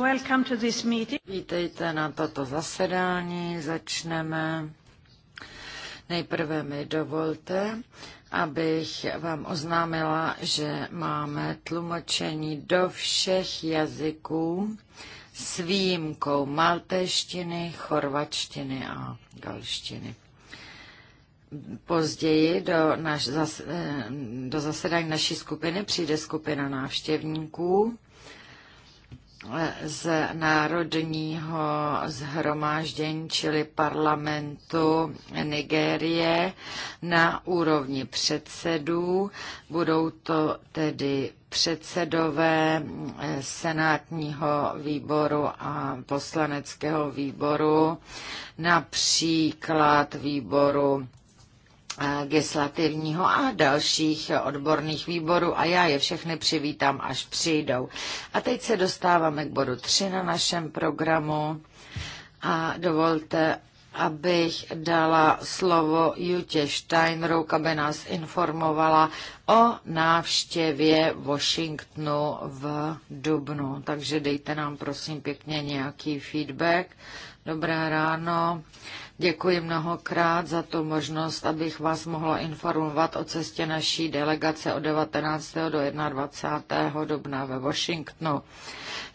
Welcome to this meeting. Vítejte na toto zasedání. Začneme. Nejprve mi dovolte, abych vám oznámila, že máme tlumočení do všech jazyků s výjimkou maltéštiny, chorvačtiny a galštiny. Později do, naš, eh, do zasedání naší skupiny přijde skupina návštěvníků z Národního zhromáždění, čili parlamentu Nigérie na úrovni předsedů. Budou to tedy předsedové senátního výboru a poslaneckého výboru, například výboru legislativního a dalších odborných výborů a já je všechny přivítám, až přijdou. A teď se dostáváme k bodu 3 na našem programu a dovolte, abych dala slovo Jutě Steinruck, aby nás informovala o návštěvě Washingtonu v Dubnu. Takže dejte nám prosím pěkně nějaký feedback. Dobré ráno. Děkuji mnohokrát za tu možnost, abych vás mohla informovat o cestě naší delegace od 19. do 21. dubna ve Washingtonu.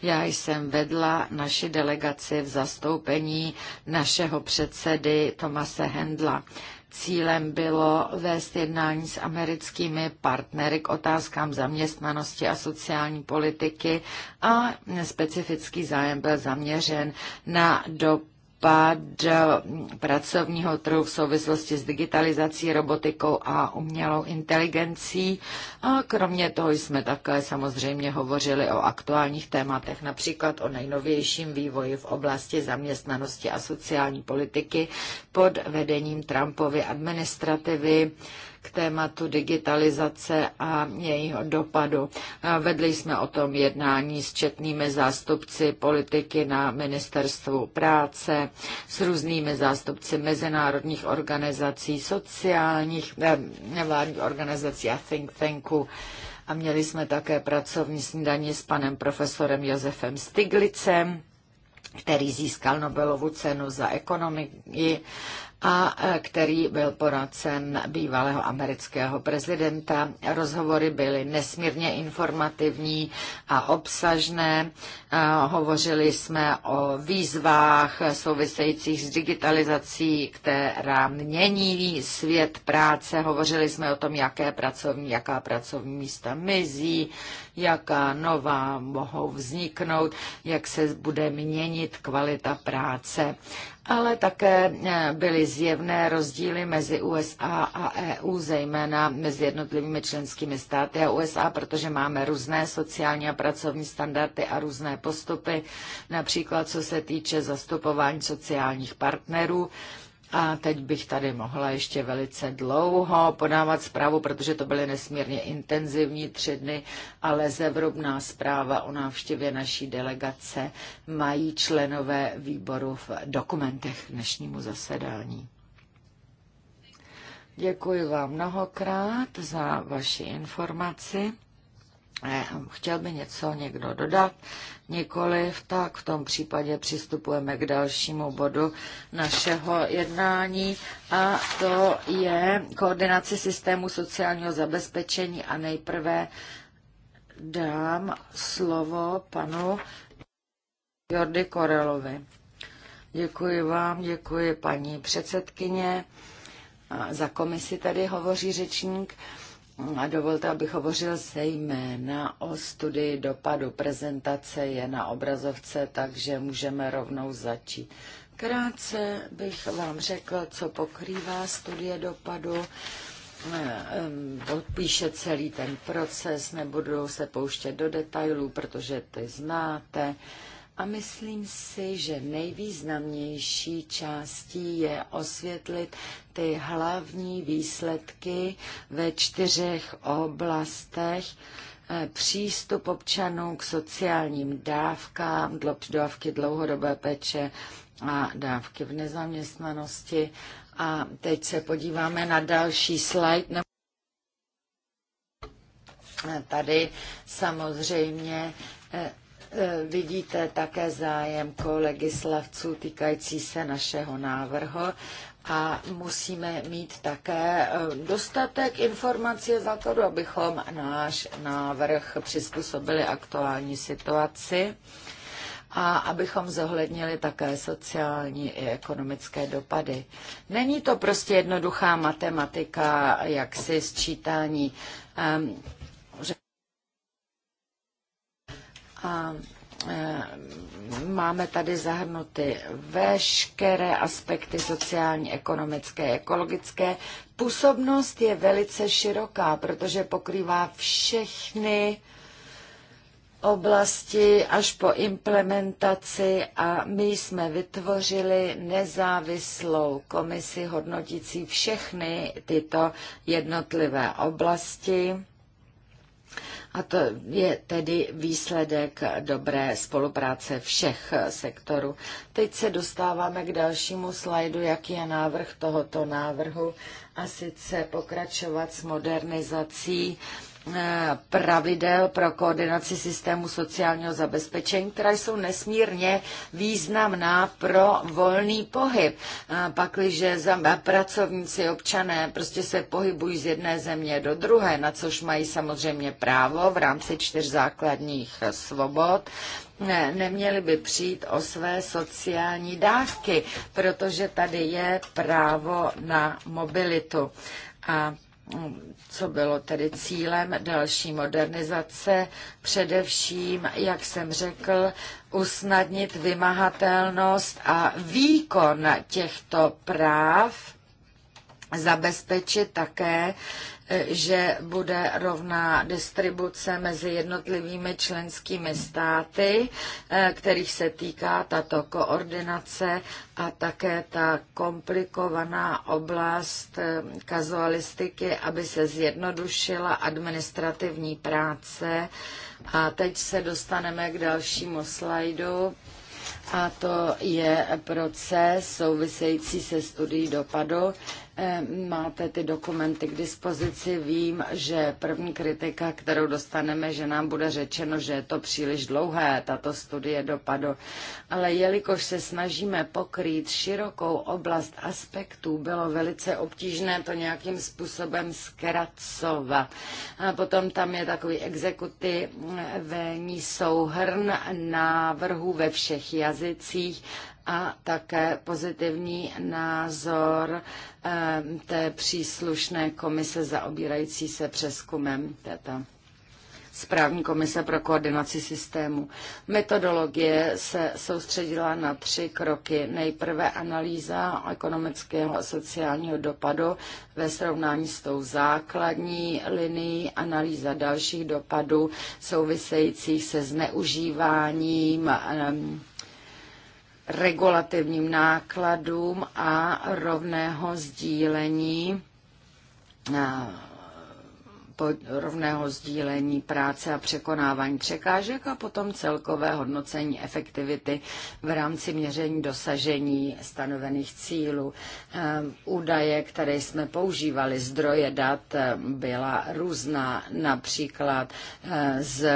Já jsem vedla naši delegaci v zastoupení našeho předsedy Tomase Hendla. Cílem bylo vést jednání s americkými partnery k otázkám zaměstnanosti a sociální politiky a specifický zájem byl zaměřen na dopad pád eh, pracovního trhu v souvislosti s digitalizací, robotikou a umělou inteligencí. A kromě toho jsme také samozřejmě hovořili o aktuálních tématech, například o nejnovějším vývoji v oblasti zaměstnanosti a sociální politiky pod vedením Trumpovy administrativy k tématu digitalizace a jejího dopadu. Vedli jsme o tom jednání s četnými zástupci politiky na ministerstvu práce, s různými zástupci mezinárodních organizací, sociálních eh, nevládních organizací a think tanků. A měli jsme také pracovní snídaní s panem profesorem Josefem Stiglicem, který získal Nobelovu cenu za ekonomii a e, který byl poradcem bývalého amerického prezidenta. Rozhovory byly nesmírně informativní a obsažné. E, hovořili jsme o výzvách souvisejících s digitalizací, která mění svět práce. Hovořili jsme o tom, jaké pracovní, jaká pracovní místa mizí, jaká nová mohou vzniknout, jak se bude měnit kvalita práce ale také eh, byly zjevné rozdíly mezi USA a EU, zejména mezi jednotlivými členskými státy a USA, protože máme různé sociální a pracovní standardy a různé postupy, například co se týče zastupování sociálních partnerů. A teď bych tady mohla ještě velice dlouho podávat zprávu, protože to byly nesmírně intenzivní tři dny, ale zevrubná zpráva o návštěvě naší delegace mají členové výboru v dokumentech dnešnímu zasedání. Děkuji vám mnohokrát za vaši informaci. Chtěl by něco někdo dodat? Nikoliv, tak v tom případě přistupujeme k dalšímu bodu našeho jednání a to je koordinace systému sociálního zabezpečení a nejprve dám slovo panu Jordi Korelovi. Děkuji vám, děkuji paní předsedkyně. Za komisi tady hovoří řečník. A dovolte, abych hovořil zejména o studii dopadu. Prezentace je na obrazovce, takže můžeme rovnou začít. Krátce bych vám řekl, co pokrývá studie dopadu. Eh, podpíše celý ten proces, nebudu se pouštět do detailů, protože ty znáte. A myslím si, že nejvýznamnější částí je osvětlit ty hlavní výsledky ve čtyřech oblastech, eh, přístup občanů k sociálním dávkám, dávky dlouhodobé peče a dávky v nezaměstnanosti. A teď se podíváme na další slide. Eh, tady samozřejmě eh, Eh, vidíte také zájem kolegislavců týkající se našeho návrhu a musíme mít také eh, dostatek informací o základu, abychom náš návrh přizpůsobili aktuální situaci a abychom zohlednili také sociální i ekonomické dopady. Není to prostě jednoduchá matematika, jak si sčítání. Um, A eh, máme tady zahrnuty veškeré aspekty sociální, ekonomické, ekologické. Působnost je velice široká, protože pokrývá všechny oblasti až po implementaci a my jsme vytvořili nezávislou komisi hodnotící všechny tyto jednotlivé oblasti a to je tedy výsledek dobré spolupráce všech sektorů. Teď se dostáváme k dalšímu slajdu, jaký je návrh tohoto návrhu, a sice pokračovat s modernizací Eh, pravidel pro koordinaci systému sociálního zabezpečení, která jsou nesmírně významná pro volný pohyb. Pakliže pracovníci, občané prostě se pohybují z jedné země do druhé, na což mají samozřejmě právo v rámci čtyř základních svobod, ne, neměli by přijít o své sociální dávky, protože tady je právo na mobilitu. A co bylo tedy cílem další modernizace, především, jak jsem řekl, usnadnit vymahatelnost a výkon těchto práv, zabezpečit také že bude rovná distribuce mezi jednotlivými členskými státy, eh, kterých se týká tato koordinace a také ta komplikovaná oblast eh, kazualistiky, aby se zjednodušila administrativní práce. A teď se dostaneme k dalšímu slajdu a to je proces související se studií dopadu. Eh, máte ty dokumenty k dispozici. Vím, že první kritika, kterou dostaneme, že nám bude řečeno, že je to příliš dlouhé, tato studie dopadu. Ale jelikož se snažíme pokrýt širokou oblast aspektů, bylo velice obtížné to nějakým způsobem zkracovat. A potom tam je takový exekutivní souhrn návrhů ve všech jazycích jazycích a také pozitivní názor eh, té příslušné komise zaobírající se přeskumem této správní komise pro koordinaci systému. Metodologie se soustředila na tři kroky. Nejprve analýza ekonomického a sociálního dopadu ve srovnání s tou základní linií, analýza dalších dopadů souvisejících se zneužíváním ehm, regulativním nákladům a rovného sdílení rovného sdílení práce a překonávání překážek a potom celkové hodnocení efektivity v rámci měření dosažení stanovených cílů. Ehm, údaje, které jsme používali, zdroje dat ehm, byla různá, například ehm, z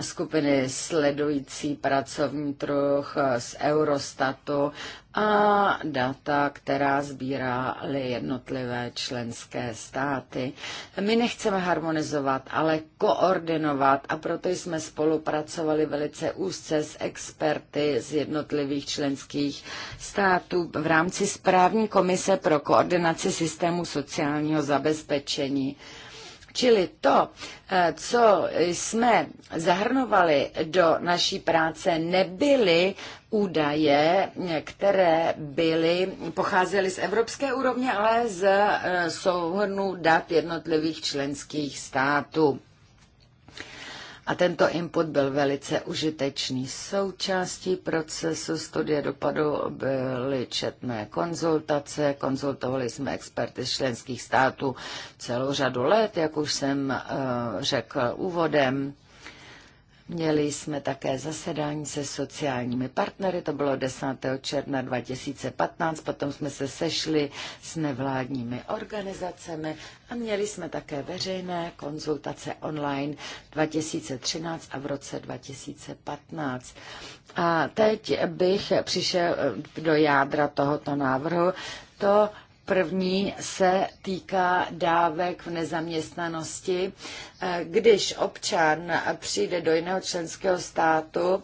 skupiny sledující pracovní trh, z Eurostatu a data, která sbírály jednotlivé členské státy. My nechceme harmonizovat, ale koordinovat a proto jsme spolupracovali velice úzce s experty z jednotlivých členských států v rámci správní komise pro koordinaci systému sociálního zabezpečení. Čili to, eh, co jsme zahrnovali do naší práce, nebyly údaje, které byly, pocházely z evropské úrovně, ale z eh, souhrnu dat jednotlivých členských států a tento input byl velice užitečný. Součástí procesu studie dopadu byly četné konzultace, konzultovali jsme experty z členských států celou řadu let, jak už jsem eh, řekl úvodem. Měli jsme také zasedání se sociálními partnery, to bylo 10. června 2015, potom jsme se sešli s nevládními organizacemi a měli jsme také veřejné konzultace online 2013 a v roce 2015. A teď bych přišel do jádra tohoto návrhu. To První se týká dávek v nezaměstnanosti. Když občan přijde do jiného členského státu,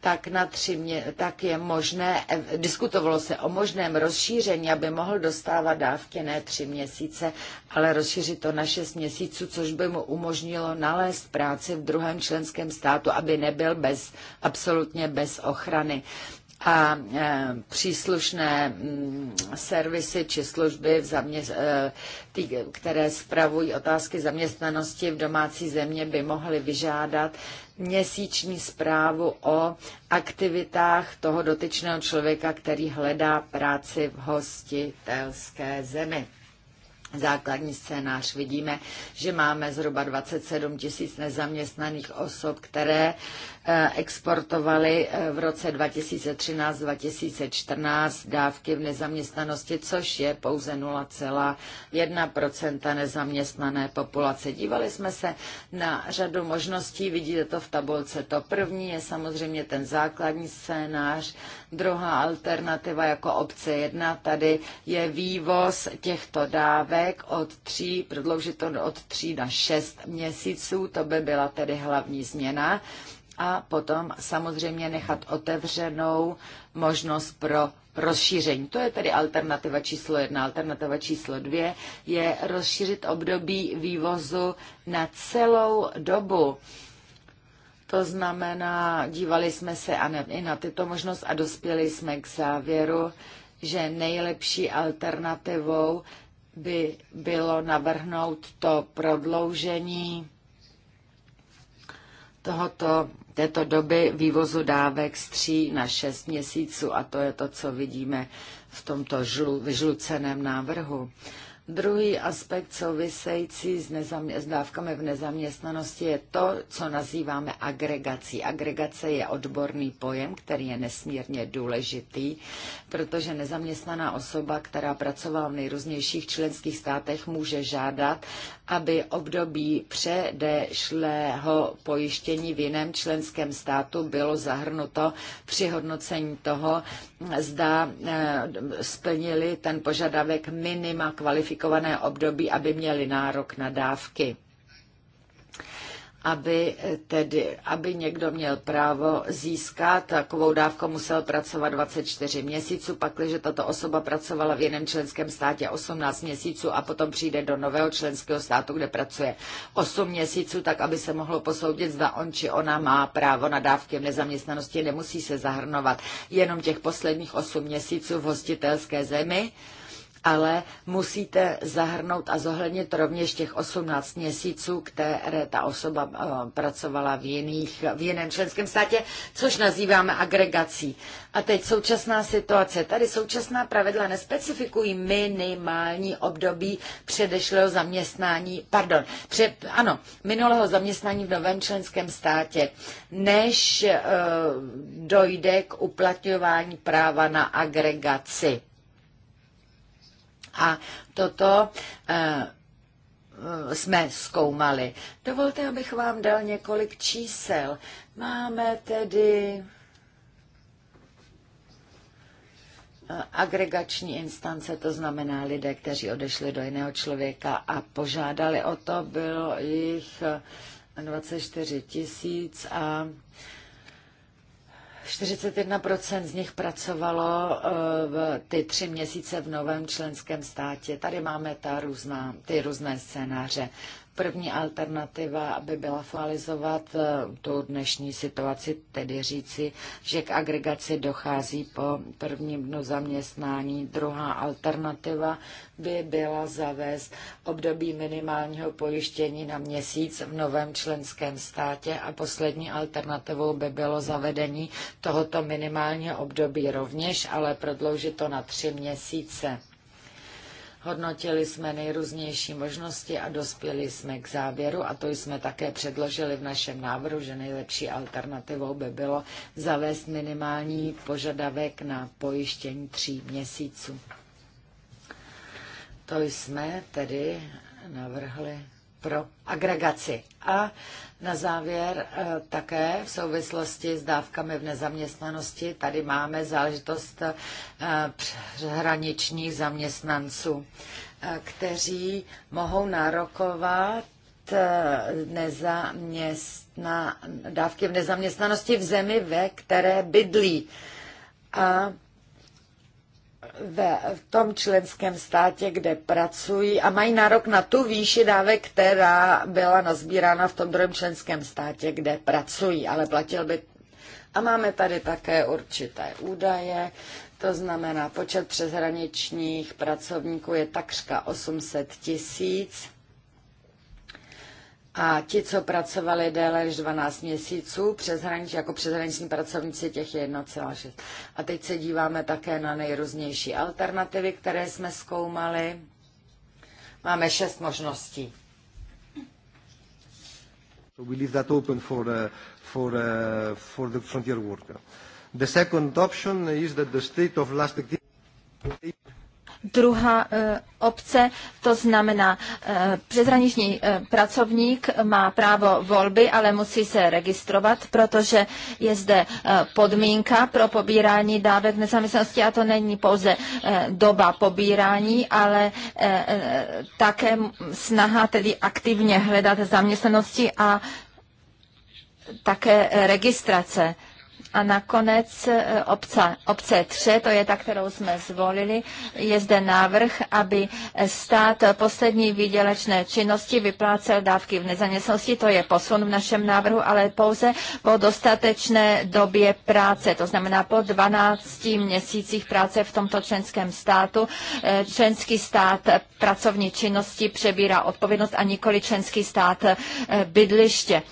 tak, na tři mě, tak je možné, diskutovalo se o možném rozšíření, aby mohl dostávat dávky ne tři měsíce, ale rozšířit to na šest měsíců, což by mu umožnilo nalézt práci v druhém členském státu, aby nebyl bez, absolutně bez ochrany a e, příslušné mm, servisy či služby, v zaměř, e, tý, které spravují otázky zaměstnanosti v domácí země, by mohly vyžádat měsíční zprávu o aktivitách toho dotyčného člověka, který hledá práci v hostitelské zemi. Základní scénář vidíme, že máme zhruba 27 tisíc nezaměstnaných osob, které Eh, exportovali eh, v roce 2013-2014 dávky v nezaměstnanosti, což je pouze 0,1 nezaměstnané populace. Dívali jsme se na řadu možností, vidíte to v tabulce. To první je samozřejmě ten základní scénář, druhá alternativa jako obce jedna tady je vývoz těchto dávek od tří, prodloužit to od tří na šest měsíců, to by byla tedy hlavní změna a potom samozřejmě nechat otevřenou možnost pro rozšíření. To je tedy alternativa číslo jedna. Alternativa číslo dvě je rozšířit období vývozu na celou dobu. To znamená, dívali jsme se a ne, i na tyto možnost a dospěli jsme k závěru, že nejlepší alternativou by bylo navrhnout to prodloužení tohoto, této doby vývozu dávek z tří na šest měsíců a to je to, co vidíme v tomto žlu, vyžluceném návrhu. Druhý aspekt související s, nezamě- s dávkami v nezaměstnanosti je to, co nazýváme agregací. Agregace je odborný pojem, který je nesmírně důležitý, protože nezaměstnaná osoba, která pracovala v nejrůznějších členských státech, může žádat aby období předešlého pojištění v jiném členském státu bylo zahrnuto při hodnocení toho, zda eh, splnili ten požadavek minima kvalifikované období, aby měli nárok na dávky aby, tedy, aby někdo měl právo získat takovou dávku, musel pracovat 24 měsíců, pakliže tato osoba pracovala v jiném členském státě 18 měsíců a potom přijde do nového členského státu, kde pracuje 8 měsíců, tak aby se mohlo posoudit, zda on či ona má právo na dávky v nezaměstnanosti, nemusí se zahrnovat jenom těch posledních 8 měsíců v hostitelské zemi, ale musíte zahrnout a zohlednit rovněž těch 18 měsíců, které ta osoba eh, pracovala v, jiných, v jiném členském státě, což nazýváme agregací. A teď současná situace. Tady současná pravidla nespecifikují minimální období předešlého zaměstnání, pardon, pře, ano, minulého zaměstnání v novém členském státě, než e, dojde k uplatňování práva na agregaci. A toto eh, eh, jsme zkoumali. Dovolte, abych vám dal několik čísel. Máme tedy eh, agregační instance, to znamená lidé, kteří odešli do jiného člověka a požádali o to, bylo jich 24 tisíc a 41% z nich pracovalo eh, v ty tři měsíce v novém členském státě. Tady máme ta různá, ty různé scénáře. První alternativa, aby byla falizovat eh, tu dnešní situaci, tedy říci, že k agregaci dochází po prvním dnu zaměstnání. Druhá alternativa by byla zavést období minimálního pojištění na měsíc v novém členském státě a poslední alternativou by bylo zavedení tohoto minimálního období rovněž, ale prodloužit to na tři měsíce. Hodnotili jsme nejrůznější možnosti a dospěli jsme k závěru, a to jsme také předložili v našem návrhu, že nejlepší alternativou by bylo zavést minimální požadavek na pojištění tří měsíců. To jsme tedy navrhli pro agregaci. A na závěr eh, také v souvislosti s dávkami v nezaměstnanosti tady máme záležitost eh, hraničních zaměstnanců, eh, kteří mohou nárokovat nezaměstna, dávky v nezaměstnanosti v zemi, ve které bydlí. A v tom členském státě, kde pracují a mají nárok na tu výši dávek, která byla nazbírána v tom druhém členském státě, kde pracují, ale platil by. A máme tady také určité údaje, to znamená počet přeshraničních pracovníků je takřka 800 tisíc a ti, co pracovali déle než 12 měsíců přes hranič, jako přeshraniční pracovníci, těch je 1,6. A teď se díváme také na nejrůznější alternativy, které jsme zkoumali. Máme šest možností. So we leave that open for, uh, for, uh, for the frontier worker. The second option is that the state of last activity Druhá eh, obce, to znamená, eh, přezraniční eh, pracovník má právo volby, ale musí se registrovat, protože je zde podmínka pro pobírání dávek nezaměstnanosti a to není pouze doba pobírání, ale také snaha tedy aktivně hledat zaměstnanosti a také registrace a nakonec e, obce, obce 3, to je ta, kterou jsme zvolili, je zde návrh, aby stát poslední výdělečné činnosti vyplácel dávky v nezaměstnosti, to je posun v našem návrhu, ale pouze po dostatečné době práce, to znamená po 12 měsících práce v tomto členském státu. E, členský stát pracovní činnosti přebírá odpovědnost a nikoli členský stát e, bydliště.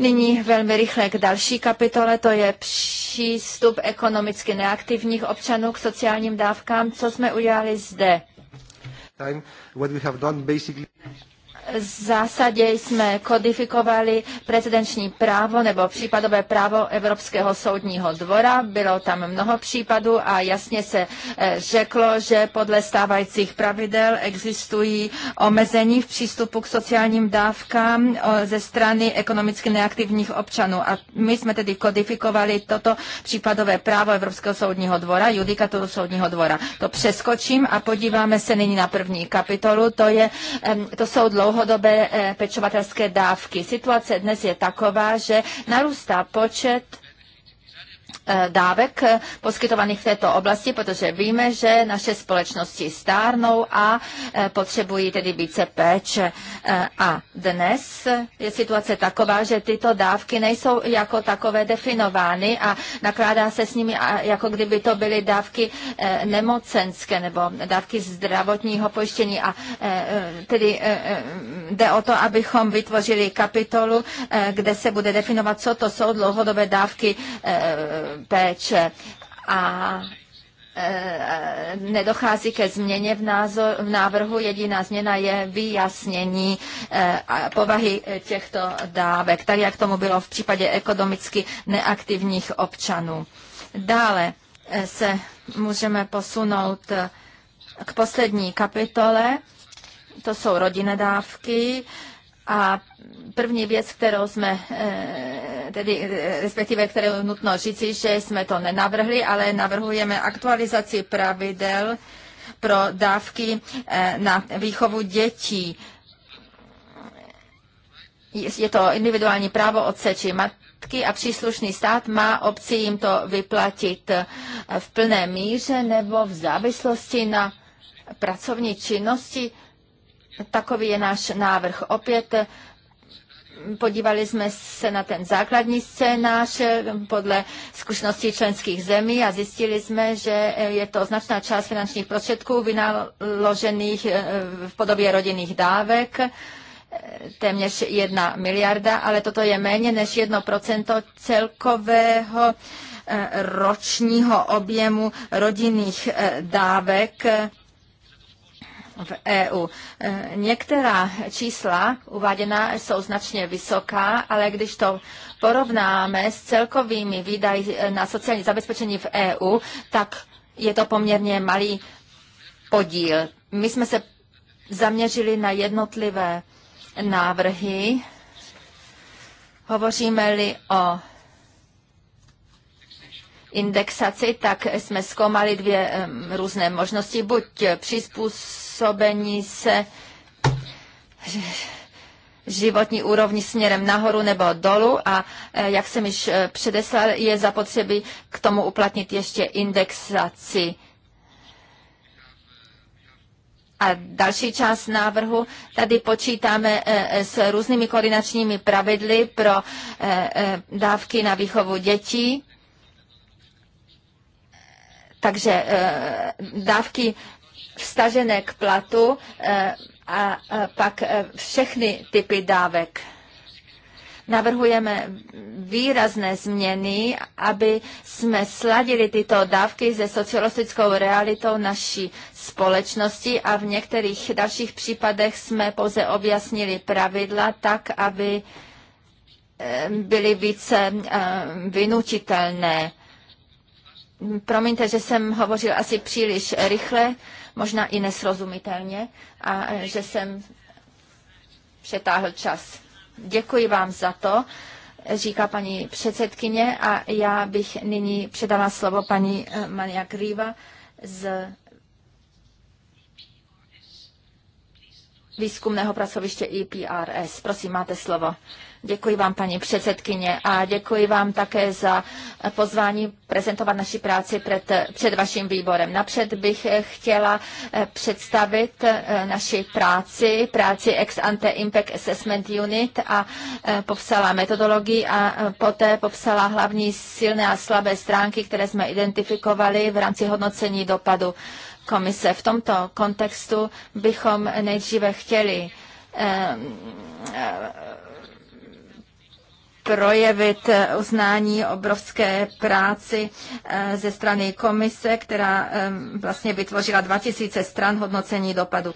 Nyní velmi rychle k další kapitole, to je přístup ekonomicky neaktivních občanů k sociálním dávkám. Co jsme udělali zde? Time, basically zásadě jsme kodifikovali precedenční právo nebo případové právo Evropského soudního dvora. Bylo tam mnoho případů a jasně se eh, řeklo, že podle stávajících pravidel existují omezení v přístupu k sociálním dávkám eh, ze strany ekonomicky neaktivních občanů. A my jsme tedy kodifikovali toto případové právo Evropského soudního dvora, judikaturu soudního dvora. To přeskočím a podíváme se nyní na první kapitolu. To, je, to jsou dlouho dlouhodobé eh, pečovatelské dávky. Situace dnes je taková, že narůstá počet Eh, dávek eh, poskytovaných v této oblasti, protože víme, že naše společnosti stárnou a eh, potřebují tedy více péče. A dnes je situace taková, že tyto dávky nejsou jako takové definovány a nakládá se s nimi jako kdyby to byly dávky nemocenské nebo dávky zdravotního pojištění. A tedy jde o to, abychom vytvořili kapitolu, kde se bude definovat, co to jsou dlouhodobé dávky péče a e, e, nedochází ke změně v, názor, v návrhu. Jediná změna je vyjasnění e, povahy těchto dávek, tak jak tomu bylo v případě ekonomicky neaktivních občanů. Dále se můžeme posunout k poslední kapitole, to jsou rodinné dávky. A první věc, kterou jsme, eh, tedy eh, respektive kterou nutno říci, že jsme to nenavrhli, ale navrhujeme aktualizaci pravidel pro dávky eh, na výchovu dětí. Je to individuální právo otce či matky a příslušný stát má obci jim to vyplatit v plné míře nebo v závislosti na pracovní činnosti Takový je náš návrh. Opět podívali jsme se na ten základní scénář podle zkušeností členských zemí a zjistili jsme, že je to značná část finančních prostředků vynaložených eh, v podobě rodinných dávek eh, téměř jedna miliarda, ale toto je méně než jedno procento celkového eh, ročního objemu rodinných dávek v EU. E, některá čísla uváděná jsou značně vysoká, ale když to porovnáme s celkovými výdaji e, na sociální zabezpečení v EU, tak je to poměrně malý podíl. My jsme se zaměřili na jednotlivé návrhy. Hovoříme-li o indexaci, tak jsme zkoumali dvě různé možnosti. Buď přizpůsobit působení se životní úrovni směrem nahoru nebo dolu a eh, jak jsem již eh, předeslal, je zapotřebí k tomu uplatnit ještě indexaci. A další část návrhu, tady počítáme eh, s různými koordinačními pravidly pro dávky na výchovu dětí. Takže dávky vstažené k platu eh, a pak eh, všechny typy dávek. Navrhujeme výrazné změny, aby jsme sladili tyto dávky se sociologickou realitou naší společnosti a v některých dalších případech jsme pouze objasnili pravidla tak, aby eh, byly více vynutitelné Promiňte, že jsem hovořil asi příliš rychle, možná i nesrozumitelně, a e, že jsem přetáhl čas. Děkuji vám za to, říká paní předsedkyně, a já bych nyní předala slovo paní e, Maria Krýva z výzkumného pracoviště IPRS. Prosím, máte slovo. Děkuji vám, paní předsedkyně, a děkuji vám také za pozvání prezentovat naši práci před, před vaším výborem. Napřed bych chtěla eh, představit eh, naši práci, práci ex ante impact assessment unit a eh, popsala metodologii a poté popsala hlavní silné a slabé stránky, které jsme identifikovali v rámci hodnocení dopadu komise. V tomto kontextu bychom nejdříve chtěli projevit eh, uznání obrovské práci eh, ze strany komise, která vlastně vytvořila 2000 stran hodnocení dopadu.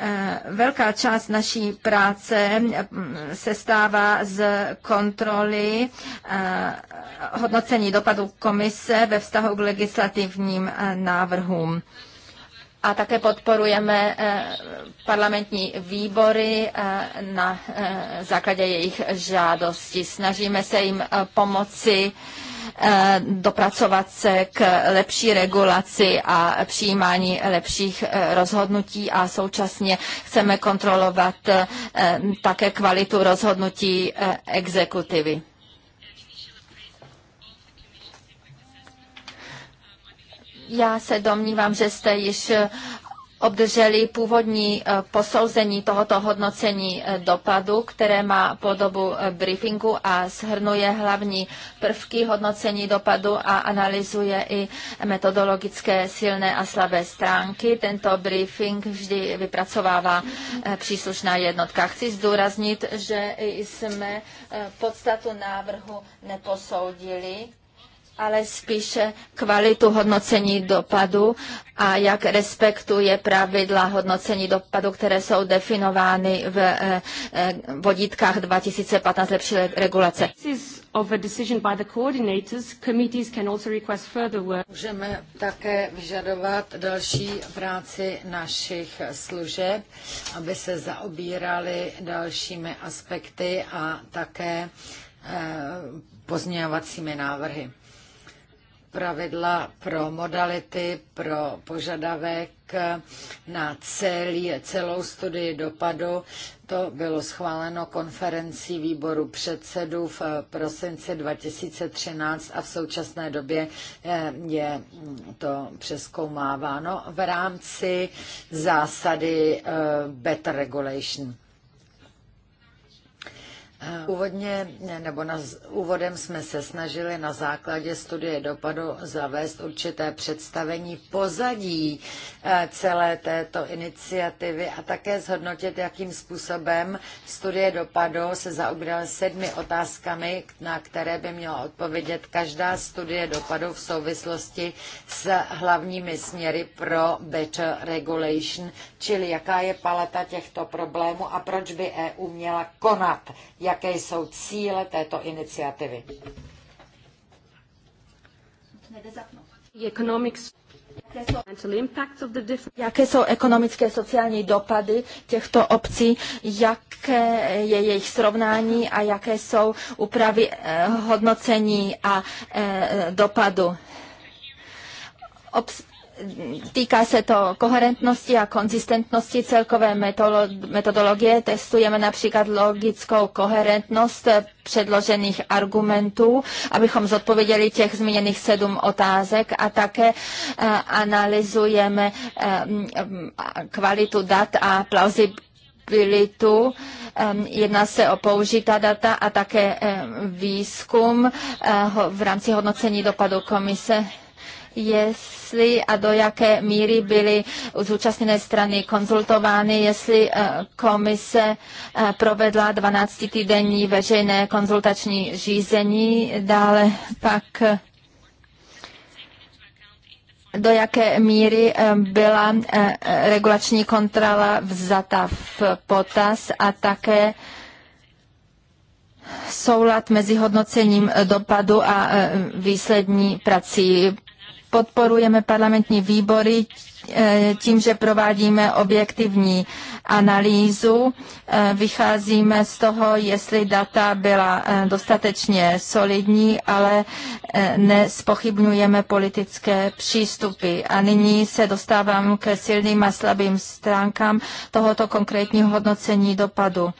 Eh, velká část naší práce se stává z kontroly hodnocení dopadu komise ve vztahu k legislativním návrhům a také podporujeme eh, parlamentní výbory eh, na eh, základě jejich žádosti. Snažíme se jim pomoci dopracovat se k lepší regulaci a přijímání lepších rozhodnutí a současně chceme kontrolovat také kvalitu rozhodnutí exekutivy. Já se domnívám, že jste již eh, obdrželi původní eh, posouzení tohoto hodnocení eh, dopadu, které má podobu briefingu a shrnuje hlavní prvky hodnocení dopadu a analyzuje i metodologické silné a slabé stránky. Tento briefing vždy vypracovává příslušná jednotka. Chci zdůraznit, že jsme podstatu návrhu neposoudili ale spíše kvalitu hodnocení dopadu a jak respektuje pravidla hodnocení dopadu, které jsou definovány v eh, eh, vodítkách 2015 lepší regulace. Můžeme také vyžadovat další práci našich služeb, aby se zaobírali dalšími aspekty a také eh, pozměňovacími návrhy pravidla pro modality, pro požadavek na celý, celou studii dopadu. To bylo schváleno konferencí výboru předsedů v prosinci 2013 a v současné době eh, je to přeskoumáváno v rámci zásady eh, Better Regulation. Eh, úvodně, nebo na, úvodem jsme se snažili na základě studie dopadu zavést určité představení pozadí eh, celé této iniciativy a také zhodnotit, jakým způsobem studie dopadu se zaobírala sedmi otázkami, na které by měla odpovědět každá studie dopadu v souvislosti s hlavními směry pro better regulation, čili jaká je paleta těchto problémů a proč by EU měla konat jaké jsou cíle této iniciativy. Jaké jsou ekonomické sociální dopady těchto obcí, jaké je jejich srovnání a jaké jsou úpravy eh, hodnocení a eh, dopadu. Obs Týká se to koherentnosti a konzistentnosti celkové metodologie. Testujeme například logickou koherentnost předložených argumentů, abychom zodpověděli těch zmíněných sedm otázek a také eh, analyzujeme eh, mm, kvalitu dat a plausibilitu. Eh, jedná se o použitá data a také výzkum v rámci hodnocení dopadu komise jestli a do jaké míry byly zúčastněné strany konzultovány, jestli eh, komise eh, provedla 12-týdenní veřejné konzultační řízení, dále pak eh, do jaké míry byla regulační kontrola vzata v potaz a také soulad mezi hodnocením dopadu a výslední prací podporujeme parlamentní výbory eh, tím, že provádíme objektivní analýzu. Eh, vycházíme z toho, jestli data byla eh, dostatečně solidní, ale nespochybnujeme politické přístupy. A nyní se dostávám ke silným a slabým stránkám tohoto konkrétního hodnocení dopadu.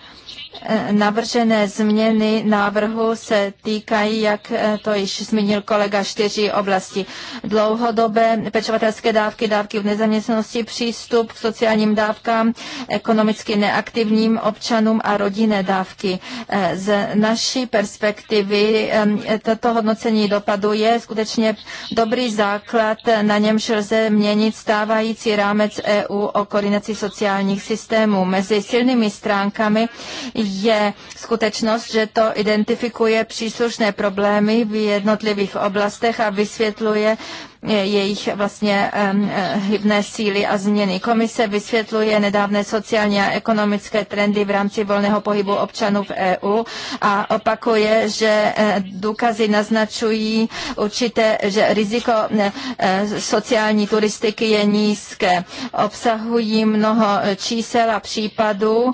Navržené změny návrhu se týkají, jak eh, to již zmínil kolega, čtyři oblasti. Dlouhodobé pečovatelské dávky, dávky v nezaměstnanosti, přístup k sociálním dávkám, ekonomicky neaktivním občanům a rodinné dávky. Eh, z naší perspektivy eh, toto hodnocení dopadu je skutečně dobrý základ, na němž lze měnit stávající rámec EU o koordinaci sociálních systémů. Mezi silnými stránkami je skutečnost, že to identifikuje příslušné problémy v jednotlivých oblastech a vysvětluje Eh, jejich vlastně eh, hybné síly a změny. Komise vysvětluje nedávné sociální a ekonomické trendy v rámci volného pohybu občanů v EU a opakuje, že eh, důkazy naznačují určité, že riziko sociální turistiky je nízké. Obsahují mnoho čísel a případů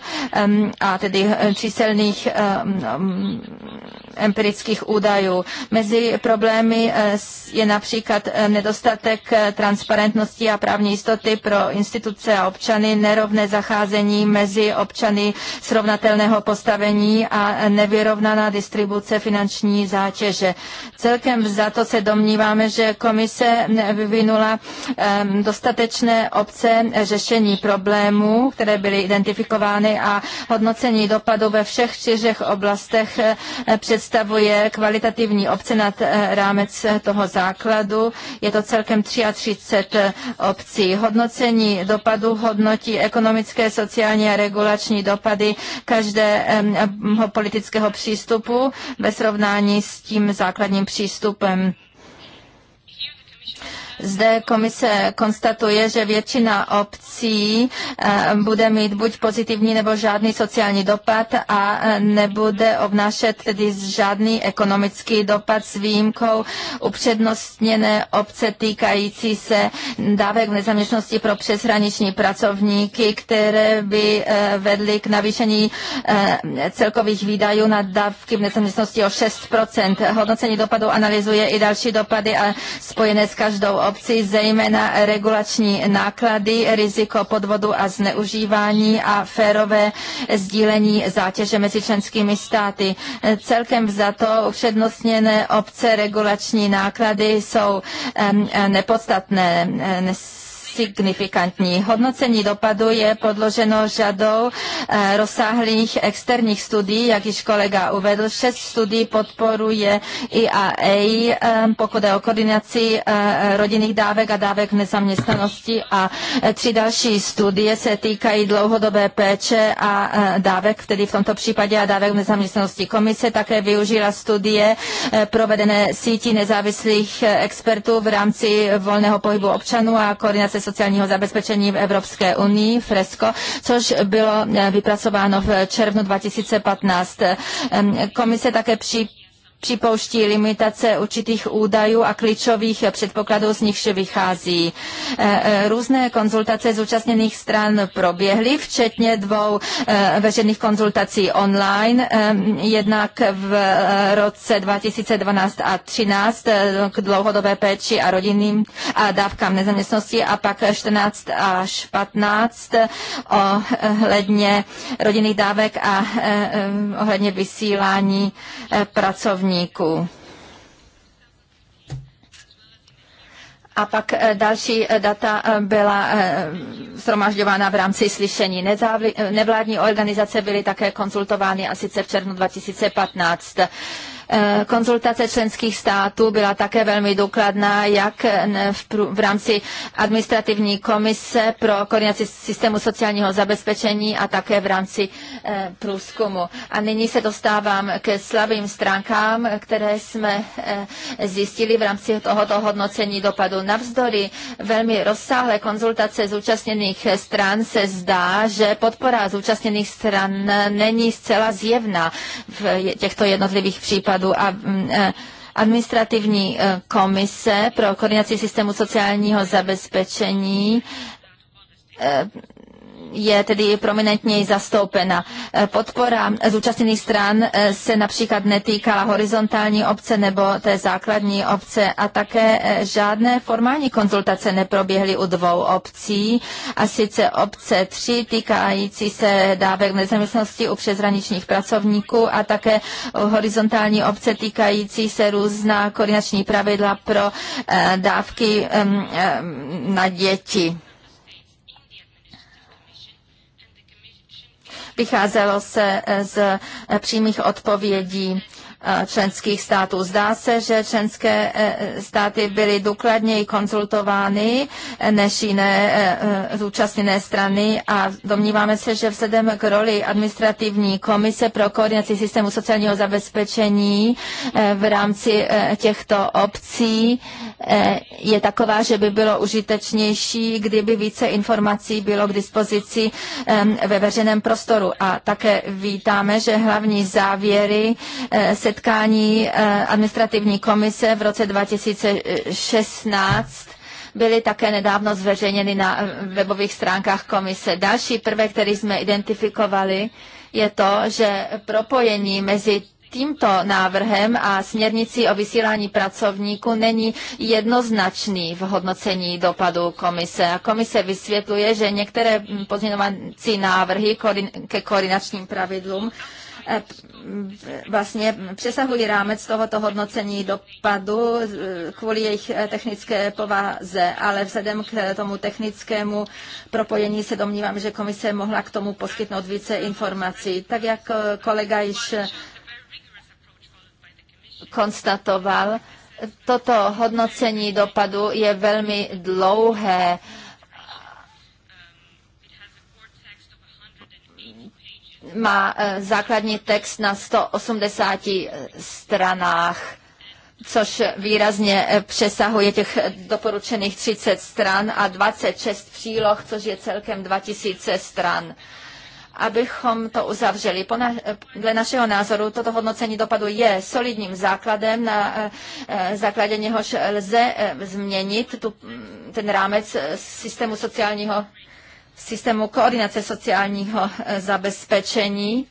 a tedy číselných empirických údajů. Mezi problémy je například nedostatek eh, transparentnosti a právní jistoty pro instituce a občany, nerovné zacházení mezi občany srovnatelného postavení a nevyrovnaná distribuce finanční zátěže. Celkem za to se domníváme, že komise vyvinula dostatečné obce řešení problémů, které byly identifikovány a hodnocení dopadu ve všech čtyřech oblastech eh, představuje kvalitativní obce nad eh, rámec toho základu. Je to celkem 33 eh, obcí. Hodnocení dopadu hodnotí ekonomické, sociální a regulační dopady každého eh, politického přístupu ve srovnání s tím základním přístupem zde komise konstatuje, že většina obcí eh, bude mít buď pozitivní nebo žádný sociální dopad a eh, nebude obnášet tedy žádný ekonomický dopad s výjimkou upřednostněné obce týkající se dávek v nezaměstnosti pro přeshraniční pracovníky, které by eh, vedly k navýšení celkových výdajů na dávky v nezaměstnosti o 6 Hodnocení dopadu analyzuje i další dopady a spojené s každou obcí obcí, zejména regulační náklady, riziko podvodu a zneužívání a férové sdílení zátěže mezi členskými státy. Celkem za to upřednostněné obce regulační náklady jsou nepodstatné, signifikantní. Hodnocení dopadu je podloženo řadou eh, rozsáhlých externích studií, jak již kolega uvedl. Šest studií podporuje IAA, eh, pokud je o koordinaci eh, rodinných dávek a dávek nezaměstnanosti a tři další studie se týkají dlouhodobé péče a dávek, tedy v tomto případě a dávek v nezaměstnanosti. Komise také využila studie provedené sítí nezávislých expertů v rámci volného pohybu občanů a koordinace sociálního zabezpečení v Evropské unii, FRESCO, což bylo eh, vypracováno v červnu 2015. Ehm, komise také při připouští limitace určitých údajů a klíčových předpokladů, z nichž vychází. E, e, různé konzultace zúčastněných stran proběhly, včetně dvou e, veřejných konzultací online, jednak v roce 2012 a 2013 k dlouhodobé péči a rodinným a dávkám nezaměstnosti a pak 14 až 15 ohledně rodinných dávek a ohledně vysílání pracovníků pracovníků. A pak eh, další eh, data eh, byla zhromažďována v rámci slyšení. Nezávli, nevládní organizace byly také konzultovány a sice v červnu 2015. Eh, konzultace členských států byla také velmi důkladná, jak v rámci administrativní komise pro koordinaci systému sociálního zabezpečení a také v rámci eh, průzkumu. A nyní se dostávám ke slabým stránkám, které jsme eh, zjistili v rámci tohoto hodnocení dopadu. Navzdory velmi rozsáhlé konzultace zúčastněných stran se zdá, že podpora zúčastněných stran není zcela zjevná v těchto jednotlivých případech úřadu a mm, e, administrativní e, komise pro koordinaci systému sociálního zabezpečení e, je tedy prominentněji zastoupena. Eh, podpora zúčastněných stran eh, se například netýkala horizontální obce nebo té základní obce a také eh, žádné formální konzultace neproběhly u dvou obcí, a sice obce 3 týkající se dávek nezaměstnosti u přeshraničních pracovníků a také horizontální obce týkající se různá koordinační pravidla pro dávky na děti. Vycházelo se eh, z eh, přímých odpovědí Eh, členských států. Zdá se, že členské eh, státy byly důkladněji konzultovány eh, než jiné zúčastněné strany a domníváme se, že vzhledem k roli administrativní komise pro koordinaci systému sociálního zabezpečení v rámci těchto obcí je taková, že by bylo užitečnější, kdyby více informací bylo k dispozici ehm, ve veřejném prostoru. A také vítáme, že hlavní závěry se setkání eh, administrativní komise v roce 2016 byly také nedávno zveřejněny na eh, webových stránkách komise. Další prvek, který jsme identifikovali, je to, že propojení mezi tímto návrhem a směrnicí o vysílání pracovníků není jednoznačný v hodnocení dopadu komise. A komise vysvětluje, že některé pozměňovací návrhy ke koordinačním pravidlům Eh, vlastně přesahují rámec tohoto hodnocení dopadu eh, kvůli jejich eh, technické povaze, ale vzhledem k tomu technickému propojení se domnívám, že komise mohla k tomu poskytnout více informací. Tak jak kolega již konstatoval, toto hodnocení dopadu je velmi dlouhé má eh, základní text na 180 stranách což výrazně eh, přesahuje těch doporučených 30 stran a 26 příloh, což je celkem 2000 stran. Abychom to uzavřeli, podle eh, našeho názoru toto hodnocení dopadu je solidním základem, na základě něhož lze změnit tu, mm, ten rámec systému sociálního systému koordinace sociálního eh, zabezpečení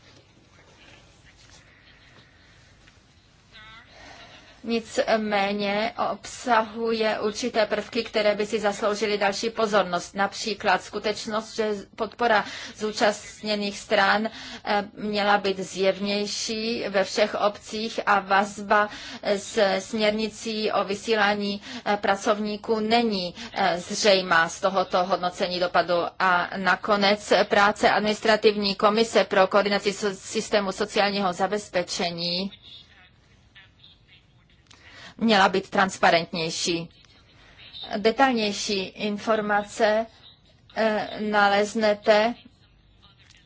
nicméně obsahuje určité prvky, které by si zasloužily další pozornost. Například skutečnost, že podpora zúčastněných stran eh, měla být zjevnější ve všech obcích a vazba s směrnicí o vysílání eh, pracovníků není eh, zřejmá z tohoto hodnocení dopadu. A nakonec práce administrativní komise pro koordinaci systému sociálního zabezpečení měla být transparentnější. Detailnější informace eh, naleznete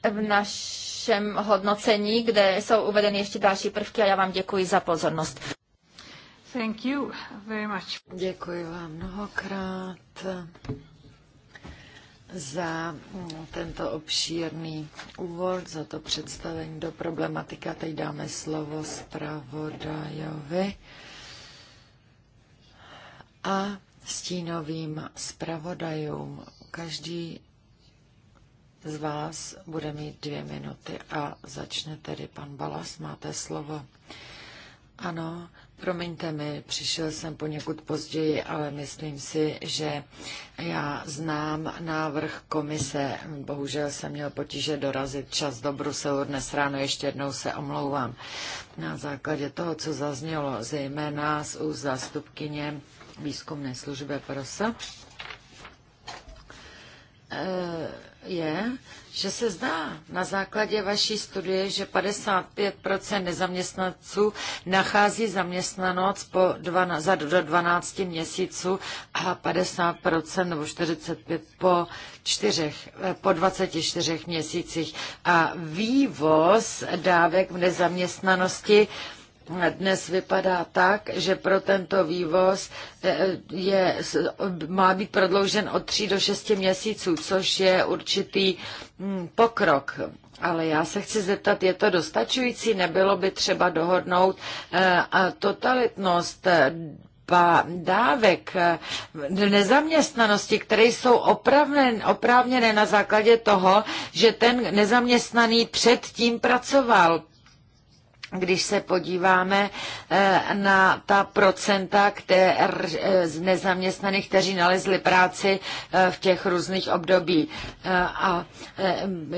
v našem hodnocení, kde jsou uvedeny ještě další prvky a já vám děkuji za pozornost. Thank you very much. Děkuji vám mnohokrát za mm, tento obšírný úvod, za to představení do problematiky. teď dáme slovo zpravodajovi a stínovým zpravodajům. Každý z vás bude mít dvě minuty a začne tedy pan Balas, máte slovo. Ano, promiňte mi, přišel jsem poněkud později, ale myslím si, že já znám návrh komise. Bohužel jsem měl potíže dorazit čas do Bruselu dnes ráno, ještě jednou se omlouvám. Na základě toho, co zaznělo, zejména z úst zástupkyně výzkumné služby PROSA, eh, je, že se zdá na základě vaší studie, že 55 nezaměstnanců nachází zaměstnanost po dva, za, do 12 měsíců a 50 nebo 45 po, čtyřech, eh, po 24 měsících. A vývoz dávek v nezaměstnanosti dnes vypadá tak, že pro tento vývoz eh, je, má být prodloužen od 3 do 6 měsíců, což je určitý hm, pokrok. Ale já se chci zeptat, je to dostačující? Nebylo by třeba dohodnout eh, a totalitnost eh, dávek nezaměstnanosti, které jsou oprávněné na základě toho, že ten nezaměstnaný předtím pracoval když se podíváme eh, na ta procenta kter, eh, nezaměstnaných, kteří nalezli práci eh, v těch různých období. A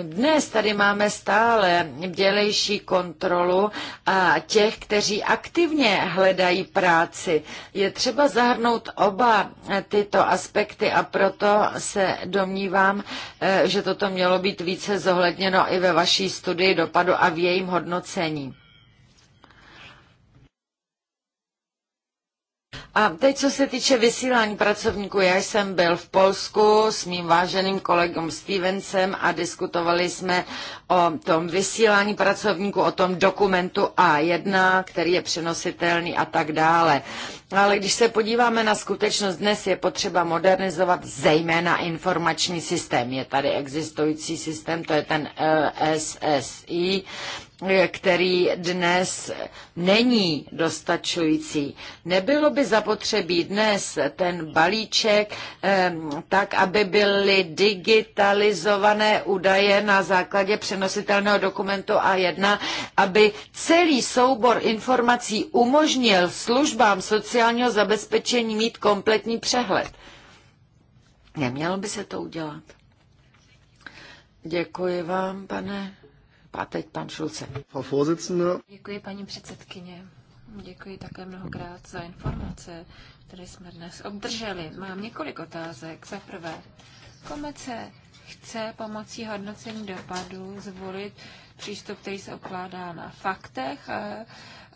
dnes tady máme stále dělejší kontrolu a těch, kteří aktivně hledají práci. Je třeba zahrnout oba tyto aspekty a proto se domnívám, že toto mělo být více zohledněno i ve vaší studii dopadu a v jejím hodnocení. A teď, co se týče vysílání pracovníků, já jsem byl v Polsku s mým váženým kolegom Stevensem a diskutovali jsme o tom vysílání pracovníků, o tom dokumentu A1, který je přenositelný a tak dále. Ale když se podíváme na skutečnost, dnes je potřeba modernizovat zejména informační systém. Je tady existující systém, to je ten eh, SSI, který dnes není dostačující. Nebylo by zapotřebí dnes ten balíček tak, aby byly digitalizované údaje na základě přenositelného dokumentu A1, aby celý soubor informací umožnil službám sociálního zabezpečení mít kompletní přehled. Nemělo by se to udělat. Děkuji vám, pane a teď pan Šulce. Děkuji, paní předsedkyně. Děkuji také mnohokrát za informace, které jsme dnes obdrželi. Mám několik otázek. Za prvé, komece chce pomocí hodnocení dopadu zvolit přístup, který se okládá na faktech,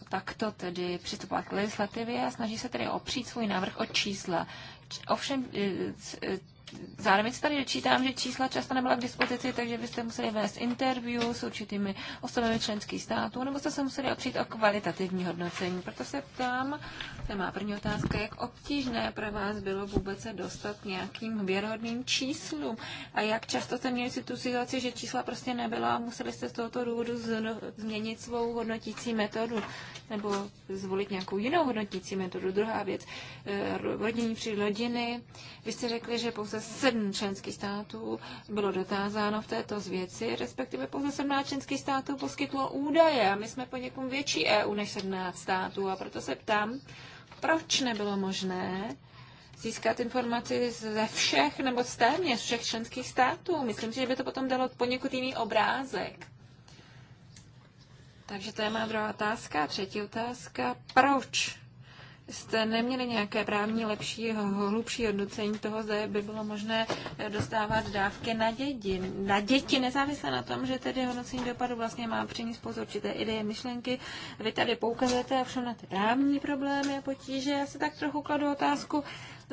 takto tedy přistupovat k legislativě a snaží se tedy opřít svůj návrh o čísla. Ovšem eh, zároveň se tady dočítám, že čísla často nebyla k dispozici, takže byste museli vést interview s určitými osobami členských států, nebo jste se museli opřít o kvalitativní hodnocení. Proto se ptám, to je má první otázka, jak obtížné pro vás bylo vůbec se dostat nějakým věrohodným číslům a jak často jste měli si tu situaci, že čísla prostě nebyla a museli jste z tohoto důvodu změnit svou hodnotící metodu nebo zvolit nějakou jinou hodnotící metodu. Druhá věc, eh, rodinní při rodiny. Vy jste řekli, že pouze Sedm členských států bylo dotázáno v této věci, respektive pouze 17 členských států poskytlo údaje a my jsme po někom větší EU než sedmnáct států a proto se ptám, proč nebylo možné získat informaci ze všech nebo z téměř všech členských států. Myslím si, že by to potom dalo poněkud jiný obrázek. Takže to je má druhá otázka. Třetí otázka. Proč jste neměli nějaké právní lepší, hlubší hodnocení toho, zda by bylo možné eh, dostávat dávky na, děti, na děti, nezávisle na tom, že tedy hodnocení dopadu vlastně má přinést pouze určité ideje, myšlenky. Vy tady poukazujete všem na ty právní problémy a potíže. Já se tak trochu kladu otázku,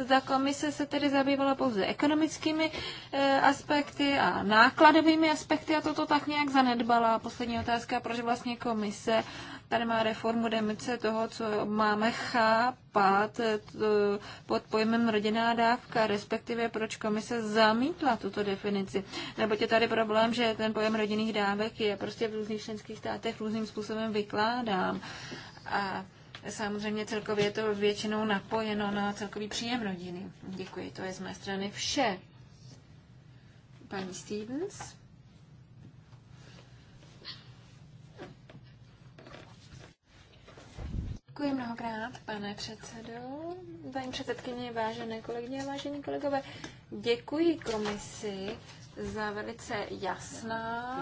Zda komise se tedy zabývala pouze ekonomickými e, aspekty a nákladovými aspekty a toto tak nějak zanedbala. Poslední otázka, proč vlastně komise Tady má reformu demice toho, co máme chápat eh, pod pojmem rodinná dávka, respektive proč komise zamítla tuto definici. Nebo je tady problém, že ten pojem rodinných dávek je prostě v různých členských státech různým způsobem vykládán. A Samozřejmě celkově je to většinou napojeno na celkový příjem rodiny. Děkuji, to je z mé strany vše. Paní Stevens. Děkuji mnohokrát, pane předsedo. Paní předsedkyně, vážené kolegyně, vážení kolegové, děkuji komisi za velice jasná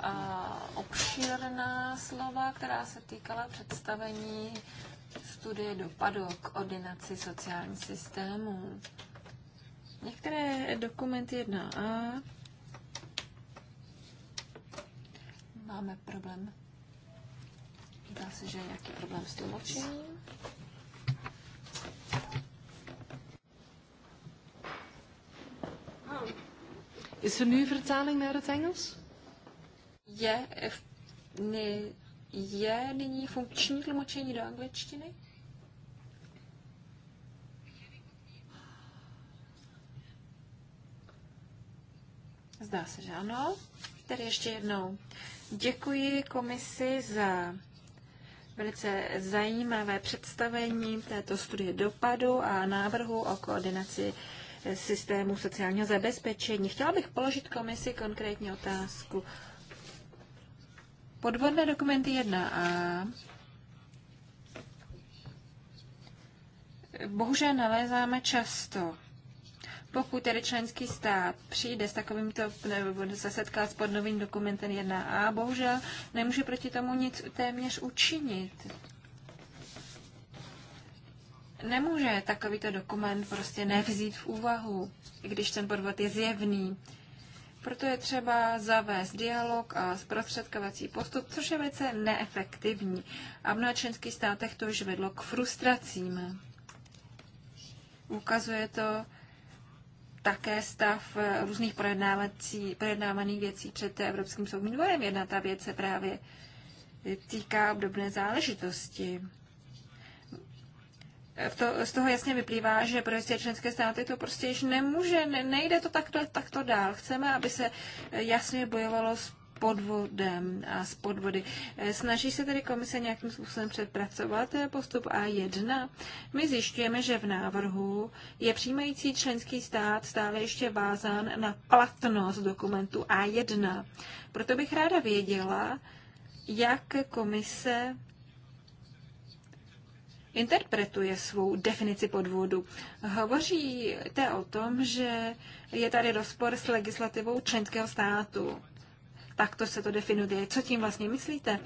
a obšírná slova, která se týkala představení studie dopadu k ordinaci sociálních systémů. Některé dokumenty 1a máme problém Zdá se, že je nějaký problém s tlumočením. Is er nu vertaling naar het Engels? Je, eh, je nyní funkční tlumočení do angličtiny? Zdá se, že ano. Tedy ještě jednou. Děkuji komisi za velice zajímavé představení této studie dopadu a návrhu o koordinaci systému sociálního zabezpečení. Chtěla bych položit komisi konkrétní otázku. Podvodné dokumenty 1a bohužel nalézáme často. Pokud tedy členský stát přijde s takovýmto, nebo se setká s podnovým dokumentem 1a, bohužel nemůže proti tomu nic téměř učinit. Nemůže takovýto dokument prostě nevzít v úvahu, i když ten podvod je zjevný. Proto je třeba zavést dialog a zprostředkovací postup, což je velice neefektivní. A v mnoha členských státech to už vedlo k frustracím. Ukazuje to, také stav eh, různých projednávaných věcí před Evropským soudním dvorem. Jedna ta věc se právě týká obdobné záležitosti. Eh, to, z toho jasně vyplývá, že jistě členské státy to prostě již nemůže, nejde to takto, takto dál. Chceme, aby se eh, jasně bojovalo s podvodem a s podvody. Eh, Snaží se tedy komise nějakým způsobem předpracovat eh, postup A1? My zjišťujeme, že v návrhu je přijímající členský stát stále ještě vázán na platnost dokumentu A1. Proto bych ráda věděla, jak komise interpretuje svou definici podvodu. Hovoříte o tom, že je tady rozpor s legislativou členského státu takto se to definuje. Co tím vlastně myslíte?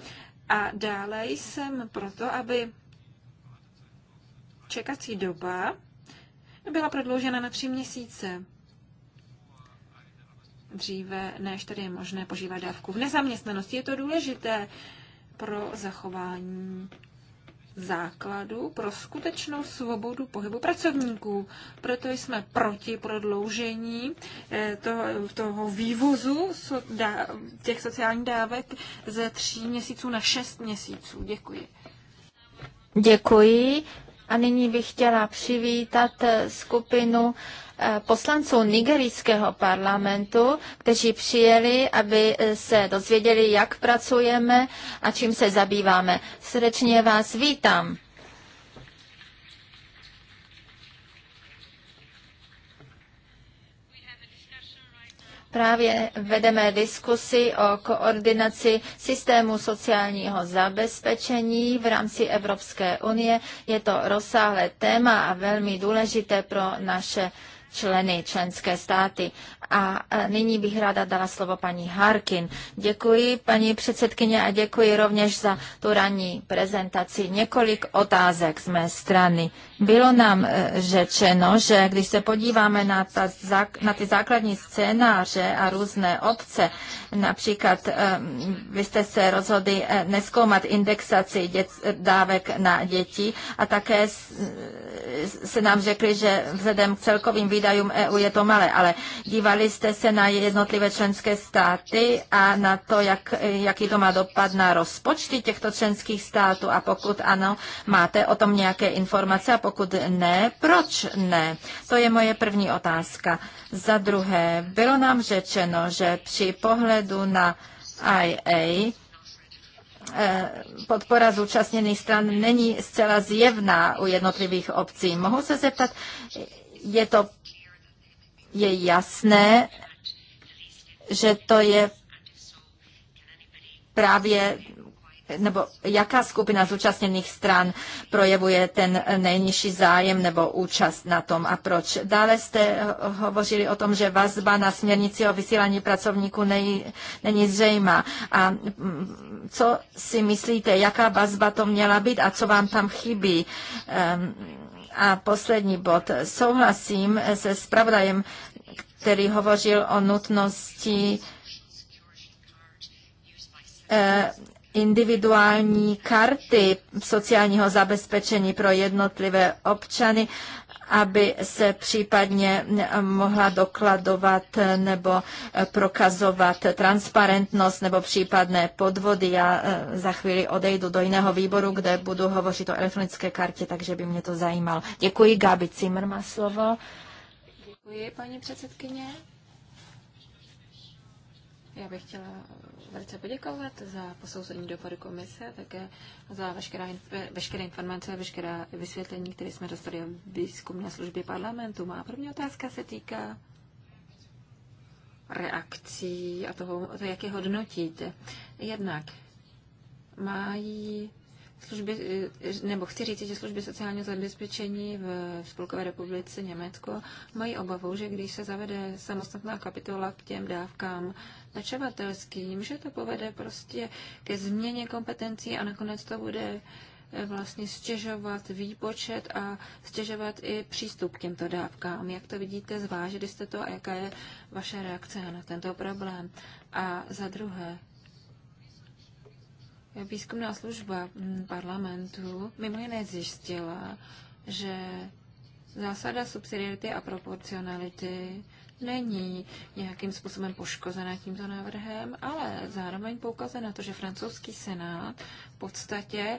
A dále jsem proto, aby čekací doba byla prodloužena na tři měsíce dříve, než tedy je možné požívat dávku. V nezaměstnanosti je to důležité pro zachování základu pro skutečnou svobodu pohybu pracovníků. Proto jsme proti prodloužení eh, toho, toho vývozu těch sociálních dávek ze tří měsíců na šest měsíců. Děkuji. Děkuji. A nyní bych chtěla přivítat eh, skupinu eh, poslanců nigerijského parlamentu, kteří přijeli, aby eh, se dozvěděli, jak pracujeme a čím se zabýváme. Srdečně vás vítám. Právě vedeme diskusi o koordinaci systému sociálního zabezpečení v rámci Evropské unie. Je to rozsáhlé téma a velmi důležité pro naše členy, členské státy. A e, nyní bych ráda dala slovo paní Harkin. Děkuji, paní předsedkyně, a děkuji rovněž za tu ranní prezentaci. Několik otázek z mé strany. Bylo nám eh, řečeno, že když se podíváme na, ta, na ty základní scénáře a různé obce, například eh, vy jste se rozhodli eh, neskoumat indexaci děc, dávek na děti a také se nám řekli, že vzhledem k celkovým výdajům EU je to malé, ale dívali jste se na jednotlivé členské státy a na to, jak, jaký to má dopad na rozpočty těchto členských států a pokud ano, máte o tom nějaké informace a pokud ne, proč ne? To je moje první otázka. Za druhé, bylo nám řečeno, že při pohledu na IA eh, podpora zúčastněných stran není zcela zjevná u jednotlivých obcí. Mohu se zeptat, je to je jasné, že to je právě nebo jaká skupina zúčastněných stran projevuje ten nejnižší zájem nebo účast na tom a proč. Dále jste hovořili o tom, že vazba na směrnici o vysílání pracovníků nej, není zřejmá. A mm, co si myslíte, jaká vazba to měla být a co vám tam chybí? Ehm, a poslední bod. Souhlasím se spravodajem, který hovořil o nutnosti eh, individuální karty sociálního zabezpečení pro jednotlivé občany, aby se případně mohla dokladovat nebo prokazovat transparentnost nebo případné podvody. Já eh, za chvíli odejdu do jiného výboru, kde budu hovořit o elektronické kartě, takže by mě to zajímalo. Děkuji, Gabi Zimmer má slovo. Děkuji, paní předsedkyně. Já bych chtěla velice poděkovat za posouzení dopadu komise také za veškerá, veškeré informace a veškerá vysvětlení, které jsme dostali od výzkumné služby parlamentu. Má první otázka se týká reakcí a toho, to, jak je hodnotíte. Jednak mají služby, nebo chci říct, že služby sociálního zabezpečení v Spolkové republice Německo mají obavu, že když se zavede samostatná kapitola k těm dávkám pečovatelským, že to povede prostě ke změně kompetencí a nakonec to bude eh, vlastně stěžovat výpočet a stěžovat i přístup k těmto dávkám. Jak to vidíte, zvážili jste to a jaká je vaše reakce na tento problém? A za druhé, výzkumná služba hm, parlamentu mimo jiné zjistila, že zásada subsidiarity a proporcionality není nějakým způsobem poškozena tímto návrhem, ale zároveň poukazuje na to, že francouzský senát v podstatě e,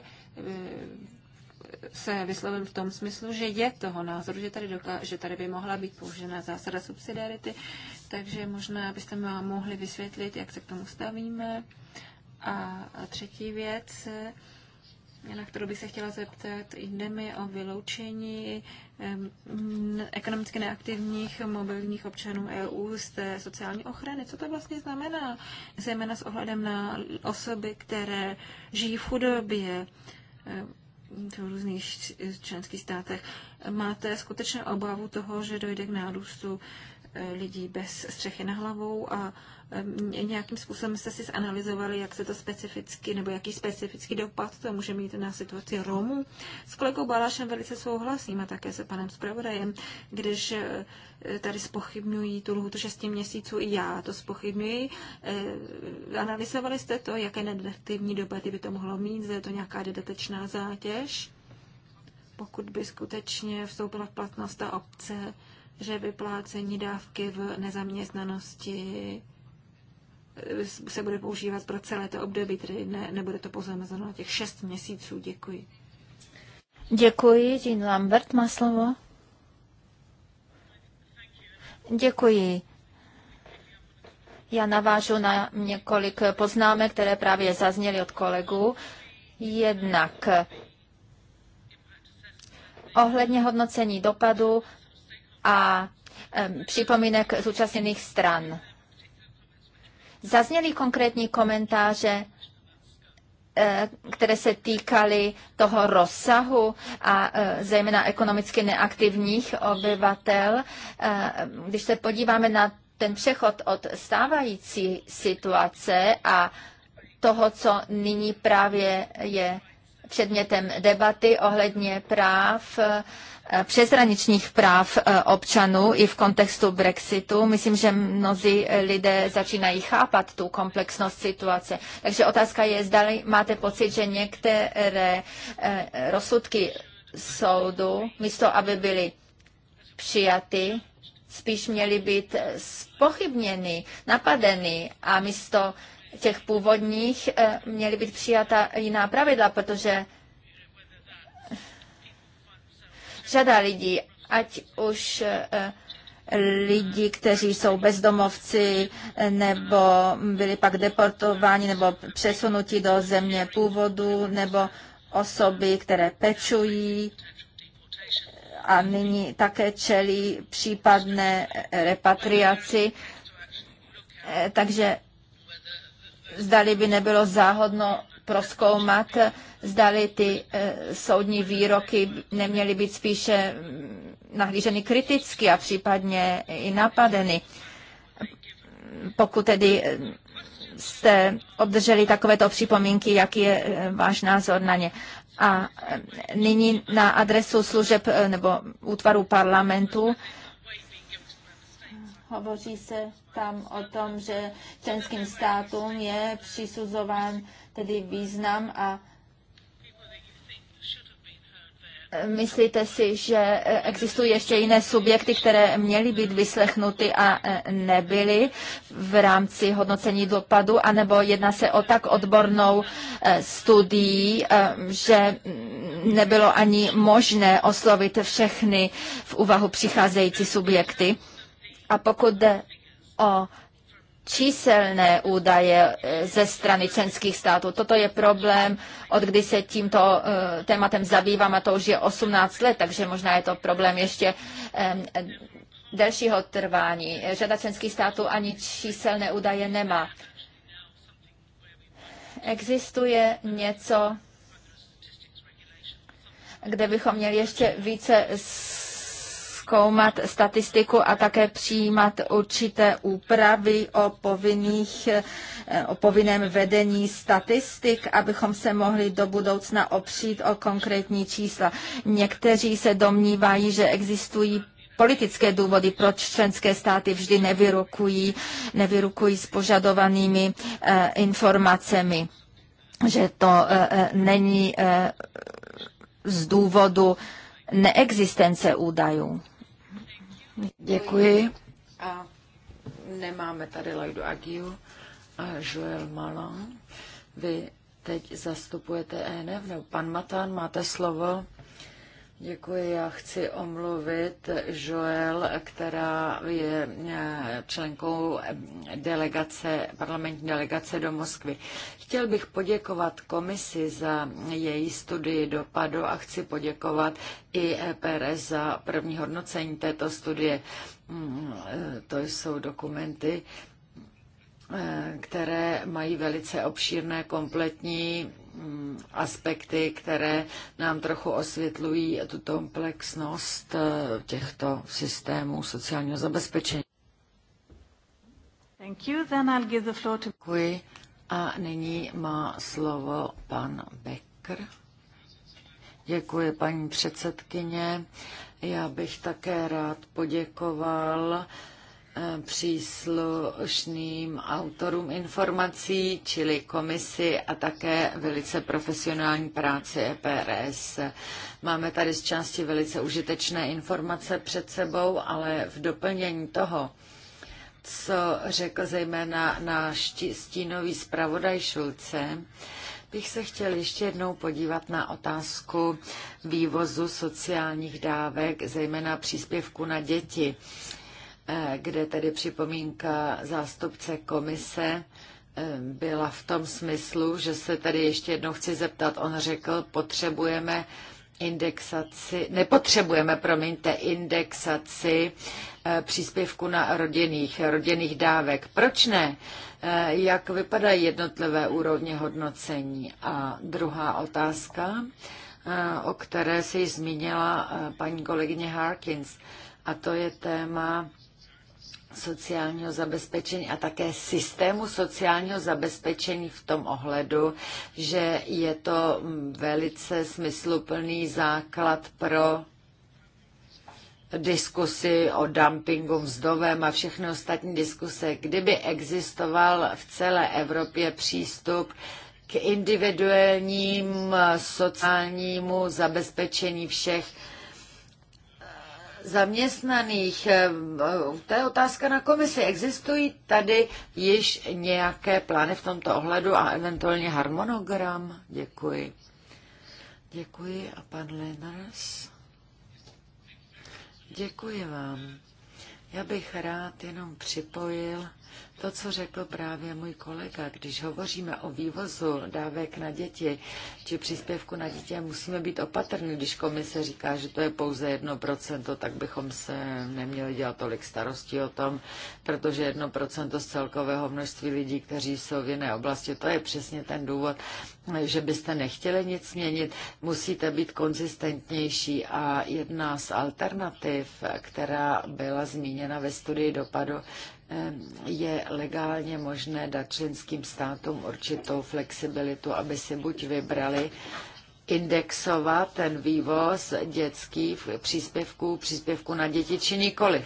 se vyslovil v tom smyslu, že je toho názoru, že tady, doká- že tady by mohla být použena zásada subsidiarity, takže možná byste vám mohli vysvětlit, jak se k tomu stavíme. A třetí věc, na kterou bych se chtěla zeptat. Jde mi o vyloučení ekonomicky neaktivních mobilních občanů EU z té sociální ochrany. Co to vlastně znamená? Zejména s ohledem na osoby, které žijí v chudobě v různých členských státech. Máte skutečně obavu toho, že dojde k nárůstu lidí bez střechy na hlavou a e, nějakým způsobem jste si zanalizovali, jak se to specificky, nebo jaký specifický dopad to může mít na situaci Romů. S kolegou Balášem velice souhlasím a také se panem zpravodajem, když e, tady spochybňují tu lhutu 6 měsíců, i já to spochybňuji. E, analyzovali jste to, jaké negativní dopady by to mohlo mít, je to nějaká dodatečná zátěž? pokud by skutečně vstoupila v platnost ta obce, že vyplácení dávky v nezaměstnanosti eh, se bude používat pro celé to období, tedy ne, nebude to pouze na těch šest měsíců. Děkuji. Děkuji. Jean Lambert má slovo. Děkuji. Já navážu na několik poznámek, které právě zazněly od kolegů. Jednak eh, ohledně hodnocení dopadu a připomínek zúčastněných stran. Zazněly konkrétní komentáře, e, které se týkaly toho rozsahu a e, zejména ekonomicky neaktivních obyvatel. E, když se podíváme na ten přechod od stávající situace a toho, co nyní právě je předmětem debaty ohledně práv eh, přeshraničních práv eh, občanů i v kontextu Brexitu. Myslím, že mnozí lidé začínají chápat tu komplexnost situace. Takže otázka je, zda máte pocit, že některé eh, rozsudky soudu, místo aby byly přijaty, spíš měly být spochybněny, napadeny a místo těch původních eh, měly být přijata jiná pravidla, protože řada lidí, ať už eh, lidi, kteří jsou bezdomovci eh, nebo byli pak deportováni nebo přesunuti do země původu nebo osoby, které pečují a nyní také čelí případné repatriaci. Takže zdali by nebylo záhodno proskoumat, zdali ty eh, soudní výroky neměly být spíše mm, nahlíženy kriticky a případně i napadeny. Pokud tedy eh, jste obdrželi takovéto připomínky, jaký je eh, váš názor na ně. A nyní na adresu služeb nebo útvaru parlamentu Hovoří se tam o tom, že členským státům je přisuzován tedy význam a Myslíte si, že existují ještě jiné subjekty, které měly být vyslechnuty a nebyly v rámci hodnocení dopadu, anebo jedná se o tak odbornou eh, studii, eh, že nebylo ani možné oslovit všechny v úvahu přicházející subjekty? A pokud jde o číselné údaje eh, ze strany členských států. Toto je problém, od kdy se tímto eh, tématem zabývám a to už je 18 let, takže možná je to problém ještě delšího trvání. Řada členských států ani číselné údaje nemá. Existuje něco, kde bychom měli ještě více zkoumat statistiku a také přijímat určité úpravy o, povinných, eh, o povinném vedení statistik, abychom se mohli do budoucna opřít o konkrétní čísla. Někteří se domnívají, že existují politické důvody, proč členské státy vždy nevyrukují, nevyrukují s požadovanými eh, informacemi, že to e, není e, z důvodu neexistence údajů. Děkuji. A nemáme tady Lajdu Agiu a Joel Malon. Vy teď zastupujete ENF, nebo pan Matán, máte slovo. Děkuji, já chci omluvit Joel, která je eh, členkou eh, delegace, parlamentní delegace do Moskvy. Chtěl bych poděkovat komisi za její studii dopadu a chci poděkovat i EPRS za první hodnocení této studie. Mm, eh, to jsou dokumenty, které mají velice obšírné kompletní Mm, aspekty, které nám trochu osvětlují tu komplexnost eh, těchto systémů sociálního zabezpečení. Thank you. Then I'll give the floor to... Děkuji. A nyní má slovo pan Becker. Děkuji, paní předsedkyně. Já bych také rád poděkoval Eh, příslušným autorům informací, čili komisi a také velice profesionální práci EPRS. Máme tady z části velice užitečné informace před sebou, ale v doplnění toho, co řekl zejména náš stínový zpravodaj Šulce, bych se chtěl ještě jednou podívat na otázku vývozu sociálních dávek, zejména příspěvku na děti. Eh, kde tedy připomínka zástupce komise eh, byla v tom smyslu, že se tady ještě jednou chci zeptat. On řekl, potřebujeme indexaci, nepotřebujeme, promiňte, indexaci eh, příspěvku na rodinných, rodinných dávek. Proč ne? Jak vypadají jednotlivé úrovně hodnocení? A druhá otázka, o které se zmínila paní kolegyně Harkins, a to je téma sociálního zabezpečení a také systému sociálního zabezpečení v tom ohledu, že je to velice smysluplný základ pro diskusy o dumpingu mzdovém a všechny ostatní diskuse, kdyby existoval v celé Evropě přístup k individuálním sociálnímu zabezpečení všech zaměstnaných. Eh, eh, to je otázka na komisi. Existují tady již nějaké plány v tomto ohledu a eventuálně harmonogram? Děkuji. Děkuji a pan Lenars. Děkuji vám. Já bych rád jenom připojil to, co řekl právě můj kolega, když hovoříme o vývozu dávek na děti či příspěvku na dítě, musíme být opatrní. Když komise říká, že to je pouze 1%, tak bychom se neměli dělat tolik starostí o tom, protože 1% z celkového množství lidí, kteří jsou v jiné oblasti, to je přesně ten důvod, že byste nechtěli nic měnit, musíte být konzistentnější a jedna z alternativ, která byla zmíněna ve studii dopadu, je legálně možné dát členským státům určitou flexibilitu, aby si buď vybrali indexovat ten vývoz dětských příspěvků, příspěvků na děti či nikoliv.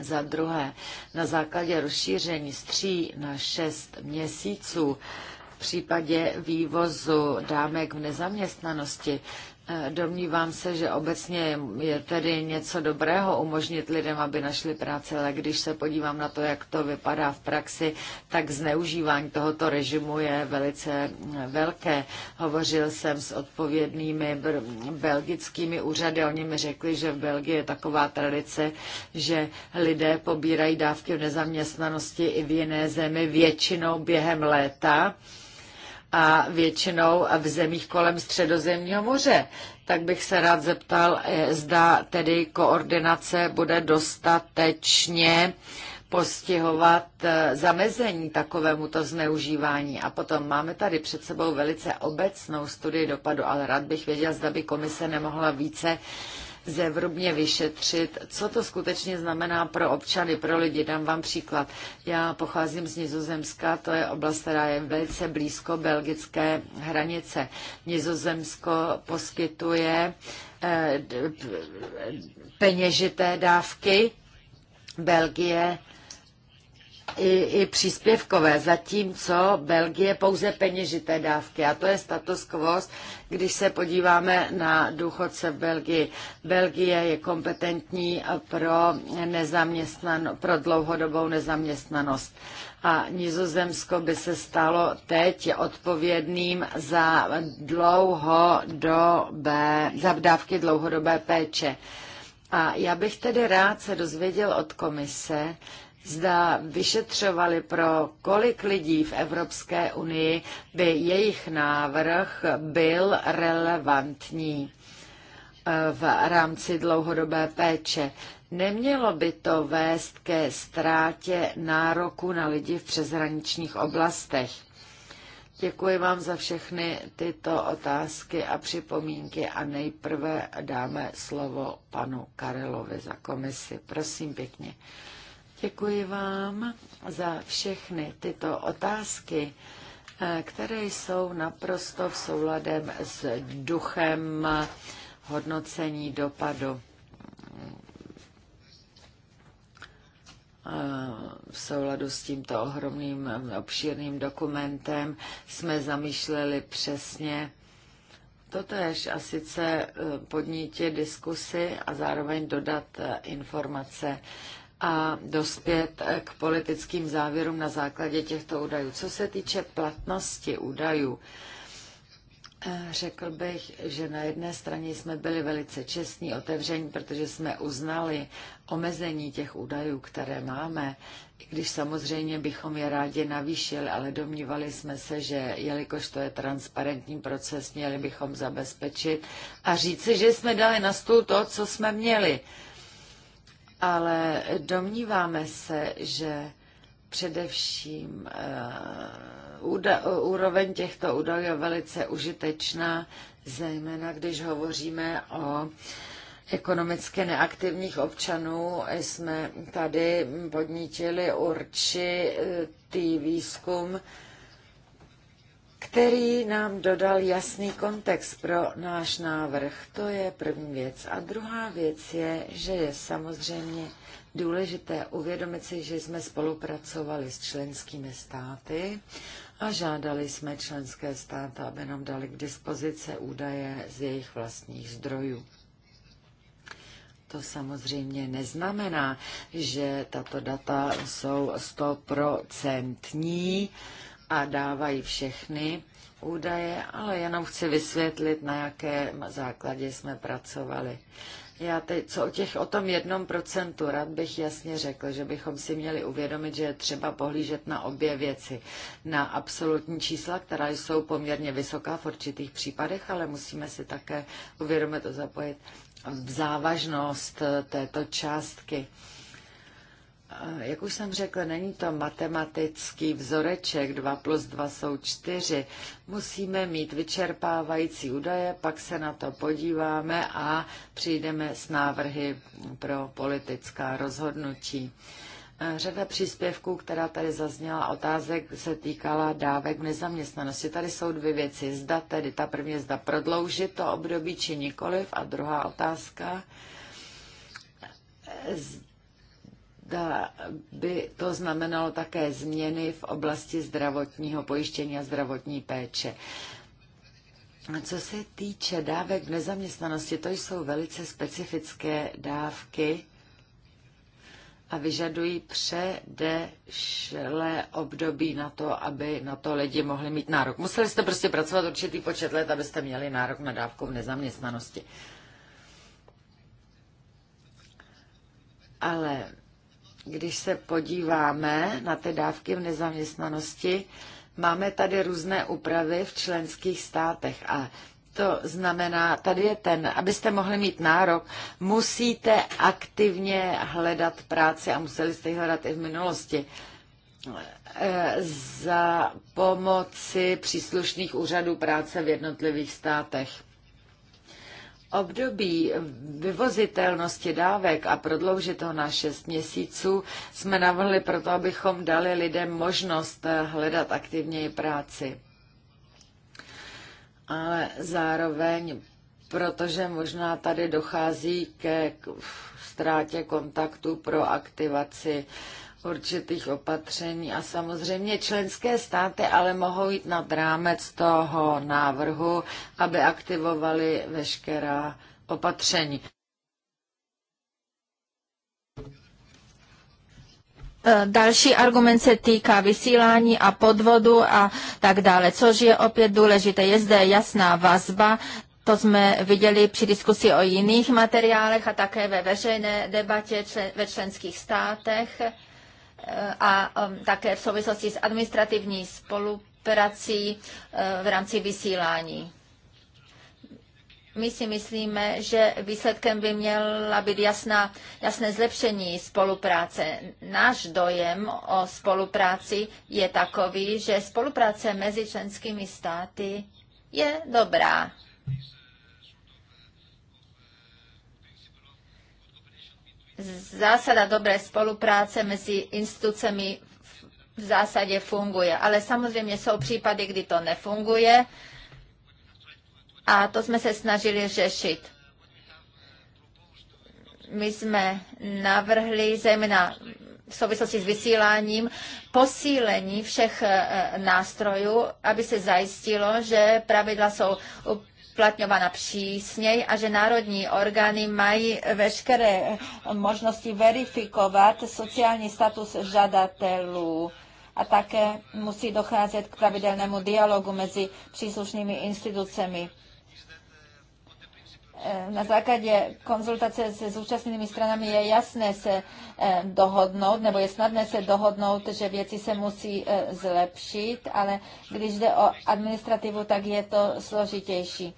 Za druhé, na základě rozšíření z tří na šest měsíců v případě vývozu dámek v nezaměstnanosti Domnívám se, že obecně je tedy něco dobrého umožnit lidem, aby našli práci, ale když se podívám na to, jak to vypadá v praxi, tak zneužívání tohoto režimu je velice velké. Hovořil jsem s odpovědnými belgickými úřady, oni mi řekli, že v Belgii je taková tradice, že lidé pobírají dávky v nezaměstnanosti i v jiné zemi většinou během léta a většinou v zemích kolem Středozemního moře. Tak bych se rád zeptal, eh, zda tedy koordinace bude dostatečně postihovat eh, zamezení takovémuto zneužívání. A potom máme tady před sebou velice obecnou studii dopadu, ale rád bych věděl, zda by komise nemohla více zevrubně vyšetřit, co to skutečně znamená pro občany, pro lidi. Dám vám příklad. Já pocházím z Nizozemska, to je oblast, která je velice blízko belgické hranice. Nizozemsko poskytuje eh, peněžité dávky, Belgie i, i příspěvkové, zatímco Belgie pouze peněžité dávky. A to je status quo, když se podíváme na důchodce v Belgii. Belgie je kompetentní pro, nezaměstnan, pro dlouhodobou nezaměstnanost. A Nizozemsko by se stalo teď odpovědným za, dlouhodobé, za dávky dlouhodobé péče. A já bych tedy rád se dozvěděl od komise, zda vyšetřovali pro kolik lidí v Evropské unii by jejich návrh byl relevantní eh, v rámci dlouhodobé péče. Nemělo by to vést ke ztrátě nároku na lidi v přeshraničních oblastech. Děkuji vám za všechny tyto otázky a připomínky a nejprve dáme slovo panu Karelovi za komisi. Prosím pěkně. Děkuji vám za všechny tyto otázky, eh, které jsou naprosto v souladem s duchem hodnocení dopadu. Eh, v souladu s tímto ohromným obšírným dokumentem jsme zamýšleli přesně totež a sice eh, podnítit diskusy a zároveň dodat informace a dospět k politickým závěrům na základě těchto údajů. Co se týče platnosti údajů, eh, Řekl bych, že na jedné straně jsme byli velice čestní, otevření, protože jsme uznali omezení těch údajů, které máme, i když samozřejmě bychom je rádi navýšili, ale domnívali jsme se, že jelikož to je transparentní proces, měli bychom zabezpečit a říci, že jsme dali na stůl to, co jsme měli ale domníváme se, že především uh, úda, uh, úroveň těchto údajů je velice užitečná, zejména když hovoříme o ekonomicky neaktivních občanů. Jsme tady podnítili určitý výzkum, který nám dodal jasný kontext pro náš návrh. To je první věc. A druhá věc je, že je samozřejmě důležité uvědomit si, že jsme spolupracovali s členskými státy a žádali jsme členské státy, aby nám dali k dispozice údaje z jejich vlastních zdrojů. To samozřejmě neznamená, že tato data jsou stoprocentní, a dávají všechny údaje, ale jenom chci vysvětlit, na jaké základě jsme pracovali. Já teď, co o, těch, o tom jednom procentu, rad bych jasně řekl, že bychom si měli uvědomit, že je třeba pohlížet na obě věci. Na absolutní čísla, která jsou poměrně vysoká v určitých případech, ale musíme si také uvědomit a zapojit v závažnost této částky. Jak už jsem řekla, není to matematický vzoreček 2 plus 2 jsou 4. Musíme mít vyčerpávající údaje, pak se na to podíváme a přijdeme s návrhy pro politická rozhodnutí. Řada příspěvků, která tady zazněla, otázek se týkala dávek v nezaměstnanosti. Tady jsou dvě věci. Zda tedy, ta první zda prodloužit to období či nikoliv a druhá otázka, zda zda by to znamenalo také změny v oblasti zdravotního pojištění a zdravotní péče. Co se týče dávek v nezaměstnanosti, to jsou velice specifické dávky a vyžadují předešlé období na to, aby na to lidi mohli mít nárok. Museli jste prostě pracovat určitý počet let, abyste měli nárok na dávku v nezaměstnanosti. Ale když se podíváme na ty dávky v nezaměstnanosti, máme tady různé úpravy v členských státech a to znamená, tady je ten, abyste mohli mít nárok, musíte aktivně hledat práci a museli jste ji hledat i v minulosti e, za pomoci příslušných úřadů práce v jednotlivých státech období vyvozitelnosti dávek a prodloužit ho na 6 měsíců jsme navrhli proto, abychom dali lidem možnost eh, hledat aktivněji práci. Ale zároveň, protože možná tady dochází ke ztrátě kontaktu pro aktivaci uh, určitých opatření a samozřejmě členské státy ale mohou jít nad rámec toho návrhu, aby aktivovali veškerá opatření. E, další argument se týká vysílání a podvodu a tak dále, což je opět důležité. Je zde jasná vazba, to jsme viděli při diskusi o jiných materiálech a také ve veřejné debatě člen, ve členských státech a um, také v souvislosti s administrativní spoluprací uh, v rámci vysílání. My si myslíme, že výsledkem by měla být jasná, jasné zlepšení spolupráce. Náš dojem o spolupráci je takový, že spolupráce mezi členskými státy je dobrá. zásada dobré spolupráce mezi institucemi v zásadě funguje, ale samozřejmě jsou případy, kdy to nefunguje a to jsme se snažili řešit. My jsme navrhli zejména v souvislosti s vysíláním posílení všech eh, nástrojů, aby se zajistilo, že pravidla jsou uplatňována přísněj a že národní orgány mají veškeré možnosti verifikovat sociální status žadatelů a také musí docházet k pravidelnému dialogu mezi příslušnými institucemi. Eh, na základě konzultace se zúčastněnými stranami je jasné se eh, dohodnout, nebo je snadné se dohodnout, že věci se musí eh, zlepšit, ale když jde o administrativu, tak je to složitější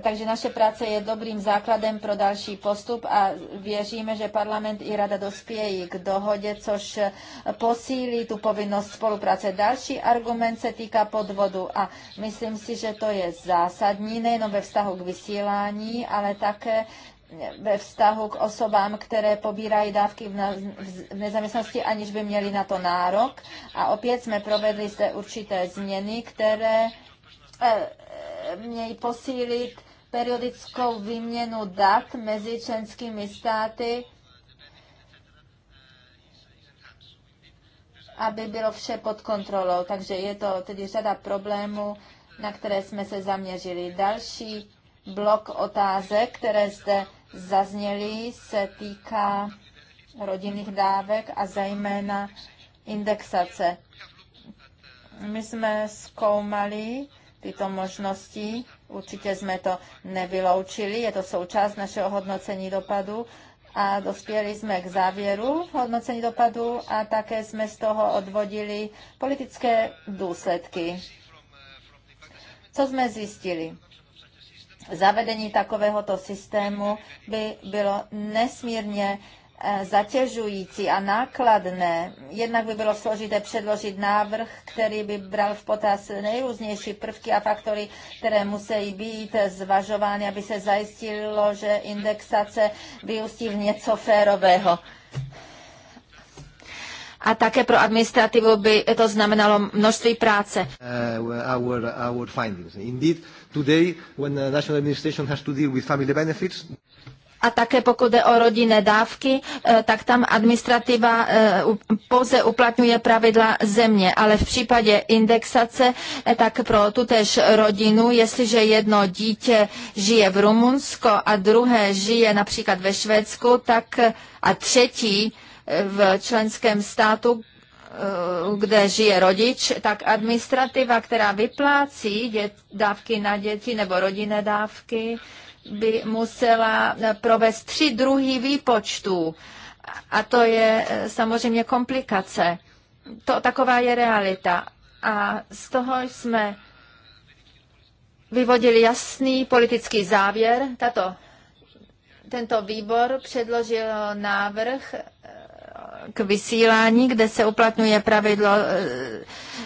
takže naše práce je dobrým základem pro další postup a věříme, že parlament i rada dospějí k dohodě, což posílí tu povinnost spolupráce. Další argument se týká podvodu a myslím si, že to je zásadní nejen ve vztahu k vysílání, ale také ve vztahu k osobám, které pobírají dávky v nezaměstnosti, aniž by měli na to nárok. A opět jsme provedli zde určité změny, které Eh, eh, mějí posílit periodickou výměnu dat mezi členskými státy, aby bylo vše pod kontrolou. Takže je to tedy řada problémů, na které jsme se zaměřili. Další blok otázek, které zde zazněly, se týká rodinných dávek a zejména indexace. My jsme zkoumali tyto možnosti. Určitě jsme to nevyloučili, je to součást našeho hodnocení dopadu a dospěli jsme k závěru v hodnocení dopadu a také jsme z toho odvodili politické důsledky. Co jsme zjistili? Zavedení takovéhoto systému by bylo nesmírně E, zatěžující a nákladné. Jednak by bylo složité předložit návrh, který by bral v potaz nejrůznější prvky a faktory, které musí být zvažovány, aby se zajistilo, že indexace vyústí v něco férového. A také pro administrativu by to znamenalo množství práce. Uh, our, our findings. Indeed, today, when the uh, national administration has to deal with family benefits, a také pokud jde o rodinné dávky, eh, tak tam administrativa eh, pouze uplatňuje pravidla země, ale v případě indexace, eh, tak pro tutéž rodinu, jestliže jedno dítě žije v Rumunsko a druhé žije například ve Švédsku, tak a třetí v členském státu, kde žije rodič, tak administrativa, která vyplácí dávky na děti nebo rodinné dávky, by musela eh, provést tři druhý výpočtů. A to je eh, samozřejmě komplikace. To taková je realita. A z toho jsme vyvodili jasný politický závěr. Tato, tento výbor předložil návrh eh, k vysílání, kde se uplatňuje pravidlo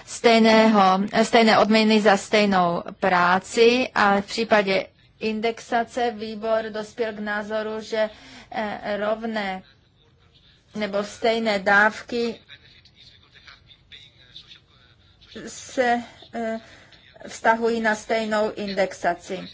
stejného, stejné odměny za stejnou práci a v případě indexace výbor dospěl k názoru, že eh, rovné nebo stejné dávky se eh, vztahují na stejnou indexaci.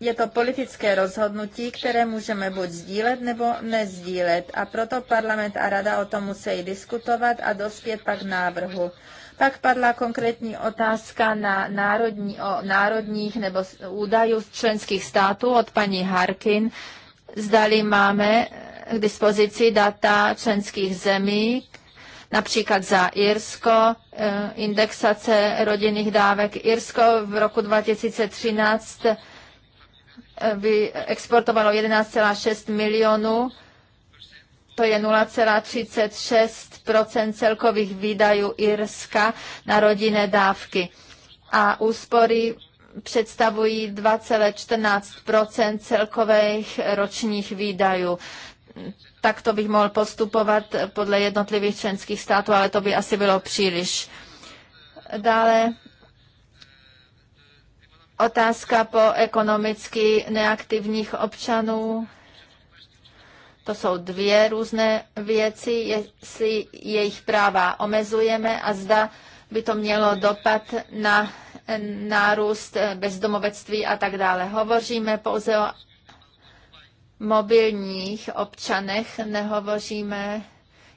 Je to politické rozhodnutí, které můžeme buď sdílet nebo nezdílet a proto parlament a rada o tom musí diskutovat a dospět pak návrhu. Pak padla konkrétní otázka na národní, o národních nebo údajů z členských států od paní Harkin. Zdali máme eh, k dispozici data členských zemí, například za Irsko, eh, indexace rodinných dávek. Irsko v roku 2013 eh, exportovalo 11,6 milionů to je 0,36 celkových výdajů Irska na rodinné dávky. A úspory představují 2,14 celkových ročních výdajů. Tak to bych mohl postupovat podle jednotlivých členských států, ale to by asi bylo příliš. Dále otázka po ekonomicky neaktivních občanů to jsou dvě různé věci, jestli jejich práva omezujeme a zda by to mělo dopad na nárůst bezdomovectví a tak dále. Hovoříme pouze o mobilních občanech, nehovoříme,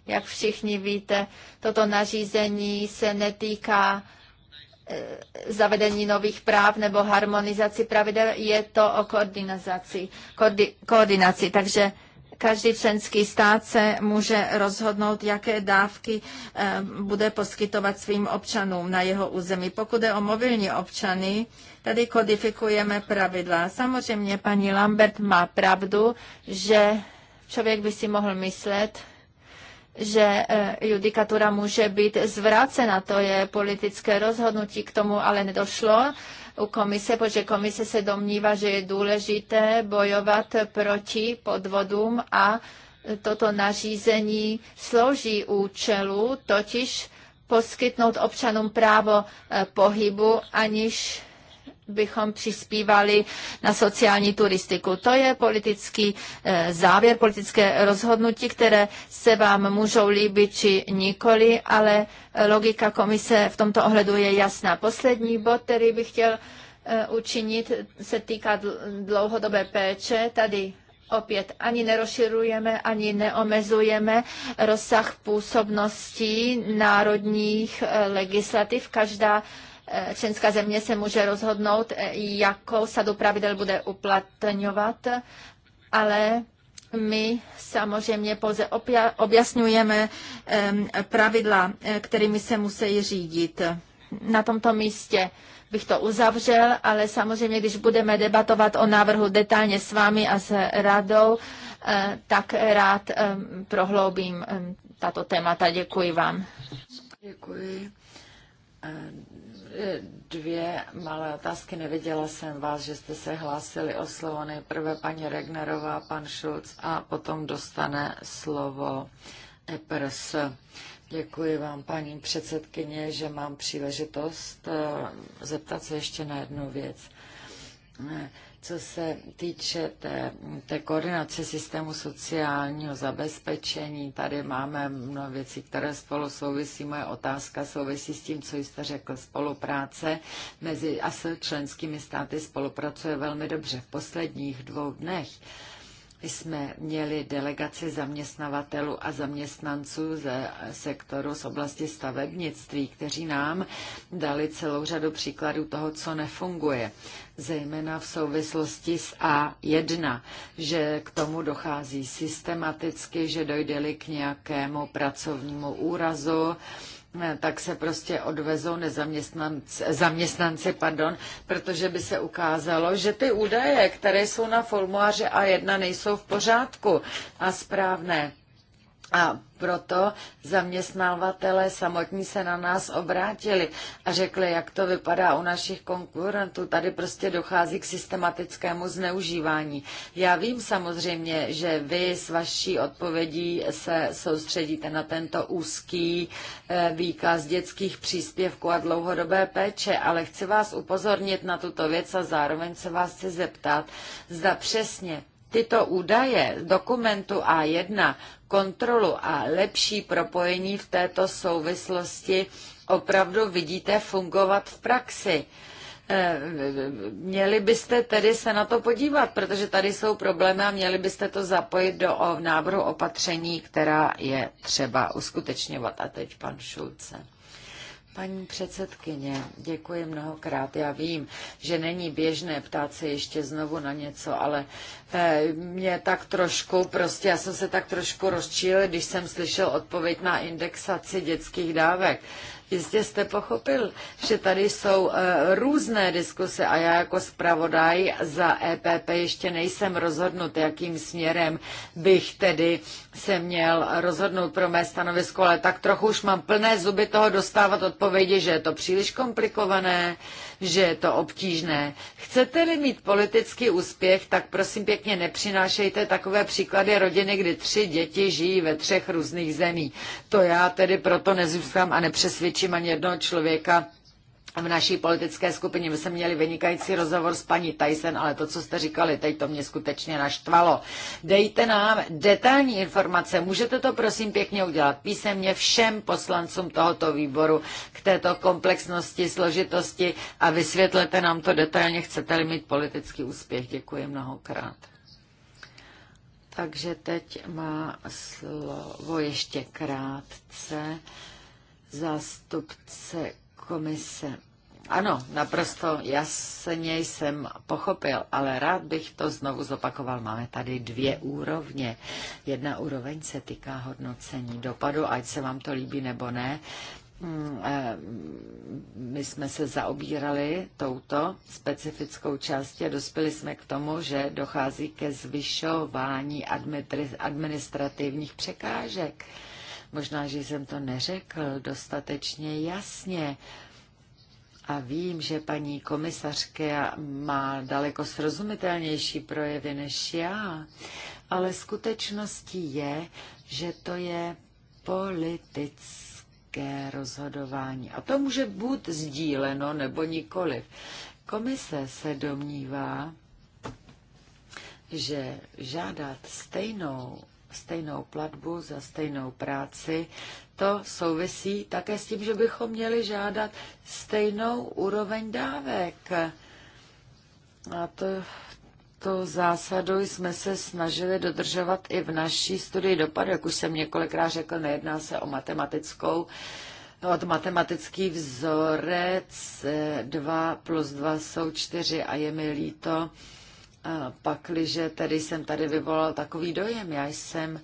jak všichni víte, toto nařízení se netýká eh, zavedení nových práv nebo harmonizaci pravidel, je to o koordinaci. Koordi, koordinaci. Takže Každý členský stát se může rozhodnout, jaké dávky eh, bude poskytovat svým občanům na jeho území. Pokud je o mobilní občany, tady kodifikujeme pravidla. Samozřejmě paní Lambert má pravdu, že člověk by si mohl myslet, že eh, judikatura může být zvrácena. To je politické rozhodnutí, k tomu ale nedošlo u komise, protože komise se domnívá, že je důležité bojovat proti podvodům a toto nařízení slouží účelu, totiž poskytnout občanům právo eh, pohybu, aniž bychom přispívali na sociální turistiku. To je politický eh, závěr, politické rozhodnutí, které se vám můžou líbit či nikoli, ale logika komise v tomto ohledu je jasná. Poslední bod, který bych chtěl eh, učinit, se týká dlouhodobé péče. Tady opět ani nerozširujeme, ani neomezujeme rozsah působností národních eh, legislativ. Každá Eh, členská země se může rozhodnout, eh, jakou sadu pravidel bude uplatňovat, ale my samozřejmě pouze objasňujeme pravidla, eh, kterými se musí řídit. Na tomto místě bych to uzavřel, ale samozřejmě, když budeme debatovat o návrhu detailně s vámi a s radou, tak rád prohloubím tato témata. Děkuji vám. Děkuji dvě malé otázky. Neviděla jsem vás, že jste se hlásili o slovo. Nejprve paní Regnerová, pan Šulc a potom dostane slovo EPRS. Děkuji vám, paní předsedkyně, že mám příležitost eh, zeptat se ještě na jednu věc. Co se týče té, té koordinace systému sociálního zabezpečení, tady máme mnoho věcí, které spolu souvisí. Moje otázka souvisí s tím, co jste řekl. Spolupráce mezi asi členskými státy spolupracuje velmi dobře v posledních dvou dnech. Uh, jsme měli delegaci zaměstnavatelů a zaměstnanců ze sektoru z oblasti stavebnictví, kteří nám dali celou řadu příkladů toho, co nefunguje, zejména v souvislosti s A1, že k tomu dochází systematicky, že dojde-li k nějakému pracovnímu úrazu, Eh, tak se prostě odvezou zaměstnanci, pardon, protože by se ukázalo, že ty údaje, které jsou na formuláři A1, nejsou v pořádku a správné. A proto zaměstnávatele samotní se na nás obrátili a řekli, jak to vypadá u našich konkurentů. Tady prostě dochází k systematickému zneužívání. Já vím samozřejmě, že vy s vaší odpovědí se soustředíte na tento úzký eh, výkaz dětských příspěvků a dlouhodobé péče, ale chci vás upozornit na tuto věc a zároveň se vás chci zeptat, zda přesně tyto údaje dokumentu A1, kontrolu a lepší propojení v této souvislosti opravdu vidíte fungovat v praxi. Eh, měli byste tedy se na to podívat, protože tady jsou problémy a měli byste to zapojit do návrhu opatření, která je třeba uskutečňovat. A teď pan Šulce. Paní předsedkyně, děkuji mnohokrát. Já vím, že není běžné ptát se ještě znovu na něco, ale eh, mě tak trošku, prostě já jsem se tak trošku rozčílil, když jsem slyšel odpověď na indexaci dětských dávek. Jistě jste pochopil, že tady jsou eh, různé diskuse a já jako zpravodaj za EPP ještě nejsem rozhodnut, jakým směrem bych tedy se měl rozhodnout pro mé stanovisko, ale tak trochu už mám plné zuby toho dostávat odpovědi, že je to příliš komplikované, že je to obtížné. Chcete-li mít politický úspěch, tak prosím pěkně nepřinášejte takové příklady rodiny, kdy tři děti žijí ve třech různých zemích. To já tedy proto nezůstám a nepřesvědčím nepřesvědčím ani jednoho člověka, v naší politické skupině. My jsme měli vynikající rozhovor s paní Tyson, ale to, co jste říkali, teď to mě skutečně naštvalo. Dejte nám detailní informace. Můžete to prosím pěkně udělat písemně všem poslancům tohoto výboru k této komplexnosti, složitosti a vysvětlete nám to detailně, chcete-li mít politický úspěch. Děkuji mnohokrát. Takže teď má slovo ještě krátce zástupce komise. Ano, naprosto jasně jsem pochopil, ale rád bych to znovu zopakoval. Máme tady dvě úrovně. Jedna úroveň se týká hodnocení dopadu, ať se vám to líbí nebo ne. Mm, eh, my jsme se zaobírali touto specifickou částí a dospěli jsme k tomu, že dochází ke zvyšování administrativních překážek Možná, že jsem to neřekl dostatečně jasně. A vím, že paní komisařka má daleko srozumitelnější projevy než já, ale skutečností je, že to je politické rozhodování. A to může být sdíleno nebo nikoliv. Komise se domnívá, že žádat stejnou stejnou platbu za stejnou práci. To souvisí také s tím, že bychom měli žádat stejnou úroveň dávek. A to, to zásadu jsme se snažili dodržovat i v naší studii dopadu, jak už jsem několikrát řekl, nejedná se o matematickou od matematický vzorec 2 eh, plus 2 jsou 4 a je mi líto, pakliže tedy jsem tady vyvolal takový dojem. Já jsem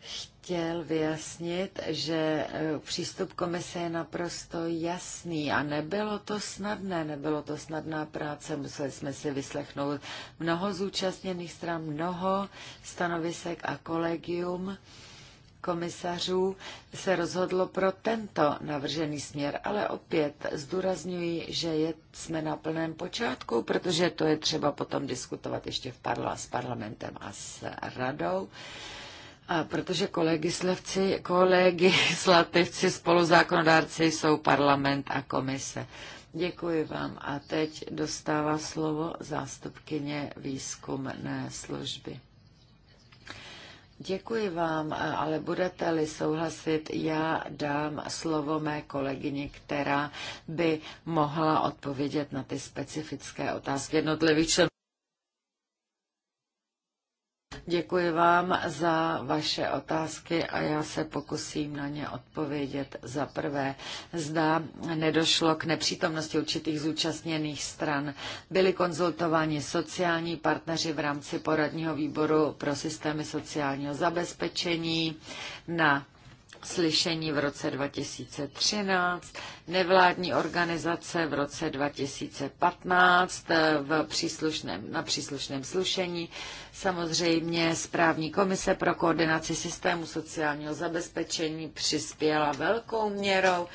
chtěl vyjasnit, že e, přístup komise je naprosto jasný a nebylo to snadné, nebylo to snadná práce, museli jsme si vyslechnout mnoho zúčastněných stran, mnoho stanovisek a kolegium komisařů se rozhodlo pro tento navržený směr, ale opět zdůrazňuji, že je, jsme na plném počátku, protože to je třeba potom diskutovat ještě v parla, s parlamentem a s radou. A protože kolegy slativci, spoluzákonodárci jsou parlament a komise. Děkuji vám. A teď dostává slovo zástupkyně výzkumné služby. Děkuji vám, ale budete-li souhlasit, já dám slovo mé kolegyni, která by mohla odpovědět na ty specifické otázky jednotlivých členů. Děkuji vám za vaše otázky a já se pokusím na ně odpovědět. Za prvé, zda nedošlo k nepřítomnosti určitých zúčastněných stran. Byli konzultováni sociální partneři v rámci poradního výboru pro systémy sociálního zabezpečení na slyšení v roce 2013, nevládní organizace v roce 2015 eh, v příslušném, na příslušném slušení, samozřejmě správní komise pro koordinaci systému sociálního zabezpečení přispěla velkou měrou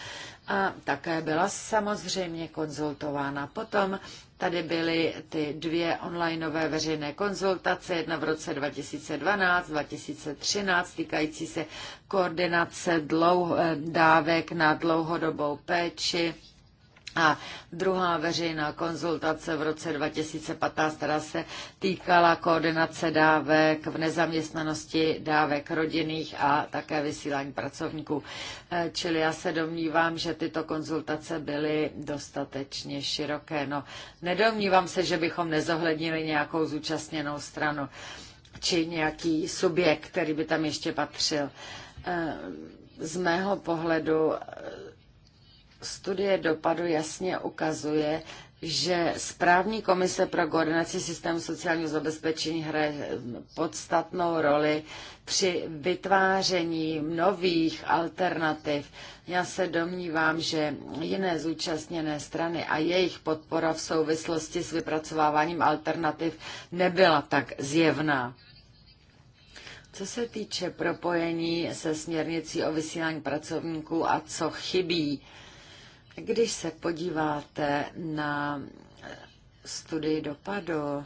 a také byla samozřejmě konzultována. Potom Tady byly ty dvě onlineové veřejné konzultace, jedna v roce 2012, 2013, týkající se koordinace dlouho, eh, dávek na dlouhodobou péči a druhá veřejná konzultace v roce 2015, která se týkala koordinace dávek v nezaměstnanosti, dávek rodinných a také vysílání pracovníků. E, čili já se domnívám, že tyto konzultace byly dostatečně široké. No, nedomnívám se, že bychom nezohlednili nějakou zúčastněnou stranu či nějaký subjekt, který by tam ještě patřil. E, z mého pohledu Studie dopadu jasně ukazuje, že správní komise pro koordinaci systému sociálního zabezpečení hraje podstatnou roli při vytváření nových alternativ. Já se domnívám, že jiné zúčastněné strany a jejich podpora v souvislosti s vypracováváním alternativ nebyla tak zjevná. Co se týče propojení se směrnicí o vysílání pracovníků a co chybí, když se podíváte na studii dopadu,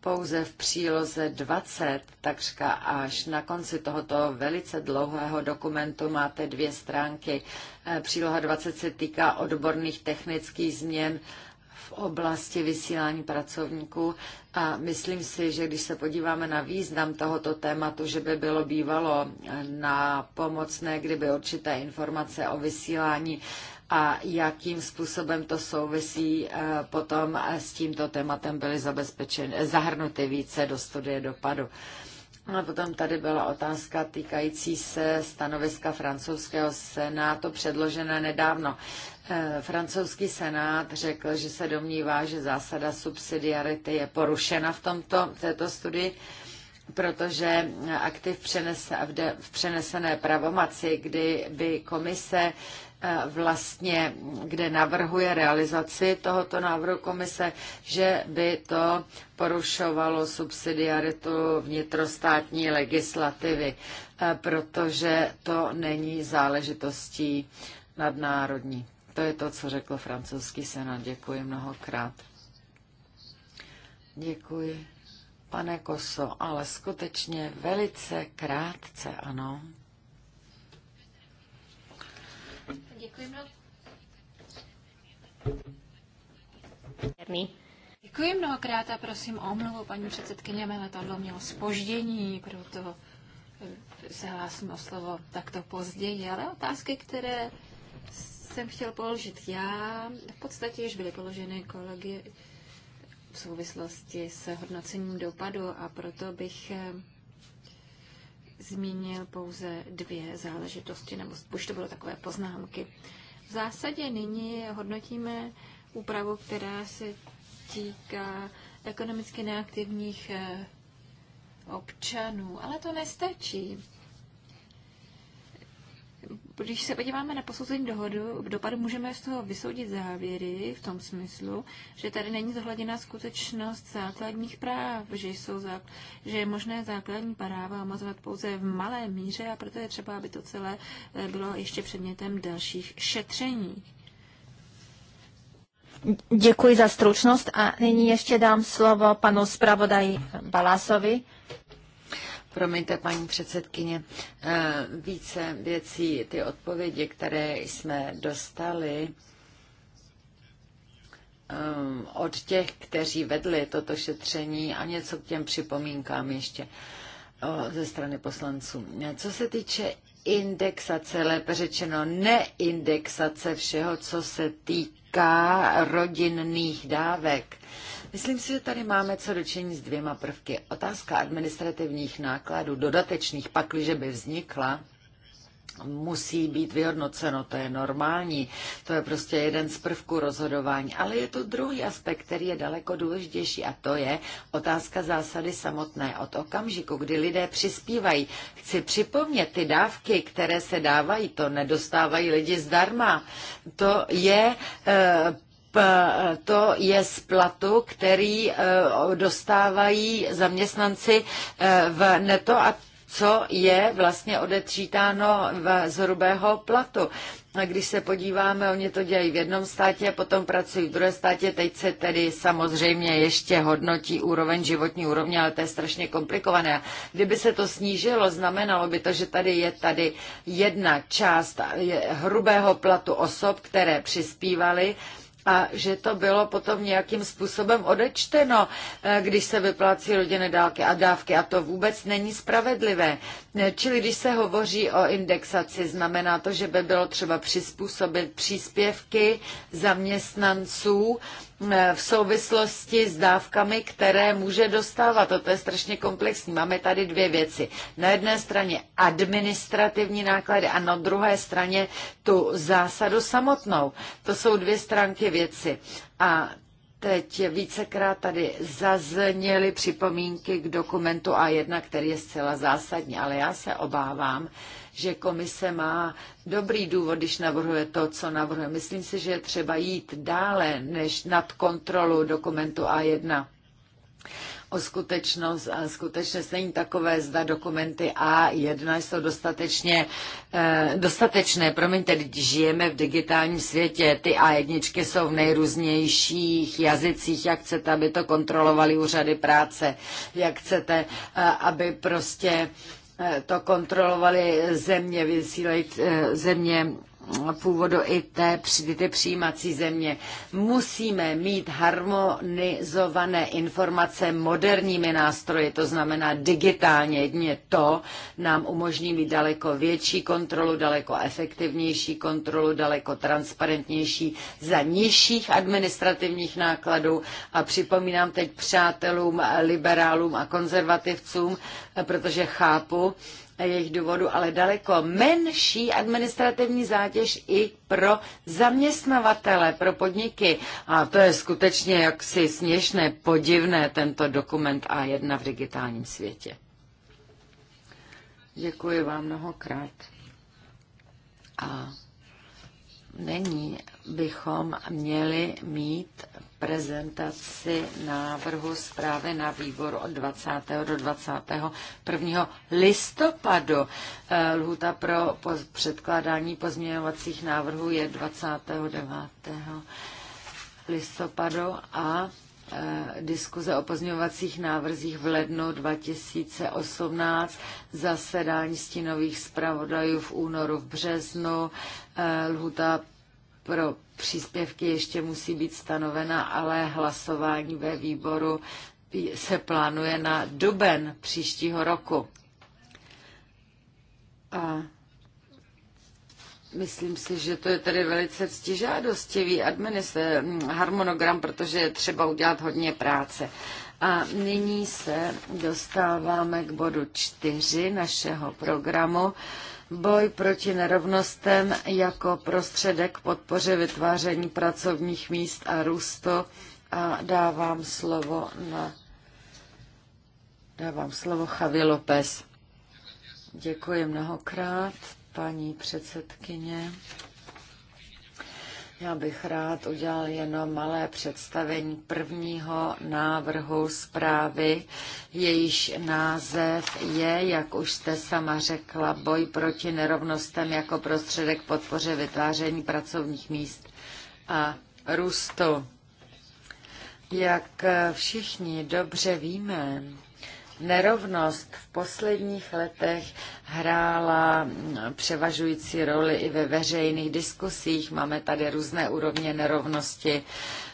pouze v příloze 20, takřka až na konci tohoto velice dlouhého dokumentu máte dvě stránky. Eh, příloha 20 se týká odborných technických změn v oblasti vysílání pracovníků a myslím si, že když se podíváme na význam tohoto tématu, že by bylo bývalo na pomocné, kdyby určité informace o vysílání a jakým způsobem to souvisí eh, potom eh, s tímto tématem byly zabezpečeny, zahrnuty více do studie dopadu. No a potom tady byla otázka týkající se stanoviska francouzského senátu předložené nedávno. Eh, francouzský senát řekl, že se domnívá, že zásada subsidiarity je porušena v tomto, této studii, protože aktiv přenese, v, de, v přenesené pravomaci, kdy by komise Eh, vlastně, kde navrhuje realizaci tohoto návrhu komise, že by to porušovalo subsidiaritu vnitrostátní legislativy, eh, protože to není záležitostí nadnárodní. To je to, co řekl francouzský senát. Děkuji mnohokrát. Děkuji, pane Koso, ale skutečně velice krátce, ano. Děkuji mnohokrát. Děkuji mnohokrát a prosím o omluvu, paní předsedkyně, mé letadlo mělo spoždění, proto eh, se hlásím o slovo takto později, ale otázky, které jsem chtěl položit já, v podstatě již byly položeny kolegy v souvislosti s hodnocením dopadu a proto bych eh, zmínil pouze dvě záležitosti, nebo už to bylo takové poznámky. V zásadě nyní hodnotíme úpravu, která se týká ekonomicky neaktivních eh, občanů, ale to nestačí. Když se podíváme na posouzení dohodu, v dopadu můžeme z toho vysoudit závěry v tom smyslu, že tady není zohledněna skutečnost základních práv, že, jsou za, že je možné základní práva omazovat pouze v malé míře a proto je třeba, aby to celé eh, bylo ještě předmětem dalších šetření. Děkuji za stručnost a nyní ještě dám slovo panu zpravodaji Balásovi. Promiňte, paní předsedkyně, eh, více věcí, ty odpovědi, které jsme dostali, eh, od těch, kteří vedli toto šetření a něco k těm připomínkám ještě eh, ze strany poslanců. Co se týče indexace, lépe řečeno neindexace všeho, co se týká rodinných dávek, Myslím si, že tady máme co dočení s dvěma prvky. Otázka administrativních nákladů, dodatečných, pakliže by vznikla, musí být vyhodnoceno, to je normální, to je prostě jeden z prvků rozhodování. Ale je tu druhý aspekt, který je daleko důležitější a to je otázka zásady samotné. Od okamžiku, kdy lidé přispívají, chci připomnět, ty dávky, které se dávají, to nedostávají lidi zdarma. To je e, Eh, to je z platu, který eh, dostávají zaměstnanci eh, v neto a co je vlastně odečítáno z hrubého platu. A když se podíváme, oni to dělají v jednom státě, potom pracují v druhé státě, teď se tedy samozřejmě ještě hodnotí úroveň životní úrovně, ale to je strašně komplikované. Kdyby se to snížilo, znamenalo by to, že tady je tady jedna část hrubého platu osob, které přispívaly, a že to bylo potom nějakým způsobem odečteno, eh, když se vyplácí rodinné dálky a dávky a to vůbec není spravedlivé. Eh, čili když se hovoří o indexaci, znamená to, že by bylo třeba přizpůsobit příspěvky zaměstnanců Eh, v souvislosti s dávkami, které může dostávat. A to je strašně komplexní. Máme tady dvě věci. Na jedné straně administrativní náklady a na druhé straně tu zásadu samotnou. To jsou dvě stránky věci. A teď vícekrát tady zazněly připomínky k dokumentu A1, který je zcela zásadní, ale já se obávám, že komise má dobrý důvod, když navrhuje to, co navrhuje. Myslím si, že je třeba jít dále než nad kontrolu dokumentu A1 o skutečnost a skutečnost není takové, zda dokumenty A1 jsou dostatečně, eh, dostatečné. Promiňte, teď žijeme v digitálním světě, ty A1 jsou v nejrůznějších jazycích, jak chcete, aby to kontrolovali úřady práce, jak chcete, eh, aby prostě Eh, to kontrolovaly země, vysílají eh, země původu i té, té přijímací země. Musíme mít harmonizované informace moderními nástroji, to znamená digitálně. Jedně to nám umožní mít daleko větší kontrolu, daleko efektivnější kontrolu, daleko transparentnější za nižších administrativních nákladů. A připomínám teď přátelům, liberálům a konzervativcům, protože chápu, jejich důvodu, ale daleko menší administrativní zátěž i pro zaměstnavatele, pro podniky. A to je skutečně jaksi směšné, podivné tento dokument A1 v digitálním světě. Děkuji vám mnohokrát. A není bychom měli mít prezentaci návrhu zprávy na výboru od 20. do 21. listopadu. Eh, lhuta pro předkládání pozměňovacích návrhů je 29. listopadu a eh, diskuze o pozměňovacích návrzích v lednu 2018, zasedání stínových zpravodajů v únoru v březnu, eh, lhuta pro příspěvky ještě musí být stanovena, ale hlasování ve výboru se plánuje na duben příštího roku. A Myslím si, že to je tedy velice ctižádostivý harmonogram, protože je třeba udělat hodně práce. A nyní se dostáváme k bodu čtyři našeho programu, Boj proti nerovnostem jako prostředek podpoře vytváření pracovních míst a růstu. A dávám slovo na dávám slovo Javi López. Děkuji mnohokrát, paní předsedkyně. Já bych rád udělal jenom malé představení prvního návrhu zprávy. Jejíž název je, jak už jste sama řekla, boj proti nerovnostem jako prostředek podpoře vytváření pracovních míst a růstu. Jak všichni dobře víme, Nerovnost v posledních letech hrála převažující roli i ve veřejných diskusích. Máme tady různé úrovně nerovnosti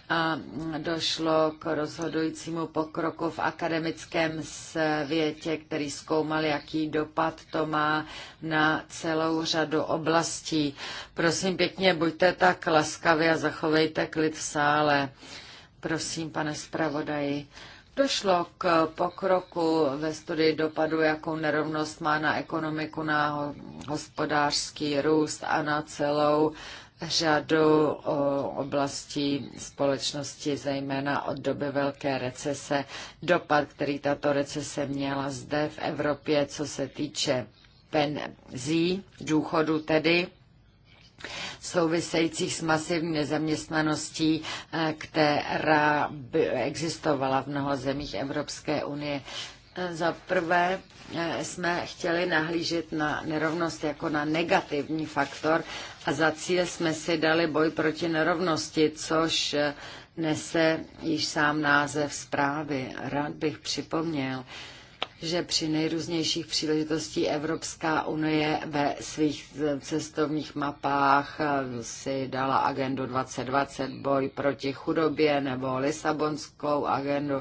a došlo k rozhodujícímu pokroku v akademickém světě, který zkoumal, jaký dopad to má na celou řadu oblastí. Prosím pěkně, buďte tak laskavě a zachovejte klid v sále. Prosím, pane zpravodaji. Došlo k pokroku ve studii dopadu, jakou nerovnost má na ekonomiku, na hospodářský růst a na celou řadu oblastí společnosti, zejména od doby velké recese. Dopad, který tato recese měla zde v Evropě, co se týče penzí, důchodu tedy, souvisejících s masivní nezaměstnaností, eh, která by existovala v mnoha zemích Evropské unie. Eh, za prvé eh, jsme chtěli nahlížet na nerovnost jako na negativní faktor a za cíl jsme si dali boj proti nerovnosti, což nese již sám název zprávy. Rád bych připomněl, že při nejrůznějších příležitostí Evropská unie ve svých cestovních mapách eh, si dala agendu 2020, boj proti chudobě nebo Lisabonskou agendu.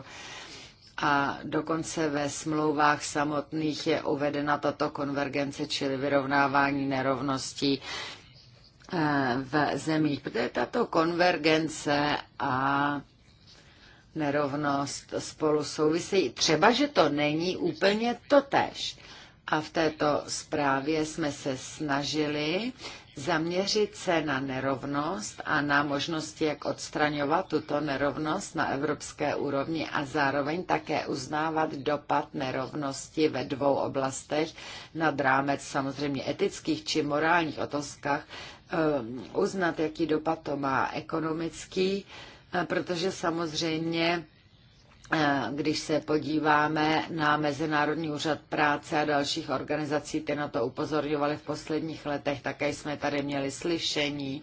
A dokonce ve smlouvách samotných je uvedena tato konvergence, čili vyrovnávání nerovností eh, v zemích. Protože tato konvergence a nerovnost spolu souvisejí. Třeba, že to není úplně totéž. A v této zprávě jsme se snažili zaměřit se na nerovnost a na možnosti, jak odstraňovat tuto nerovnost na evropské úrovni a zároveň také uznávat dopad nerovnosti ve dvou oblastech nad rámec samozřejmě etických či morálních otázkách, ehm, uznat, jaký dopad to má ekonomický, Eh, protože samozřejmě eh, když se podíváme na Mezinárodní úřad práce a dalších organizací, ty na to upozorňovali v posledních letech, také jsme tady měli slyšení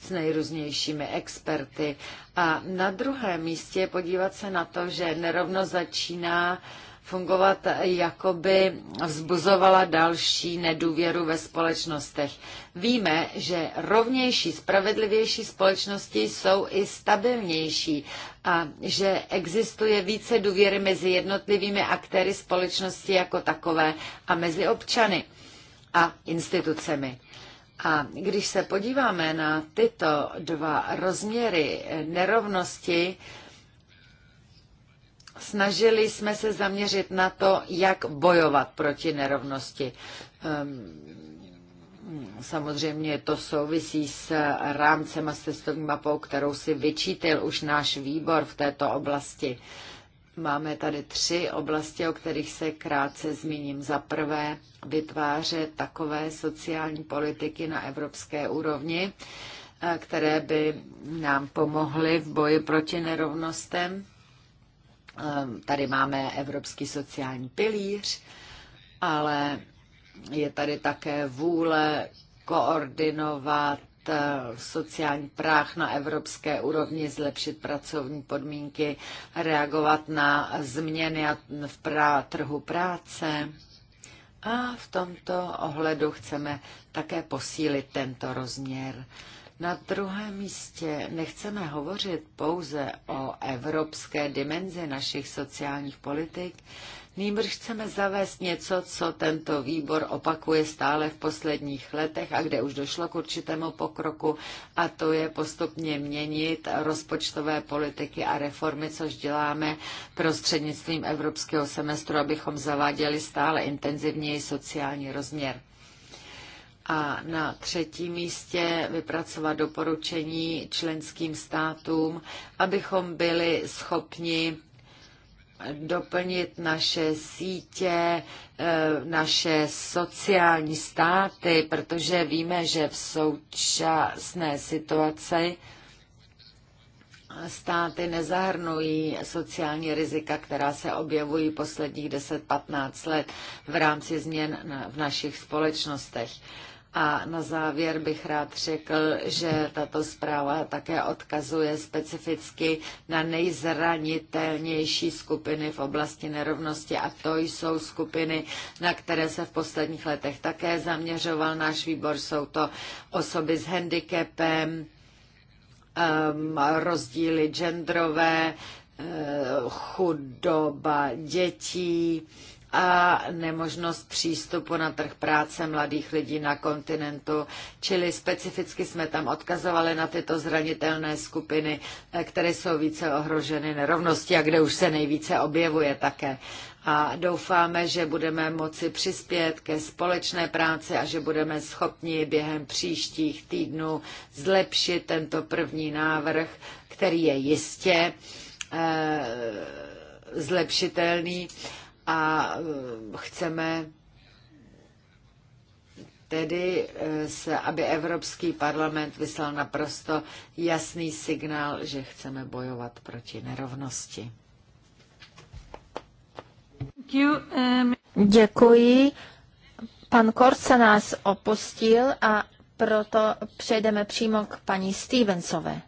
s nejrůznějšími experty. A na druhém místě podívat se na to, že nerovno začíná uh, fungovat, jako by vzbuzovala další nedůvěru ve společnostech. Víme, že rovnější, spravedlivější společnosti jsou i stabilnější a že existuje více důvěry mezi jednotlivými aktéry společnosti jako takové a mezi občany a institucemi. A když se podíváme na tyto dva rozměry nerovnosti, Snažili jsme se zaměřit na to, jak bojovat proti nerovnosti. Ehm, samozřejmě to souvisí s rámcem a s cestovní mapou, kterou si vyčítil už náš výbor v této oblasti. Máme tady tři oblasti, o kterých se krátce zmíním. Za prvé, vytvářet takové sociální politiky na evropské úrovni, eh, které by nám pomohly v boji proti nerovnostem. Ehm, tady máme Evropský sociální pilíř, ale je tady také vůle koordinovat eh, sociální práh na evropské úrovni, zlepšit pracovní podmínky, reagovat na změny v trhu práce. A v tomto ohledu chceme také posílit tento rozměr na druhém místě nechceme hovořit pouze o evropské dimenzi našich sociálních politik, Nýbrž chceme zavést něco, co tento výbor opakuje stále v posledních letech a kde už došlo k určitému pokroku, a to je postupně měnit rozpočtové politiky a reformy, což děláme prostřednictvím evropského semestru, abychom zaváděli stále intenzivněji sociální rozměr a na třetím místě vypracovat doporučení členským státům, abychom byli schopni doplnit naše sítě, eh, naše sociální státy, protože víme, že v současné situaci státy nezahrnují sociální rizika, která se objevují posledních 10-15 let v rámci změn v našich společnostech. A na závěr bych rád řekl, že tato zpráva také odkazuje specificky na nejzranitelnější skupiny v oblasti nerovnosti a to jsou skupiny, na které se v posledních letech také zaměřoval náš výbor. Jsou to osoby s handicapem, ehm, rozdíly genderové, eh, chudoba dětí, a nemožnost přístupu na trh práce mladých lidí na kontinentu. Čili specificky jsme tam odkazovali na tyto zranitelné skupiny, eh, které jsou více ohroženy nerovností a kde už se nejvíce objevuje také a doufáme, že budeme moci přispět ke společné práci a že budeme schopni během příštích týdnů zlepšit tento první návrh, který je jistě eh, zlepšitelný. Eh, a e, chceme tedy, e, se, aby Evropský parlament vyslal naprosto jasný signál, že chceme bojovat proti nerovnosti. Um, Děkuji. Pan Korce nás opustil a proto přejdeme přímo k paní Stevensové.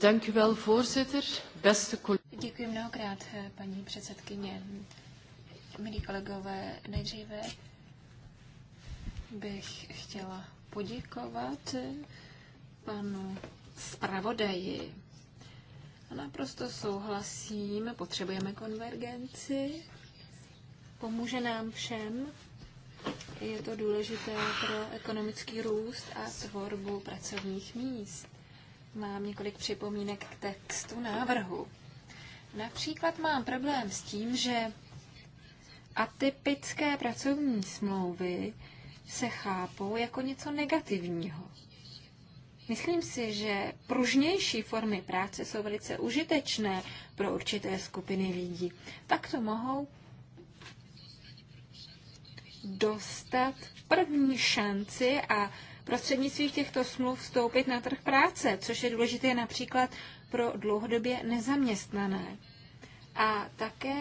Dank u wel, voorzitter. Beste Děkuji mnohokrát, eh, paní předsedkyně. Milí kolegové, nejdříve bych chtěla poděkovat eh, panu zpravodaji. A naprosto souhlasím, potřebujeme konvergenci, pomůže nám všem, je to důležité pro ekonomický růst a tvorbu pracovních míst. Mám několik připomínek k textu návrhu. Například mám problém s tím, že atypické pracovní smlouvy se chápou jako něco negativního. Myslím si, že pružnější formy práce jsou velice užitečné pro určité skupiny lidí. Tak to mohou dostat první šanci a prostřednictvím těchto smluv vstoupit na trh práce, což je důležité například pro dlouhodobě nezaměstnané. A také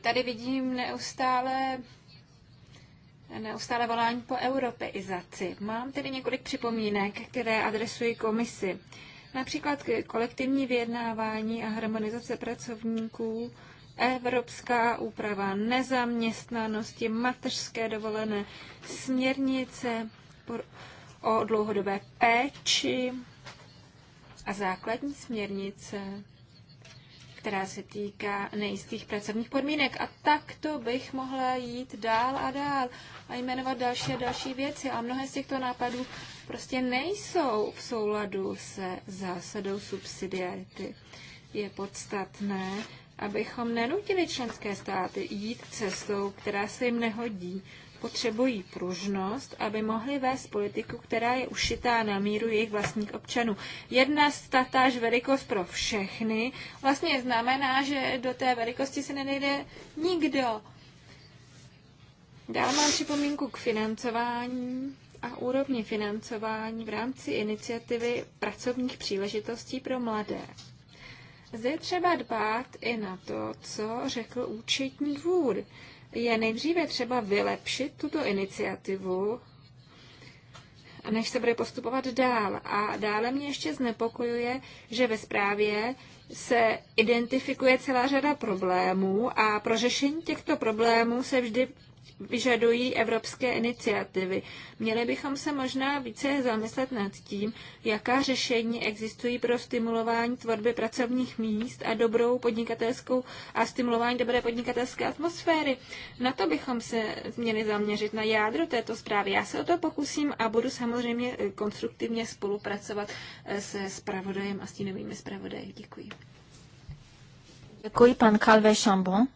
tady vidím neustále neustále volání po europeizaci. Mám tedy několik připomínek, které adresuji komisi. Například kolektivní vyjednávání a harmonizace pracovníků evropská úprava nezaměstnanosti, mateřské dovolené, směrnice o dlouhodobé péči a základní směrnice, která se týká nejistých pracovních podmínek. A takto bych mohla jít dál a dál a jmenovat další a další věci. A mnohé z těchto nápadů prostě nejsou v souladu se zásadou subsidiarity. Je podstatné, abychom nenutili členské státy jít cestou, která se jim nehodí. Potřebují pružnost, aby mohli vést politiku, která je ušitá na míru jejich vlastních občanů. Jedna statáž velikost pro všechny vlastně znamená, že do té velikosti se nenejde nikdo. Dál mám připomínku k financování a úrovni financování v rámci iniciativy pracovních příležitostí pro mladé. Zde je třeba dbát i na to, co řekl účetní dvůr. Je nejdříve třeba vylepšit tuto iniciativu, než se bude postupovat dál. A dále mě ještě znepokojuje, že ve zprávě se identifikuje celá řada problémů a pro řešení těchto problémů se vždy vyžadují evropské iniciativy. Měli bychom se možná více zamyslet nad tím, jaká řešení existují pro stimulování tvorby pracovních míst a dobrou podnikatelskou a stimulování dobré podnikatelské atmosféry. Na to bychom se měli zaměřit na jádro této zprávy. Já se o to pokusím a budu samozřejmě eh, konstruktivně spolupracovat eh, se spravodajem a novými spravodaji. Děkuji. Děkuji, pan Calvé Chambon.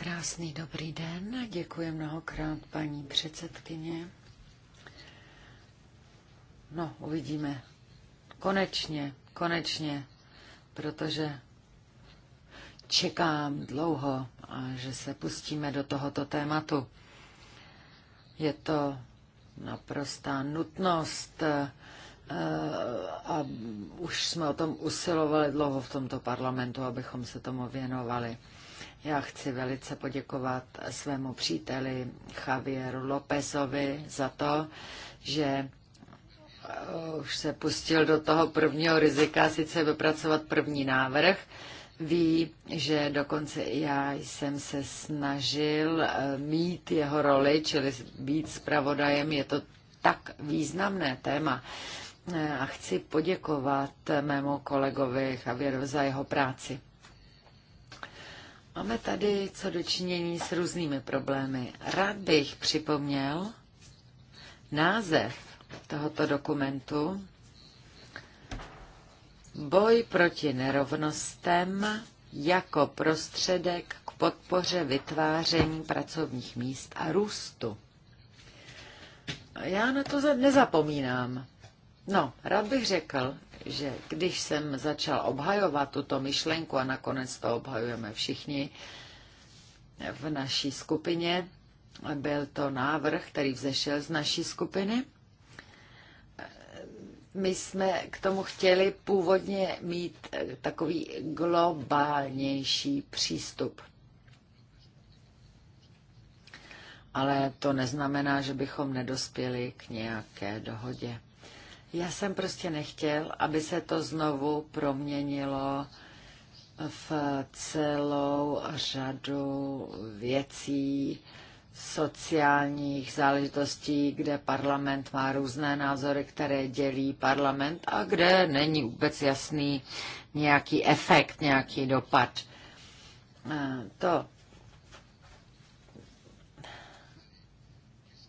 Krásný dobrý den, děkuji mnohokrát paní předsedkyně. No, uvidíme. Konečně, konečně, protože čekám dlouho, že se pustíme do tohoto tématu. Je to naprostá nutnost Eh, a už jsme o tom usilovali dlouho v tomto parlamentu, abychom se tomu věnovali. Já chci velice poděkovat svému příteli Javieru Lópezovi za to, že eh, už se pustil do toho prvního rizika, sice vypracovat první návrh. Ví, že dokonce i já jsem se snažil eh, mít jeho roli, čili být zpravodajem, je to tak významné téma a chci poděkovat mému kolegovi Javieru za jeho práci. Máme tady co dočinění s různými problémy. Rád bych připomněl název tohoto dokumentu Boj proti nerovnostem jako prostředek k podpoře vytváření pracovních míst a růstu. Já na to nezapomínám. No, rád bych řekl, že když jsem začal obhajovat tuto myšlenku, a nakonec to obhajujeme všichni v naší skupině, byl to návrh, který vzešel z naší skupiny, my jsme k tomu chtěli původně mít takový globálnější přístup. Ale to neznamená, že bychom nedospěli k nějaké dohodě. Já jsem prostě nechtěl, aby se to znovu proměnilo v celou řadu věcí, sociálních záležitostí, kde parlament má různé názory, které dělí parlament a kde není vůbec jasný nějaký efekt, nějaký dopad. To,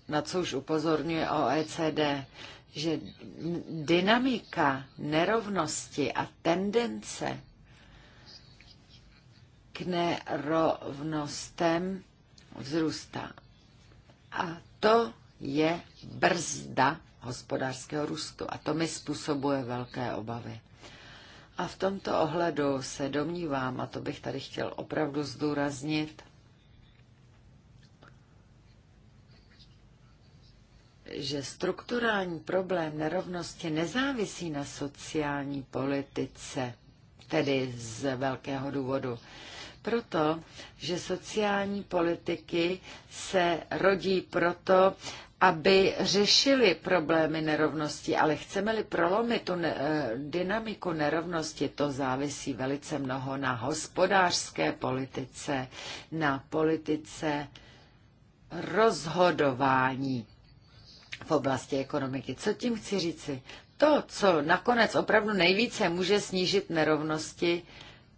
na co už upozorňuje OECD, že dynamika nerovnosti a tendence k nerovnostem vzrůstá. A to je brzda hospodářského růstu. A to mi způsobuje velké obavy. A v tomto ohledu se domnívám, a to bych tady chtěl opravdu zdůraznit, že strukturální problém nerovnosti nezávisí na sociální politice, tedy z velkého důvodu. Proto, že sociální politiky se rodí proto, aby řešili problémy nerovnosti, ale chceme-li prolomit tu ne, eh, dynamiku nerovnosti, to závisí velice mnoho na hospodářské politice, na politice rozhodování v oblasti ekonomiky. Co tím chci říci? To, co nakonec opravdu nejvíce může snížit nerovnosti,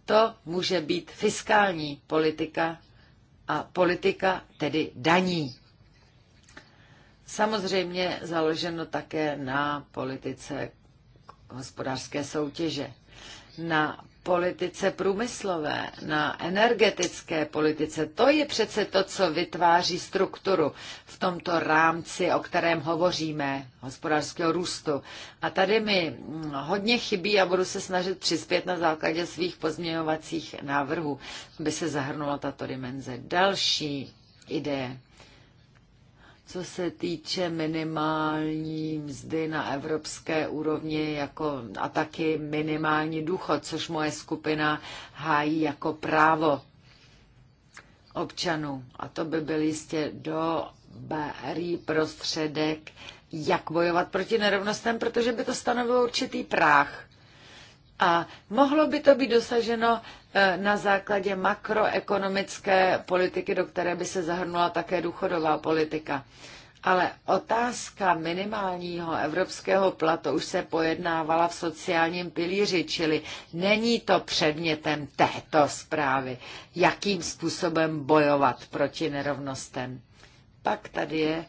to může být fiskální politika a politika tedy daní. Samozřejmě založeno také na politice hospodářské soutěže, na politice průmyslové, na energetické politice. To je přece to, co vytváří strukturu v tomto rámci, o kterém hovoříme, hospodářského růstu. A tady mi mm, hodně chybí a budu se snažit přispět na základě svých pozměňovacích návrhů, aby se zahrnula tato dimenze. Další ideje co se týče minimální mzdy na evropské úrovni jako, a taky minimální důchod, což moje skupina hájí jako právo občanů. A to by byl jistě dobrý prostředek, jak bojovat proti nerovnostem, protože by to stanovilo určitý práh. A mohlo by to být dosaženo eh, na základě makroekonomické politiky, do které by se zahrnula také důchodová politika. Ale otázka minimálního evropského platu už se pojednávala v sociálním pilíři, čili není to předmětem této zprávy, jakým způsobem bojovat proti nerovnostem. Pak tady je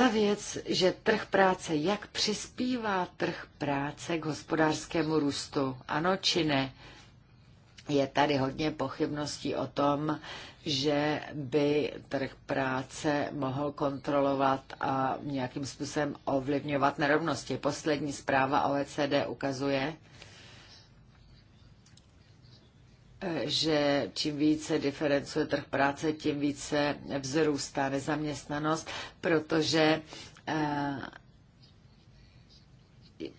ta věc, že trh práce, jak přispívá trh práce k hospodářskému růstu, ano či ne, je tady hodně pochybností o tom, že by trh práce mohl kontrolovat a nějakým způsobem ovlivňovat nerovnosti. Poslední zpráva OECD ukazuje, že čím více diferencuje trh práce, tím více vzrůstá nezaměstnanost, protože eh,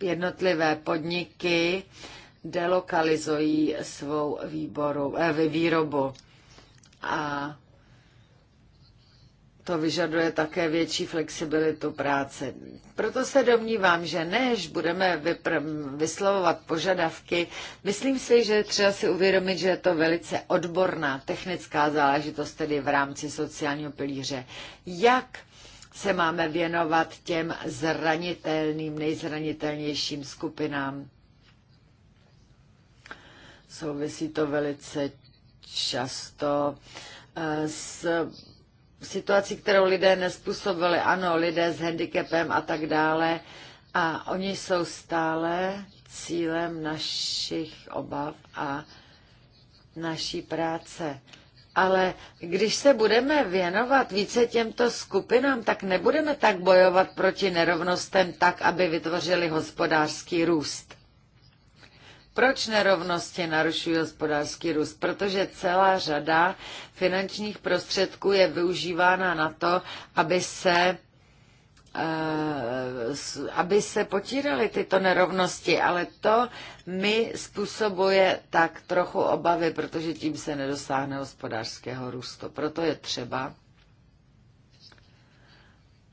jednotlivé podniky delokalizují svou výboru, eh, výrobu. A to vyžaduje také větší flexibilitu práce. Proto se domnívám, že než budeme vypr vyslovovat požadavky, myslím si, že třeba si uvědomit, že je to velice odborná technická záležitost, tedy v rámci sociálního pilíře. Jak se máme věnovat těm zranitelným, nejzranitelnějším skupinám? Souvisí to velice často eh, s situací, kterou lidé nespůsobili. Ano, lidé s handicapem a tak dále. A oni jsou stále cílem našich obav a naší práce. Ale když se budeme věnovat více těmto skupinám, tak nebudeme tak bojovat proti nerovnostem tak, aby vytvořili hospodářský růst. Proč nerovnosti narušují hospodářský růst? Protože celá řada finančních prostředků je využívána na to, aby se eh, aby se potíraly tyto nerovnosti, ale to mi způsobuje tak trochu obavy, protože tím se nedosáhne hospodářského růstu. Proto je třeba,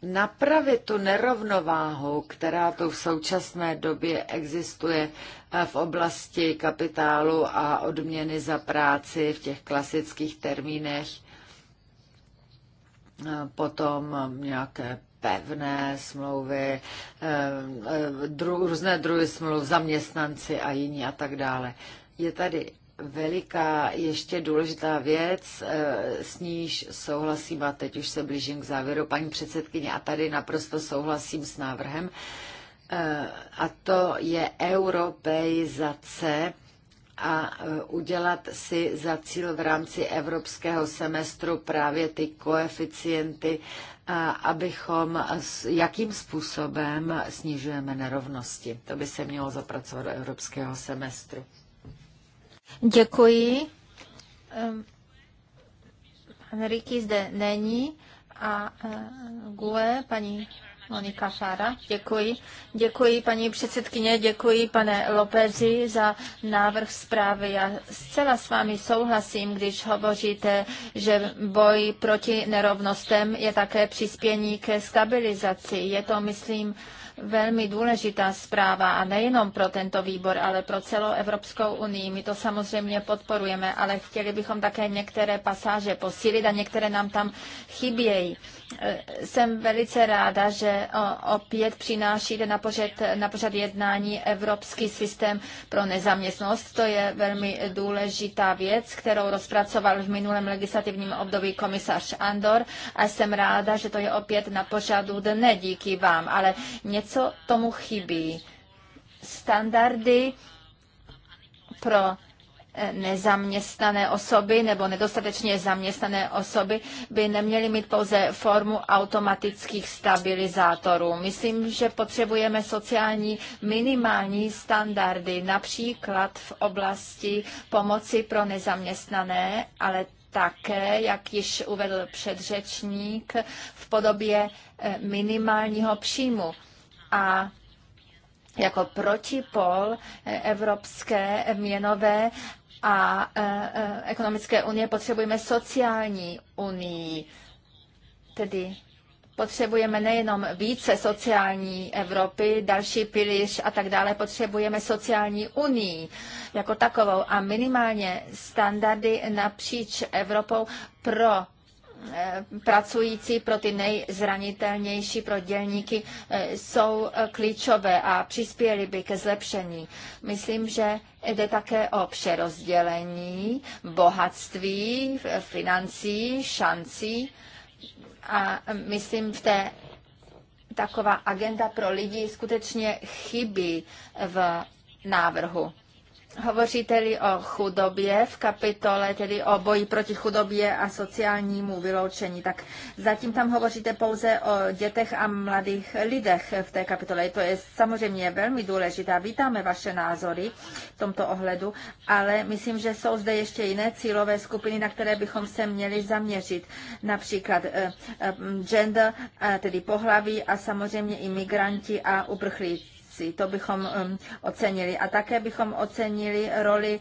napravit tu nerovnováhu, která tu v současné době existuje eh, v oblasti kapitálu a odměny za práci v těch klasických termínech, eh, potom nějaké pevné smlouvy, eh, dru, různé druhy smluv, zaměstnanci a jiní a tak dále. Je tady veliká, ještě důležitá věc, eh, s níž souhlasím, a teď už se blížím k závěru, paní předsedkyně, a tady naprosto souhlasím s návrhem, eh, a to je europeizace a eh, udělat si za cíl v rámci evropského semestru právě ty koeficienty, abychom jakým způsobem snižujeme nerovnosti. To by se mělo zapracovat do evropského semestru. Děkuji. Henriky ehm, zde není a eh, Gue, paní Monika Fára, děkuji. Děkuji paní předsedkyně, děkuji pane Lopezi za návrh zprávy. Já zcela s vámi souhlasím, když hovoříte, že boj proti nerovnostem je také přispění ke stabilizaci. Je to, myslím, velmi důležitá zpráva a nejenom pro tento výbor, ale pro celou Evropskou unii. My to samozřejmě podporujeme, ale chtěli bychom také některé pasáže posílit a některé nám tam chybějí. Jsem velice ráda, že opět přinášíte na pořad, na pořad jednání Evropský systém pro nezaměstnost. To je velmi důležitá věc, kterou rozpracoval v minulém legislativním období komisař Andor a jsem ráda, že to je opět na pořadu dne díky vám, ale něco tomu chybí. Standardy pro nezaměstnané osoby nebo nedostatečně zaměstnané osoby by neměly mít pouze formu automatických stabilizátorů. Myslím, že potřebujeme sociální minimální standardy, například v oblasti pomoci pro nezaměstnané, ale také, jak již uvedl předřečník, v podobě eh, minimálního příjmu. A jako protipol eh, Evropské měnové a e, e, ekonomické unie potřebujeme sociální unii, tedy Potřebujeme nejenom více sociální Evropy, další pilíř a tak dále, potřebujeme sociální unii jako takovou a minimálně standardy napříč Evropou pro Eh, pracující, pro ty nejzranitelnější, pro dělníky, eh, jsou eh, klíčové a přispěly by ke zlepšení. Myslím, že jde také o přerozdělení bohatství, financí, šancí a myslím v té taková agenda pro lidi skutečně chybí v návrhu. Hovoří li o chudobě v kapitole, tedy o boji proti chudobě a sociálnímu vyloučení, tak zatím tam hovoříte pouze o dětech a mladých lidech v té kapitole. To je samozřejmě velmi důležité. Vítáme vaše názory v tomto ohledu, ale myslím, že jsou zde ještě jiné cílové skupiny, na které bychom se měli zaměřit. Například eh, eh, gender, eh, tedy pohlaví a samozřejmě i migranti a uprchlíci praxi. To bychom um, ocenili. A také bychom ocenili roli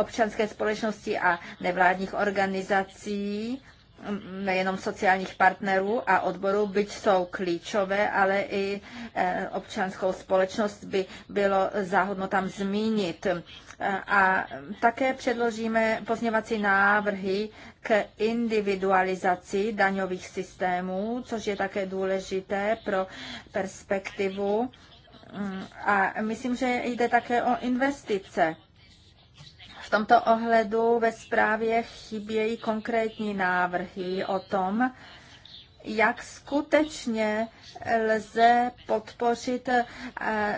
občanské společnosti a nevládních organizací um, nejenom sociálních partnerů a odborů, byť jsou klíčové, ale i eh, občanskou společnost by bylo záhodno tam zmínit. Eh, a také předložíme pozněvací návrhy k individualizaci daňových systémů, což je také důležité pro perspektivu a myslím, že jde také o investice. V tomto ohledu ve zprávě chybějí konkrétní návrhy o tom, jak skutečně lze podpořit eh,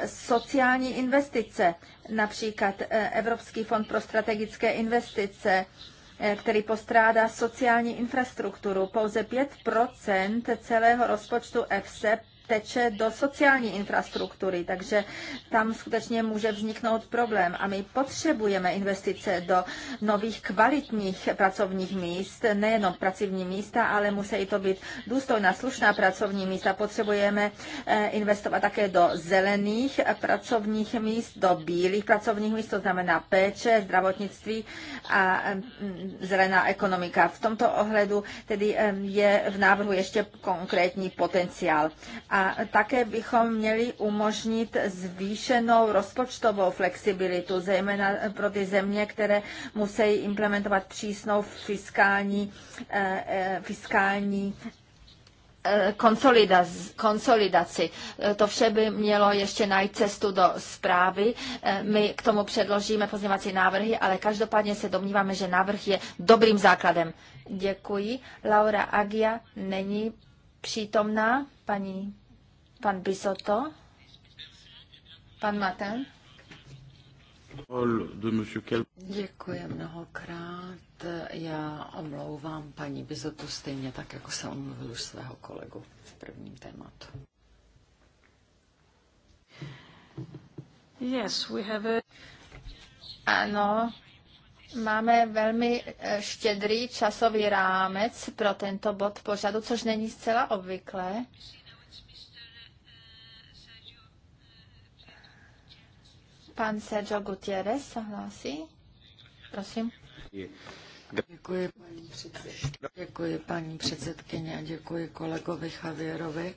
sociální investice, například eh, Evropský fond pro strategické investice, eh, který postrádá sociální infrastrukturu. Pouze 5 celého rozpočtu EFSE teče do sociální infrastruktury, takže tam skutečně může vzniknout problém. A my potřebujeme investice do nových kvalitních pracovních míst, nejenom pracovní místa, ale musí to být důstojná, slušná pracovní místa. Potřebujeme eh, investovat také do zelených pracovních míst, do bílých pracovních míst, to znamená péče, zdravotnictví a mm, zelená ekonomika. V tomto ohledu tedy eh, je v návrhu ještě konkrétní potenciál. A a také bychom měli umožnit zvýšenou rozpočtovou flexibilitu, zejména pro ty země, které musí implementovat přísnou fiskální, eh, eh, fiskální eh, konsolidaci. To vše by mělo ještě najít cestu do zprávy. My k tomu předložíme pozměvací návrhy, ale každopádně se domníváme, že návrh je dobrým základem. Děkuji. Laura Agia není přítomná. Paní Pan Bisoto. Pan Maten. Děkuji mnohokrát. Já omlouvám paní Bizotu stejně tak, jako se omluvil svého kolegu v prvním tématu. Yes, we have a... Ano, máme velmi eh, štědrý časový rámec pro tento bod pořadu, což není zcela obvyklé. Pan Sergio Gutierrez se hlásí. Prosím. Děkuji paní, předsedkyně. děkuji paní předsedkyně a děkuji kolegovi Javierovi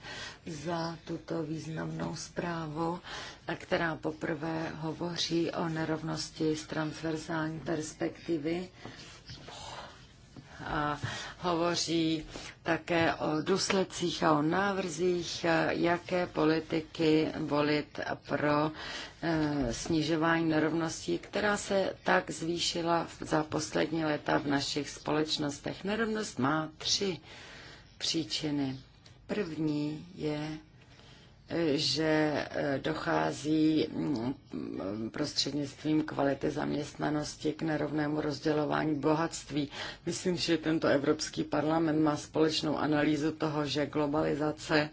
za tuto významnou zprávu, která poprvé hovoří o nerovnosti z transverzální perspektivy a hovoří také o důsledcích a o návrzích, e, jaké politiky volit pro e, snižování nerovností, která se tak zvýšila za poslední léta v našich společnostech. Nerovnost má tři příčiny. První je že eh, dochází mm, prostřednictvím kvality zaměstnanosti k nerovnému rozdělování bohatství. Myslím, že tento Evropský parlament má společnou analýzu toho, že globalizace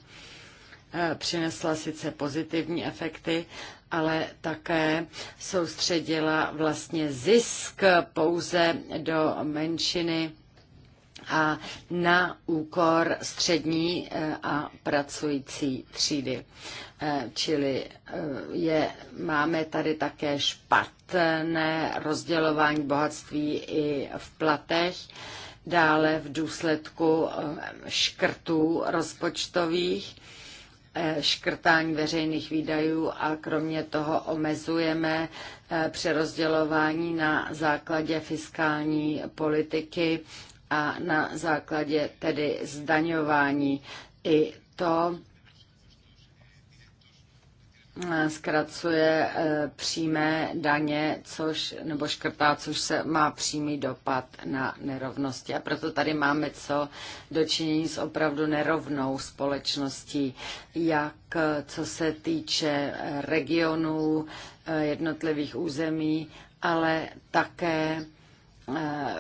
eh, přinesla sice pozitivní efekty, ale také soustředila vlastně zisk pouze do menšiny a na úkor střední eh, a pracující třídy. Eh, čili eh, je, máme tady také špatné rozdělování bohatství i v platech, dále v důsledku škrtů rozpočtových škrtání veřejných výdajů a kromě toho omezujeme přerozdělování na základě fiskální politiky a na základě tedy zdaňování. I to eh, zkracuje eh, přímé daně, což, nebo škrtá, což se má přímý dopad na nerovnosti. A proto tady máme co dočinění s opravdu nerovnou společností, jak eh, co se týče regionů, jednotlivých území, ale také Eh,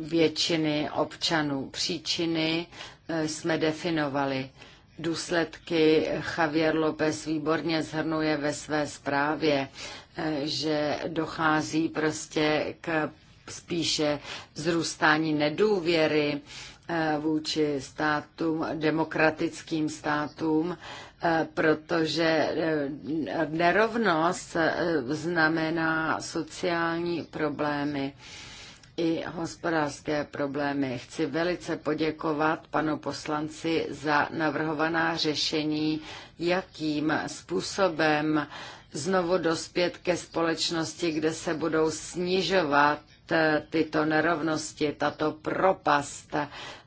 většiny občanů. Příčiny eh, jsme definovali. Důsledky Javier López výborně zhrnuje ve své zprávě, eh, že dochází prostě k spíše zrůstání nedůvěry vůči státům, demokratickým státům, protože nerovnost znamená sociální problémy i hospodářské problémy. Chci velice poděkovat panu poslanci za navrhovaná řešení, jakým způsobem znovu dospět ke společnosti, kde se budou snižovat eh, tyto nerovnosti, tato propast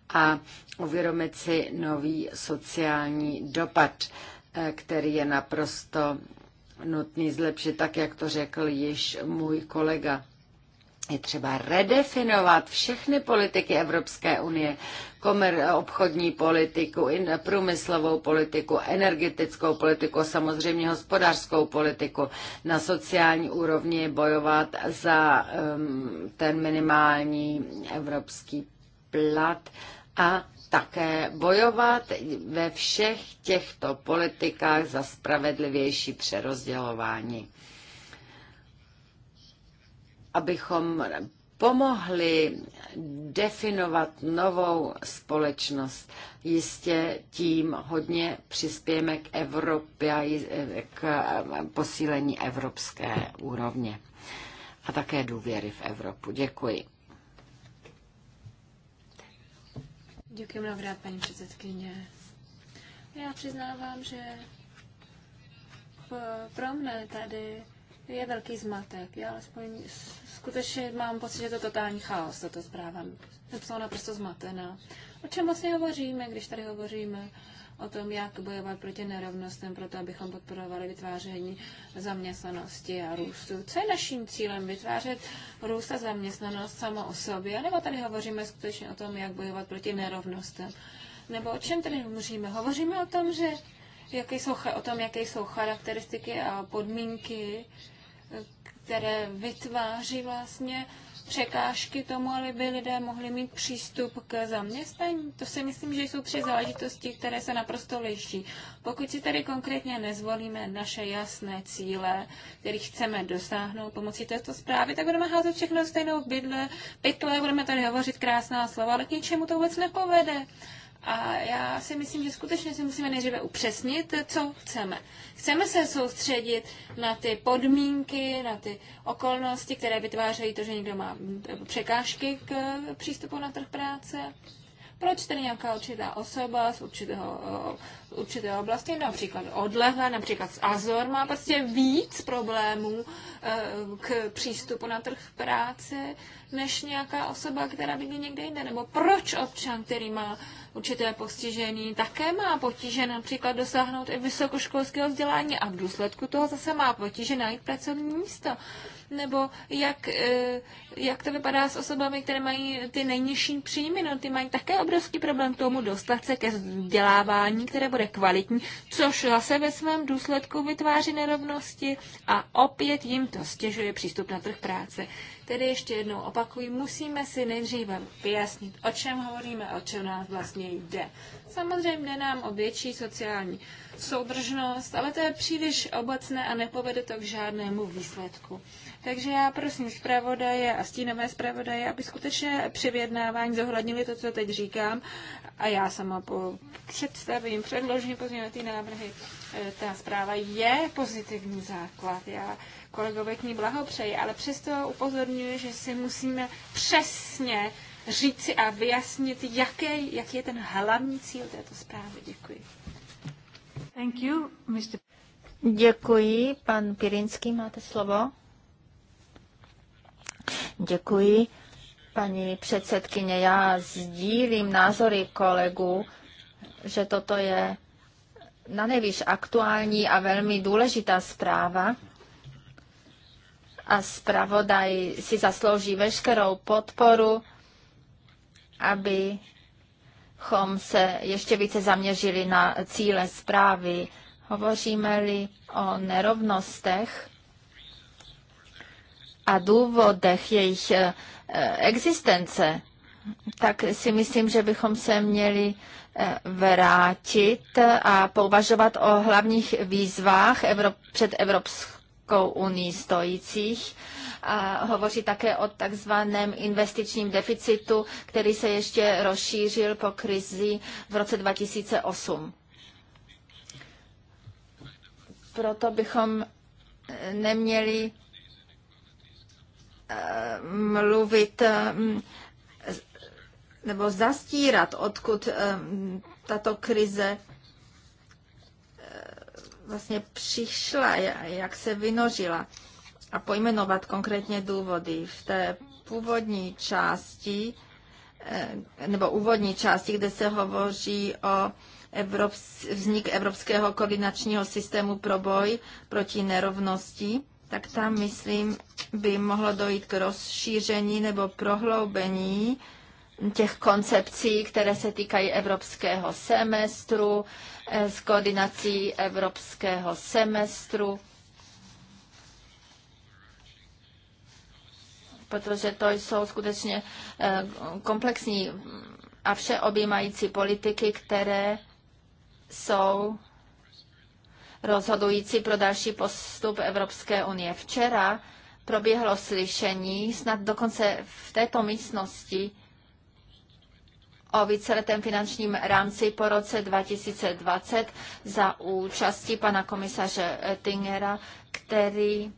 a uvědomit si nový sociální dopad, eh, který je naprosto nutný zlepšit, tak jak to řekl již můj kolega je třeba redefinovat všechny politiky Evropské unie, komer, obchodní politiku, in, průmyslovou politiku, energetickou politiku, samozřejmě hospodářskou politiku, na sociální úrovni bojovat za um, ten minimální evropský plat a také bojovat ve všech těchto politikách za spravedlivější přerozdělování abychom pomohli definovat novou společnost. Jistě tím hodně přispějeme k Evropě, k posílení evropské úrovně a také důvěry v Evropu. Děkuji. Děkuji mnohokrát, paní předsedkyně. Já přiznávám, že pro mne tady je velký zmatek. Já alespoň skutečně mám pocit, že to totální chaos, toto zpráva. Jsem jsou naprosto zmatená. O čem vlastně hovoříme, když tady hovoříme o tom, jak bojovat proti nerovnostem, proto abychom podporovali vytváření zaměstnanosti a růstu. Co je naším cílem? Vytvářet růst a zaměstnanost sama o sobě? Nebo tady hovoříme skutečně o tom, jak bojovat proti nerovnostem? Nebo o čem tady hovoříme? Hovoříme o tom, že jaké jsou, o tom, jaké jsou charakteristiky a podmínky, které vytváří vlastně překážky tomu, aby lidé mohli mít přístup k zaměstnání. To si myslím, že jsou tři záležitosti, které se naprosto liší. Pokud si tedy konkrétně nezvolíme naše jasné cíle, které chceme dosáhnout pomocí této zprávy, tak budeme házet všechno stejnou bydle, pytle, budeme tady hovořit krásná slova, ale k ničemu to vůbec nepovede. A já si myslím, že skutečně si musíme nejdříve upřesnit, co chceme. Chceme se soustředit na ty podmínky, na ty okolnosti, které vytvářejí to, že někdo má překážky k eh, přístupu na trh práce. Proč tedy nějaká určitá osoba z určitého, eh, určité oblasti, například odlehla, například z Azor, má prostě víc problémů eh, k přístupu na trh práce, než nějaká osoba, která by někde jinde? Nebo proč občan, který má určité postižení, také má potíže například dosáhnout i vysokoškolského vzdělání a v důsledku toho zase má potíže najít pracovní místo? Nebo jak eh, jak to vypadá s osobami, které mají ty nejnižší příjmy, no ty mají také obrovský problém k tomu dostat se ke vzdělávání, které bude kvalitní, což zase ve svém důsledku vytváří nerovnosti a opět jim to stěžuje přístup na trh práce. Tedy ještě jednou opakuji, musíme si nejdříve vyjasnit, o čem hovoříme, o čem nás vlastně jde. Samozřejmě jde nám o větší sociální soudržnost, ale to je příliš obecné a nepovede to k žádnému výsledku. Takže já prosím zpravodaje a stínové zpravodaje, aby skutečně při vyjednávání zohlednili to, co teď říkám. A já sama po představím, předložím pozměňovací návrhy. E, ta zpráva je pozitivní základ. Já kolegové k ní blahopřeji, ale přesto upozorňuji, že si musíme přesně si a vyjasnit, jaký, jaký je ten hlavní cíl této zprávy. Děkuji. Thank you, Mr. Děkuji. Pan Pirinský, máte slovo. Děkuji. Paní předsedkyně, já sdílím názory kolegů, že toto je na nejvíc aktuální a velmi důležitá zpráva a zpravodaj si zaslouží veškerou podporu, abychom se ještě více zaměřili na cíle zprávy. Hovoříme-li o nerovnostech, a důvodech jejich eh, existence, tak si myslím, že bychom se měli eh, vrátit a považovat o hlavních výzvách Evrop- před Evropskou unii stojících. A hovoří také o takzvaném investičním deficitu, který se ještě rozšířil po krizi v roce 2008. Proto bychom eh, neměli mluvit mm, nebo zastírat, odkud mm, tato krize eh, vlastně přišla, jak se vynožila a pojmenovat konkrétně důvody. V té původní části eh, nebo úvodní části, kde se hovoří o Evrops, vznik Evropského koordinačního systému pro boj proti nerovnosti, tak tam, myslím, by mohlo dojít k rozšíření nebo prohloubení těch koncepcí, které se týkají evropského semestru, eh, s koordinací evropského semestru, protože to jsou skutečně eh, komplexní a všeobjímající politiky, které jsou rozhodující pro další postup Evropské unie. Včera proběhlo slyšení, snad dokonce v této místnosti, o víceletém finančním rámci po roce 2020 za účasti pana komisaře Tingera, který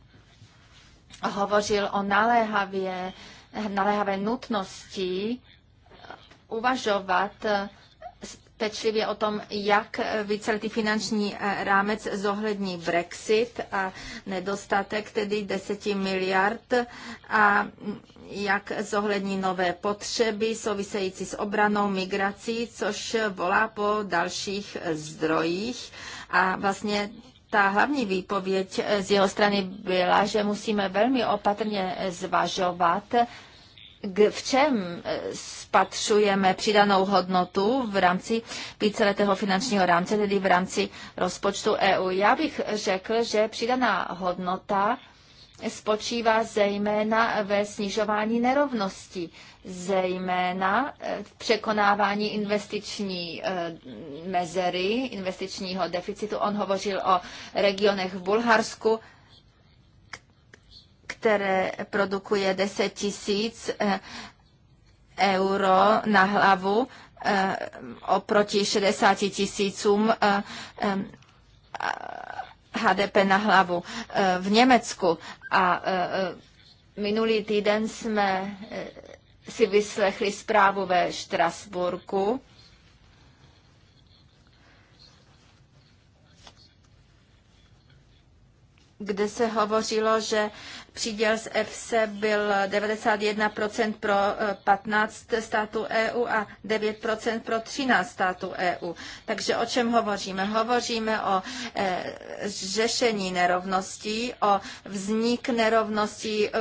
hovořil o naléhavé, naléhavé nutnosti uvažovat pečlivě o tom, jak víceletý finanční eh, rámec zohlední Brexit a nedostatek tedy 10 miliard a jak zohlední nové potřeby související s obranou migrací, což volá po dalších zdrojích a vlastně ta hlavní výpověď eh, z jeho strany byla, že musíme velmi opatrně zvažovat, v čem eh, spatřujeme přidanou hodnotu v rámci víceletého finančního rámce, tedy v rámci rozpočtu EU. Já bych řekl, že přidaná hodnota spočívá zejména ve snižování nerovnosti, zejména eh, v překonávání investiční eh, mezery, investičního deficitu. On hovořil o regionech v Bulharsku které produkuje 10 tisíc eh, euro na hlavu eh, oproti 60 tisícům HDP eh, na hlavu v Německu. A minulý týden jsme si vyslechli zprávu ve Štrasburku, kde se hovořilo, že příděl z EFSE byl 91% pro 15 eh, států EU a 9% pro 13 států EU. Takže o čem hovoříme? Hovoříme o e, řešení nerovností, o vznik nerovností, e,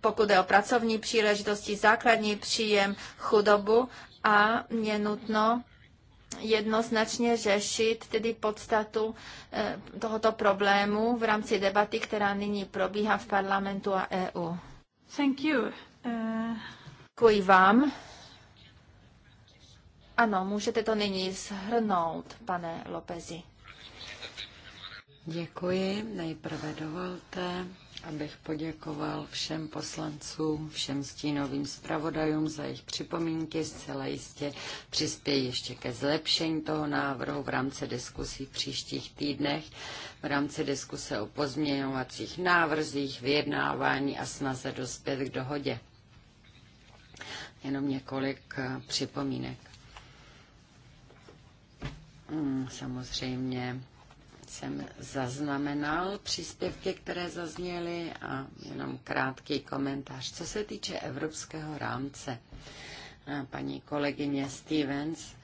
pokud je o pracovní příležitosti, základní příjem, chudobu a je nutno jednoznačně řešit tedy podstatu eh, tohoto problému v rámci debaty, která nyní probíhá v parlamentu a EU. Thank you. Uh... Děkuji vám. Ano, můžete to nyní zhrnout, pane Lopezi. Děkuji. Nejprve dovolte, abych poděkoval všem poslancům, všem stínovým zpravodajům za jejich připomínky. Zcela jistě přispějí ještě ke zlepšení toho návrhu v rámci diskusí v příštích týdnech, v rámci diskuse o pozměňovacích návrzích, vyjednávání a snaze dospět k dohodě. Jenom několik eh, připomínek. Hmm, samozřejmě jsem zaznamenal příspěvky, které zazněly a jenom krátký komentář. Co se týče evropského rámce, eh, paní kolegyně Stevens,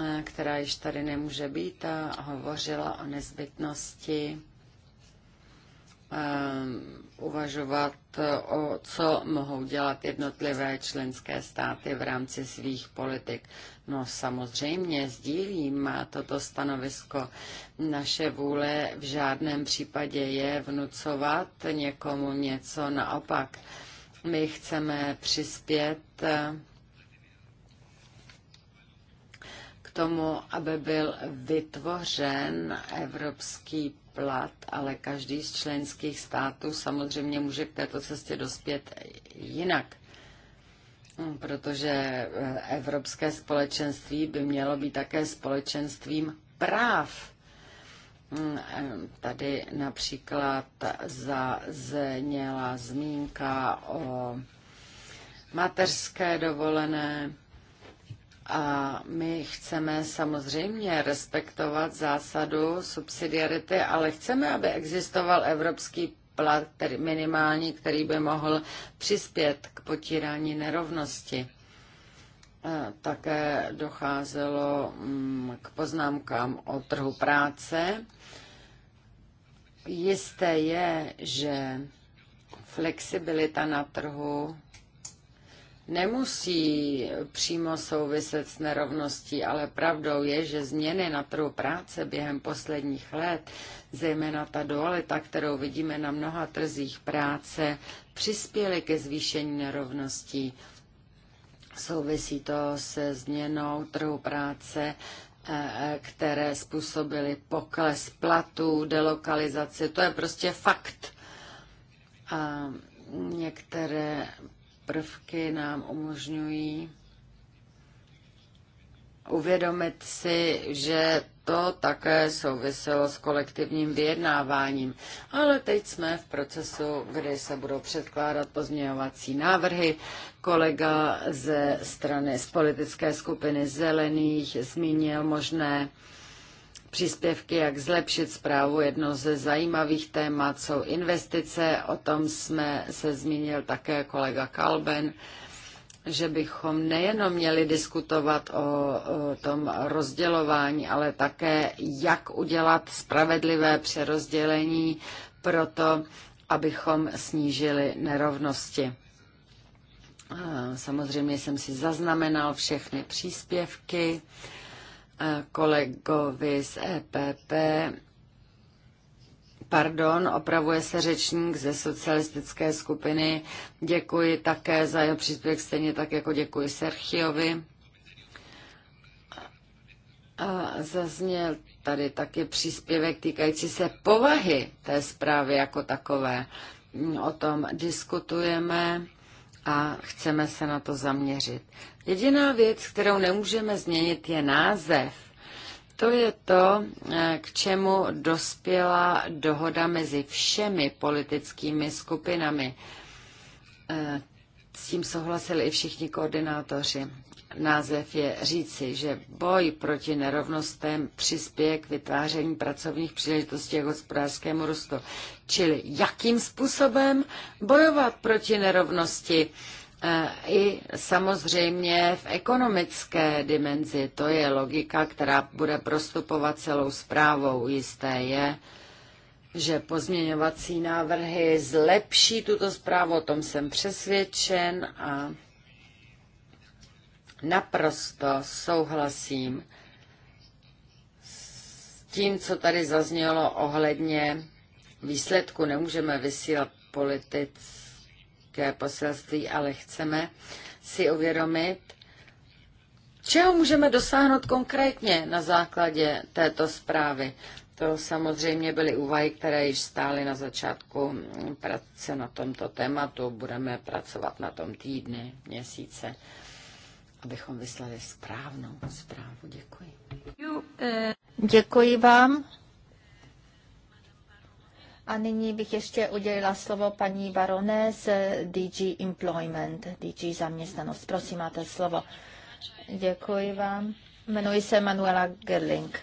eh, která již tady nemůže být, a hovořila o nezbytnosti Eh, uvažovat eh, o co mohou dělat jednotlivé členské státy v rámci svých politik. No samozřejmě sdílím eh, toto stanovisko. Naše vůle v žádném případě je vnucovat někomu něco naopak. My chceme přispět tomu, aby byl vytvořen evropský plat, ale každý z členských států samozřejmě může k této cestě dospět jinak. Protože eh, evropské společenství by mělo být také společenstvím práv. Mm, eh, tady například zazněla zmínka o mateřské dovolené, a my chceme samozřejmě respektovat zásadu subsidiarity, ale chceme, aby existoval evropský plat který, minimální, který by mohl přispět k potírání nerovnosti. Také docházelo mm, k poznámkám o trhu práce. Jisté je, že flexibilita na trhu nemusí přímo souviset s nerovností, ale pravdou je, že změny na trhu práce během posledních let, zejména ta dualita, kterou vidíme na mnoha trzích práce, přispěly ke zvýšení nerovností. Souvisí to se změnou trhu práce, eh, eh, které způsobily pokles platů, delokalizaci. To je prostě fakt. A některé prvky nám umožňují uvědomit si, že to také souviselo s kolektivním vyjednáváním. Ale teď jsme v procesu, kdy se budou předkládat pozměňovací návrhy. Kolega ze strany z politické skupiny Zelených zmínil možné příspěvky, jak zlepšit zprávu. Jedno ze zajímavých témat jsou investice, o tom jsme se zmínil také kolega Kalben že bychom nejenom měli diskutovat o, o tom rozdělování, ale také, jak udělat spravedlivé přerozdělení pro to, abychom snížili nerovnosti. Samozřejmě jsem si zaznamenal všechny příspěvky kolegovi z EPP. Pardon, opravuje se řečník ze socialistické skupiny. Děkuji také za jeho příspěvek, stejně tak jako děkuji Serchiovi. A zazněl tady taky příspěvek týkající se povahy té zprávy jako takové. O tom diskutujeme a chceme se na to zaměřit. Jediná věc, kterou nemůžeme změnit, je název. To je to, eh, k čemu dospěla dohoda mezi všemi politickými skupinami. Eh, S tím souhlasili i všichni koordinátoři. Název je říci, že boj proti nerovnostem přispěje k vytváření pracovních příležitostí a hospodářskému růstu. Čili jakým způsobem bojovat proti nerovnosti? E, I samozřejmě v ekonomické dimenzi, to je logika, která bude prostupovat celou zprávou. Jisté je, že pozměňovací návrhy zlepší tuto zprávu, o tom jsem přesvědčen a Naprosto souhlasím s tím, co tady zaznělo ohledně výsledku. Nemůžeme vysílat politické poselství, ale chceme si uvědomit, čeho můžeme dosáhnout konkrétně na základě této zprávy. To samozřejmě byly úvahy, které již stály na začátku práce na tomto tématu. Budeme pracovat na tom týdny, měsíce abychom vyslali správnou zprávu. Děkuji. Eh, děkuji vám. A nyní bych ještě udělila slovo paní Barone z DG Employment, DG Zaměstnanost. Prosím, máte slovo. Děkuji vám. Jmenuji se Manuela Gerling.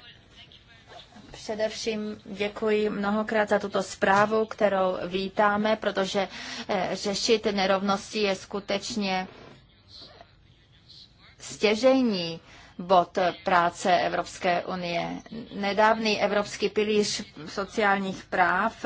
Především děkuji mnohokrát za tuto zprávu, kterou vítáme, protože eh, řešit nerovnosti je skutečně stěžení bod práce Evropské unie. Nedávný Evropský pilíř sociálních práv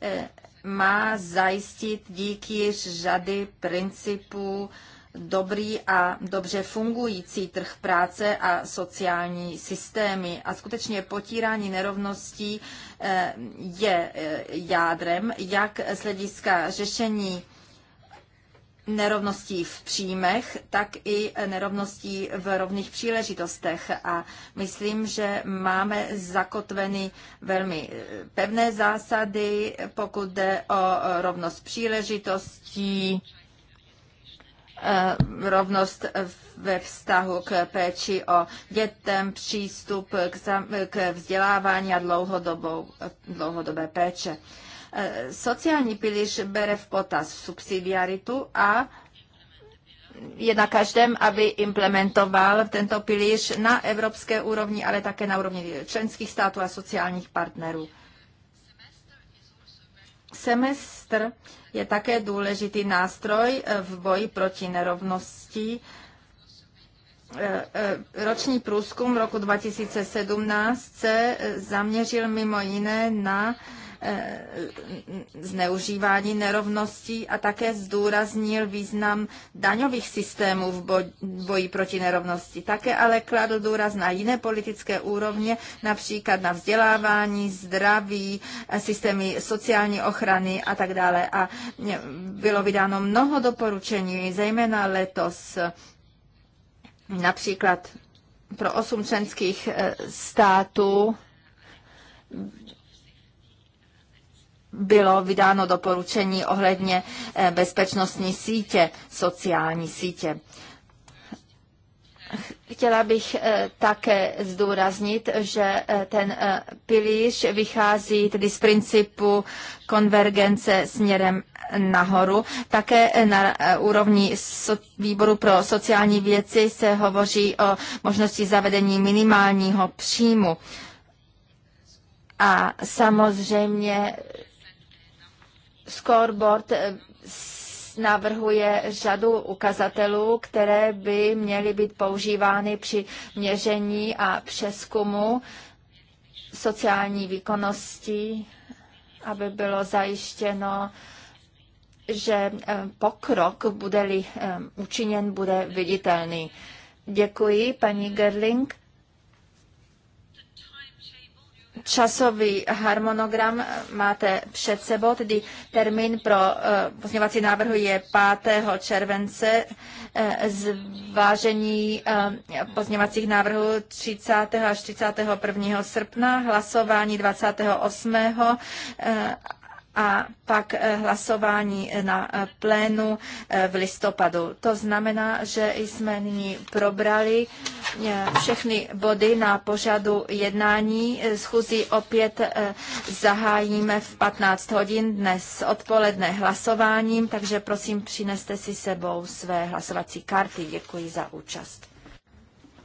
eh, má zajistit díky řady principů dobrý a dobře fungující trh práce a sociální systémy. A skutečně potírání nerovností eh, je eh, jádrem, jak z hlediska řešení nerovností v příjmech, tak i nerovností v rovných příležitostech. A myslím, že máme zakotveny velmi eh, pevné zásady, pokud jde o rovnost příležitostí, eh, rovnost ve vztahu k péči o dětem, přístup k vzdělávání a dlouhodobou, dlouhodobé péče. Eh, sociální pilíř bere v potaz subsidiaritu a je na každém, aby implementoval tento pilíř na evropské úrovni, ale také na úrovni členských států a sociálních partnerů. Semestr je také důležitý nástroj eh, v boji proti nerovnosti. Eh, roční průzkum roku 2017 se zaměřil mimo jiné na Eh, zneužívání nerovností a také zdůraznil význam daňových systémů v boji proti nerovnosti. Také ale kladl důraz na jiné politické úrovně, například na vzdělávání, zdraví, eh, systémy sociální ochrany a tak dále. A bylo vydáno mnoho doporučení, zejména letos například pro osm členských eh, států bylo vydáno doporučení ohledně eh, bezpečnostní sítě, sociální sítě. Chtěla bych eh, také zdůraznit, že eh, ten pilíř vychází tedy z principu konvergence směrem nahoru. Také na úrovni výboru pro sociální věci se hovoří o možnosti zavedení minimálního příjmu. A samozřejmě Scoreboard eh, navrhuje řadu ukazatelů, které by měly být používány při měření a přeskumu sociální výkonnosti, aby bylo zajištěno, že eh, pokrok bude-li eh, učiněn, bude viditelný. Děkuji, paní Gerling časový harmonogram máte před sebou, tedy termín pro eh, pozměňovací návrhu je 5. července, eh, zvážení eh, pozměňovacích návrhů 30. až 31. srpna, hlasování 28 a pak eh, hlasování na eh, plénu eh, v listopadu. To znamená, že jsme nyní probrali všechny body na pořadu jednání. Schůzi opět zahájíme v 15 hodin dnes odpoledne hlasováním, takže prosím přineste si sebou své hlasovací karty. Děkuji za účast.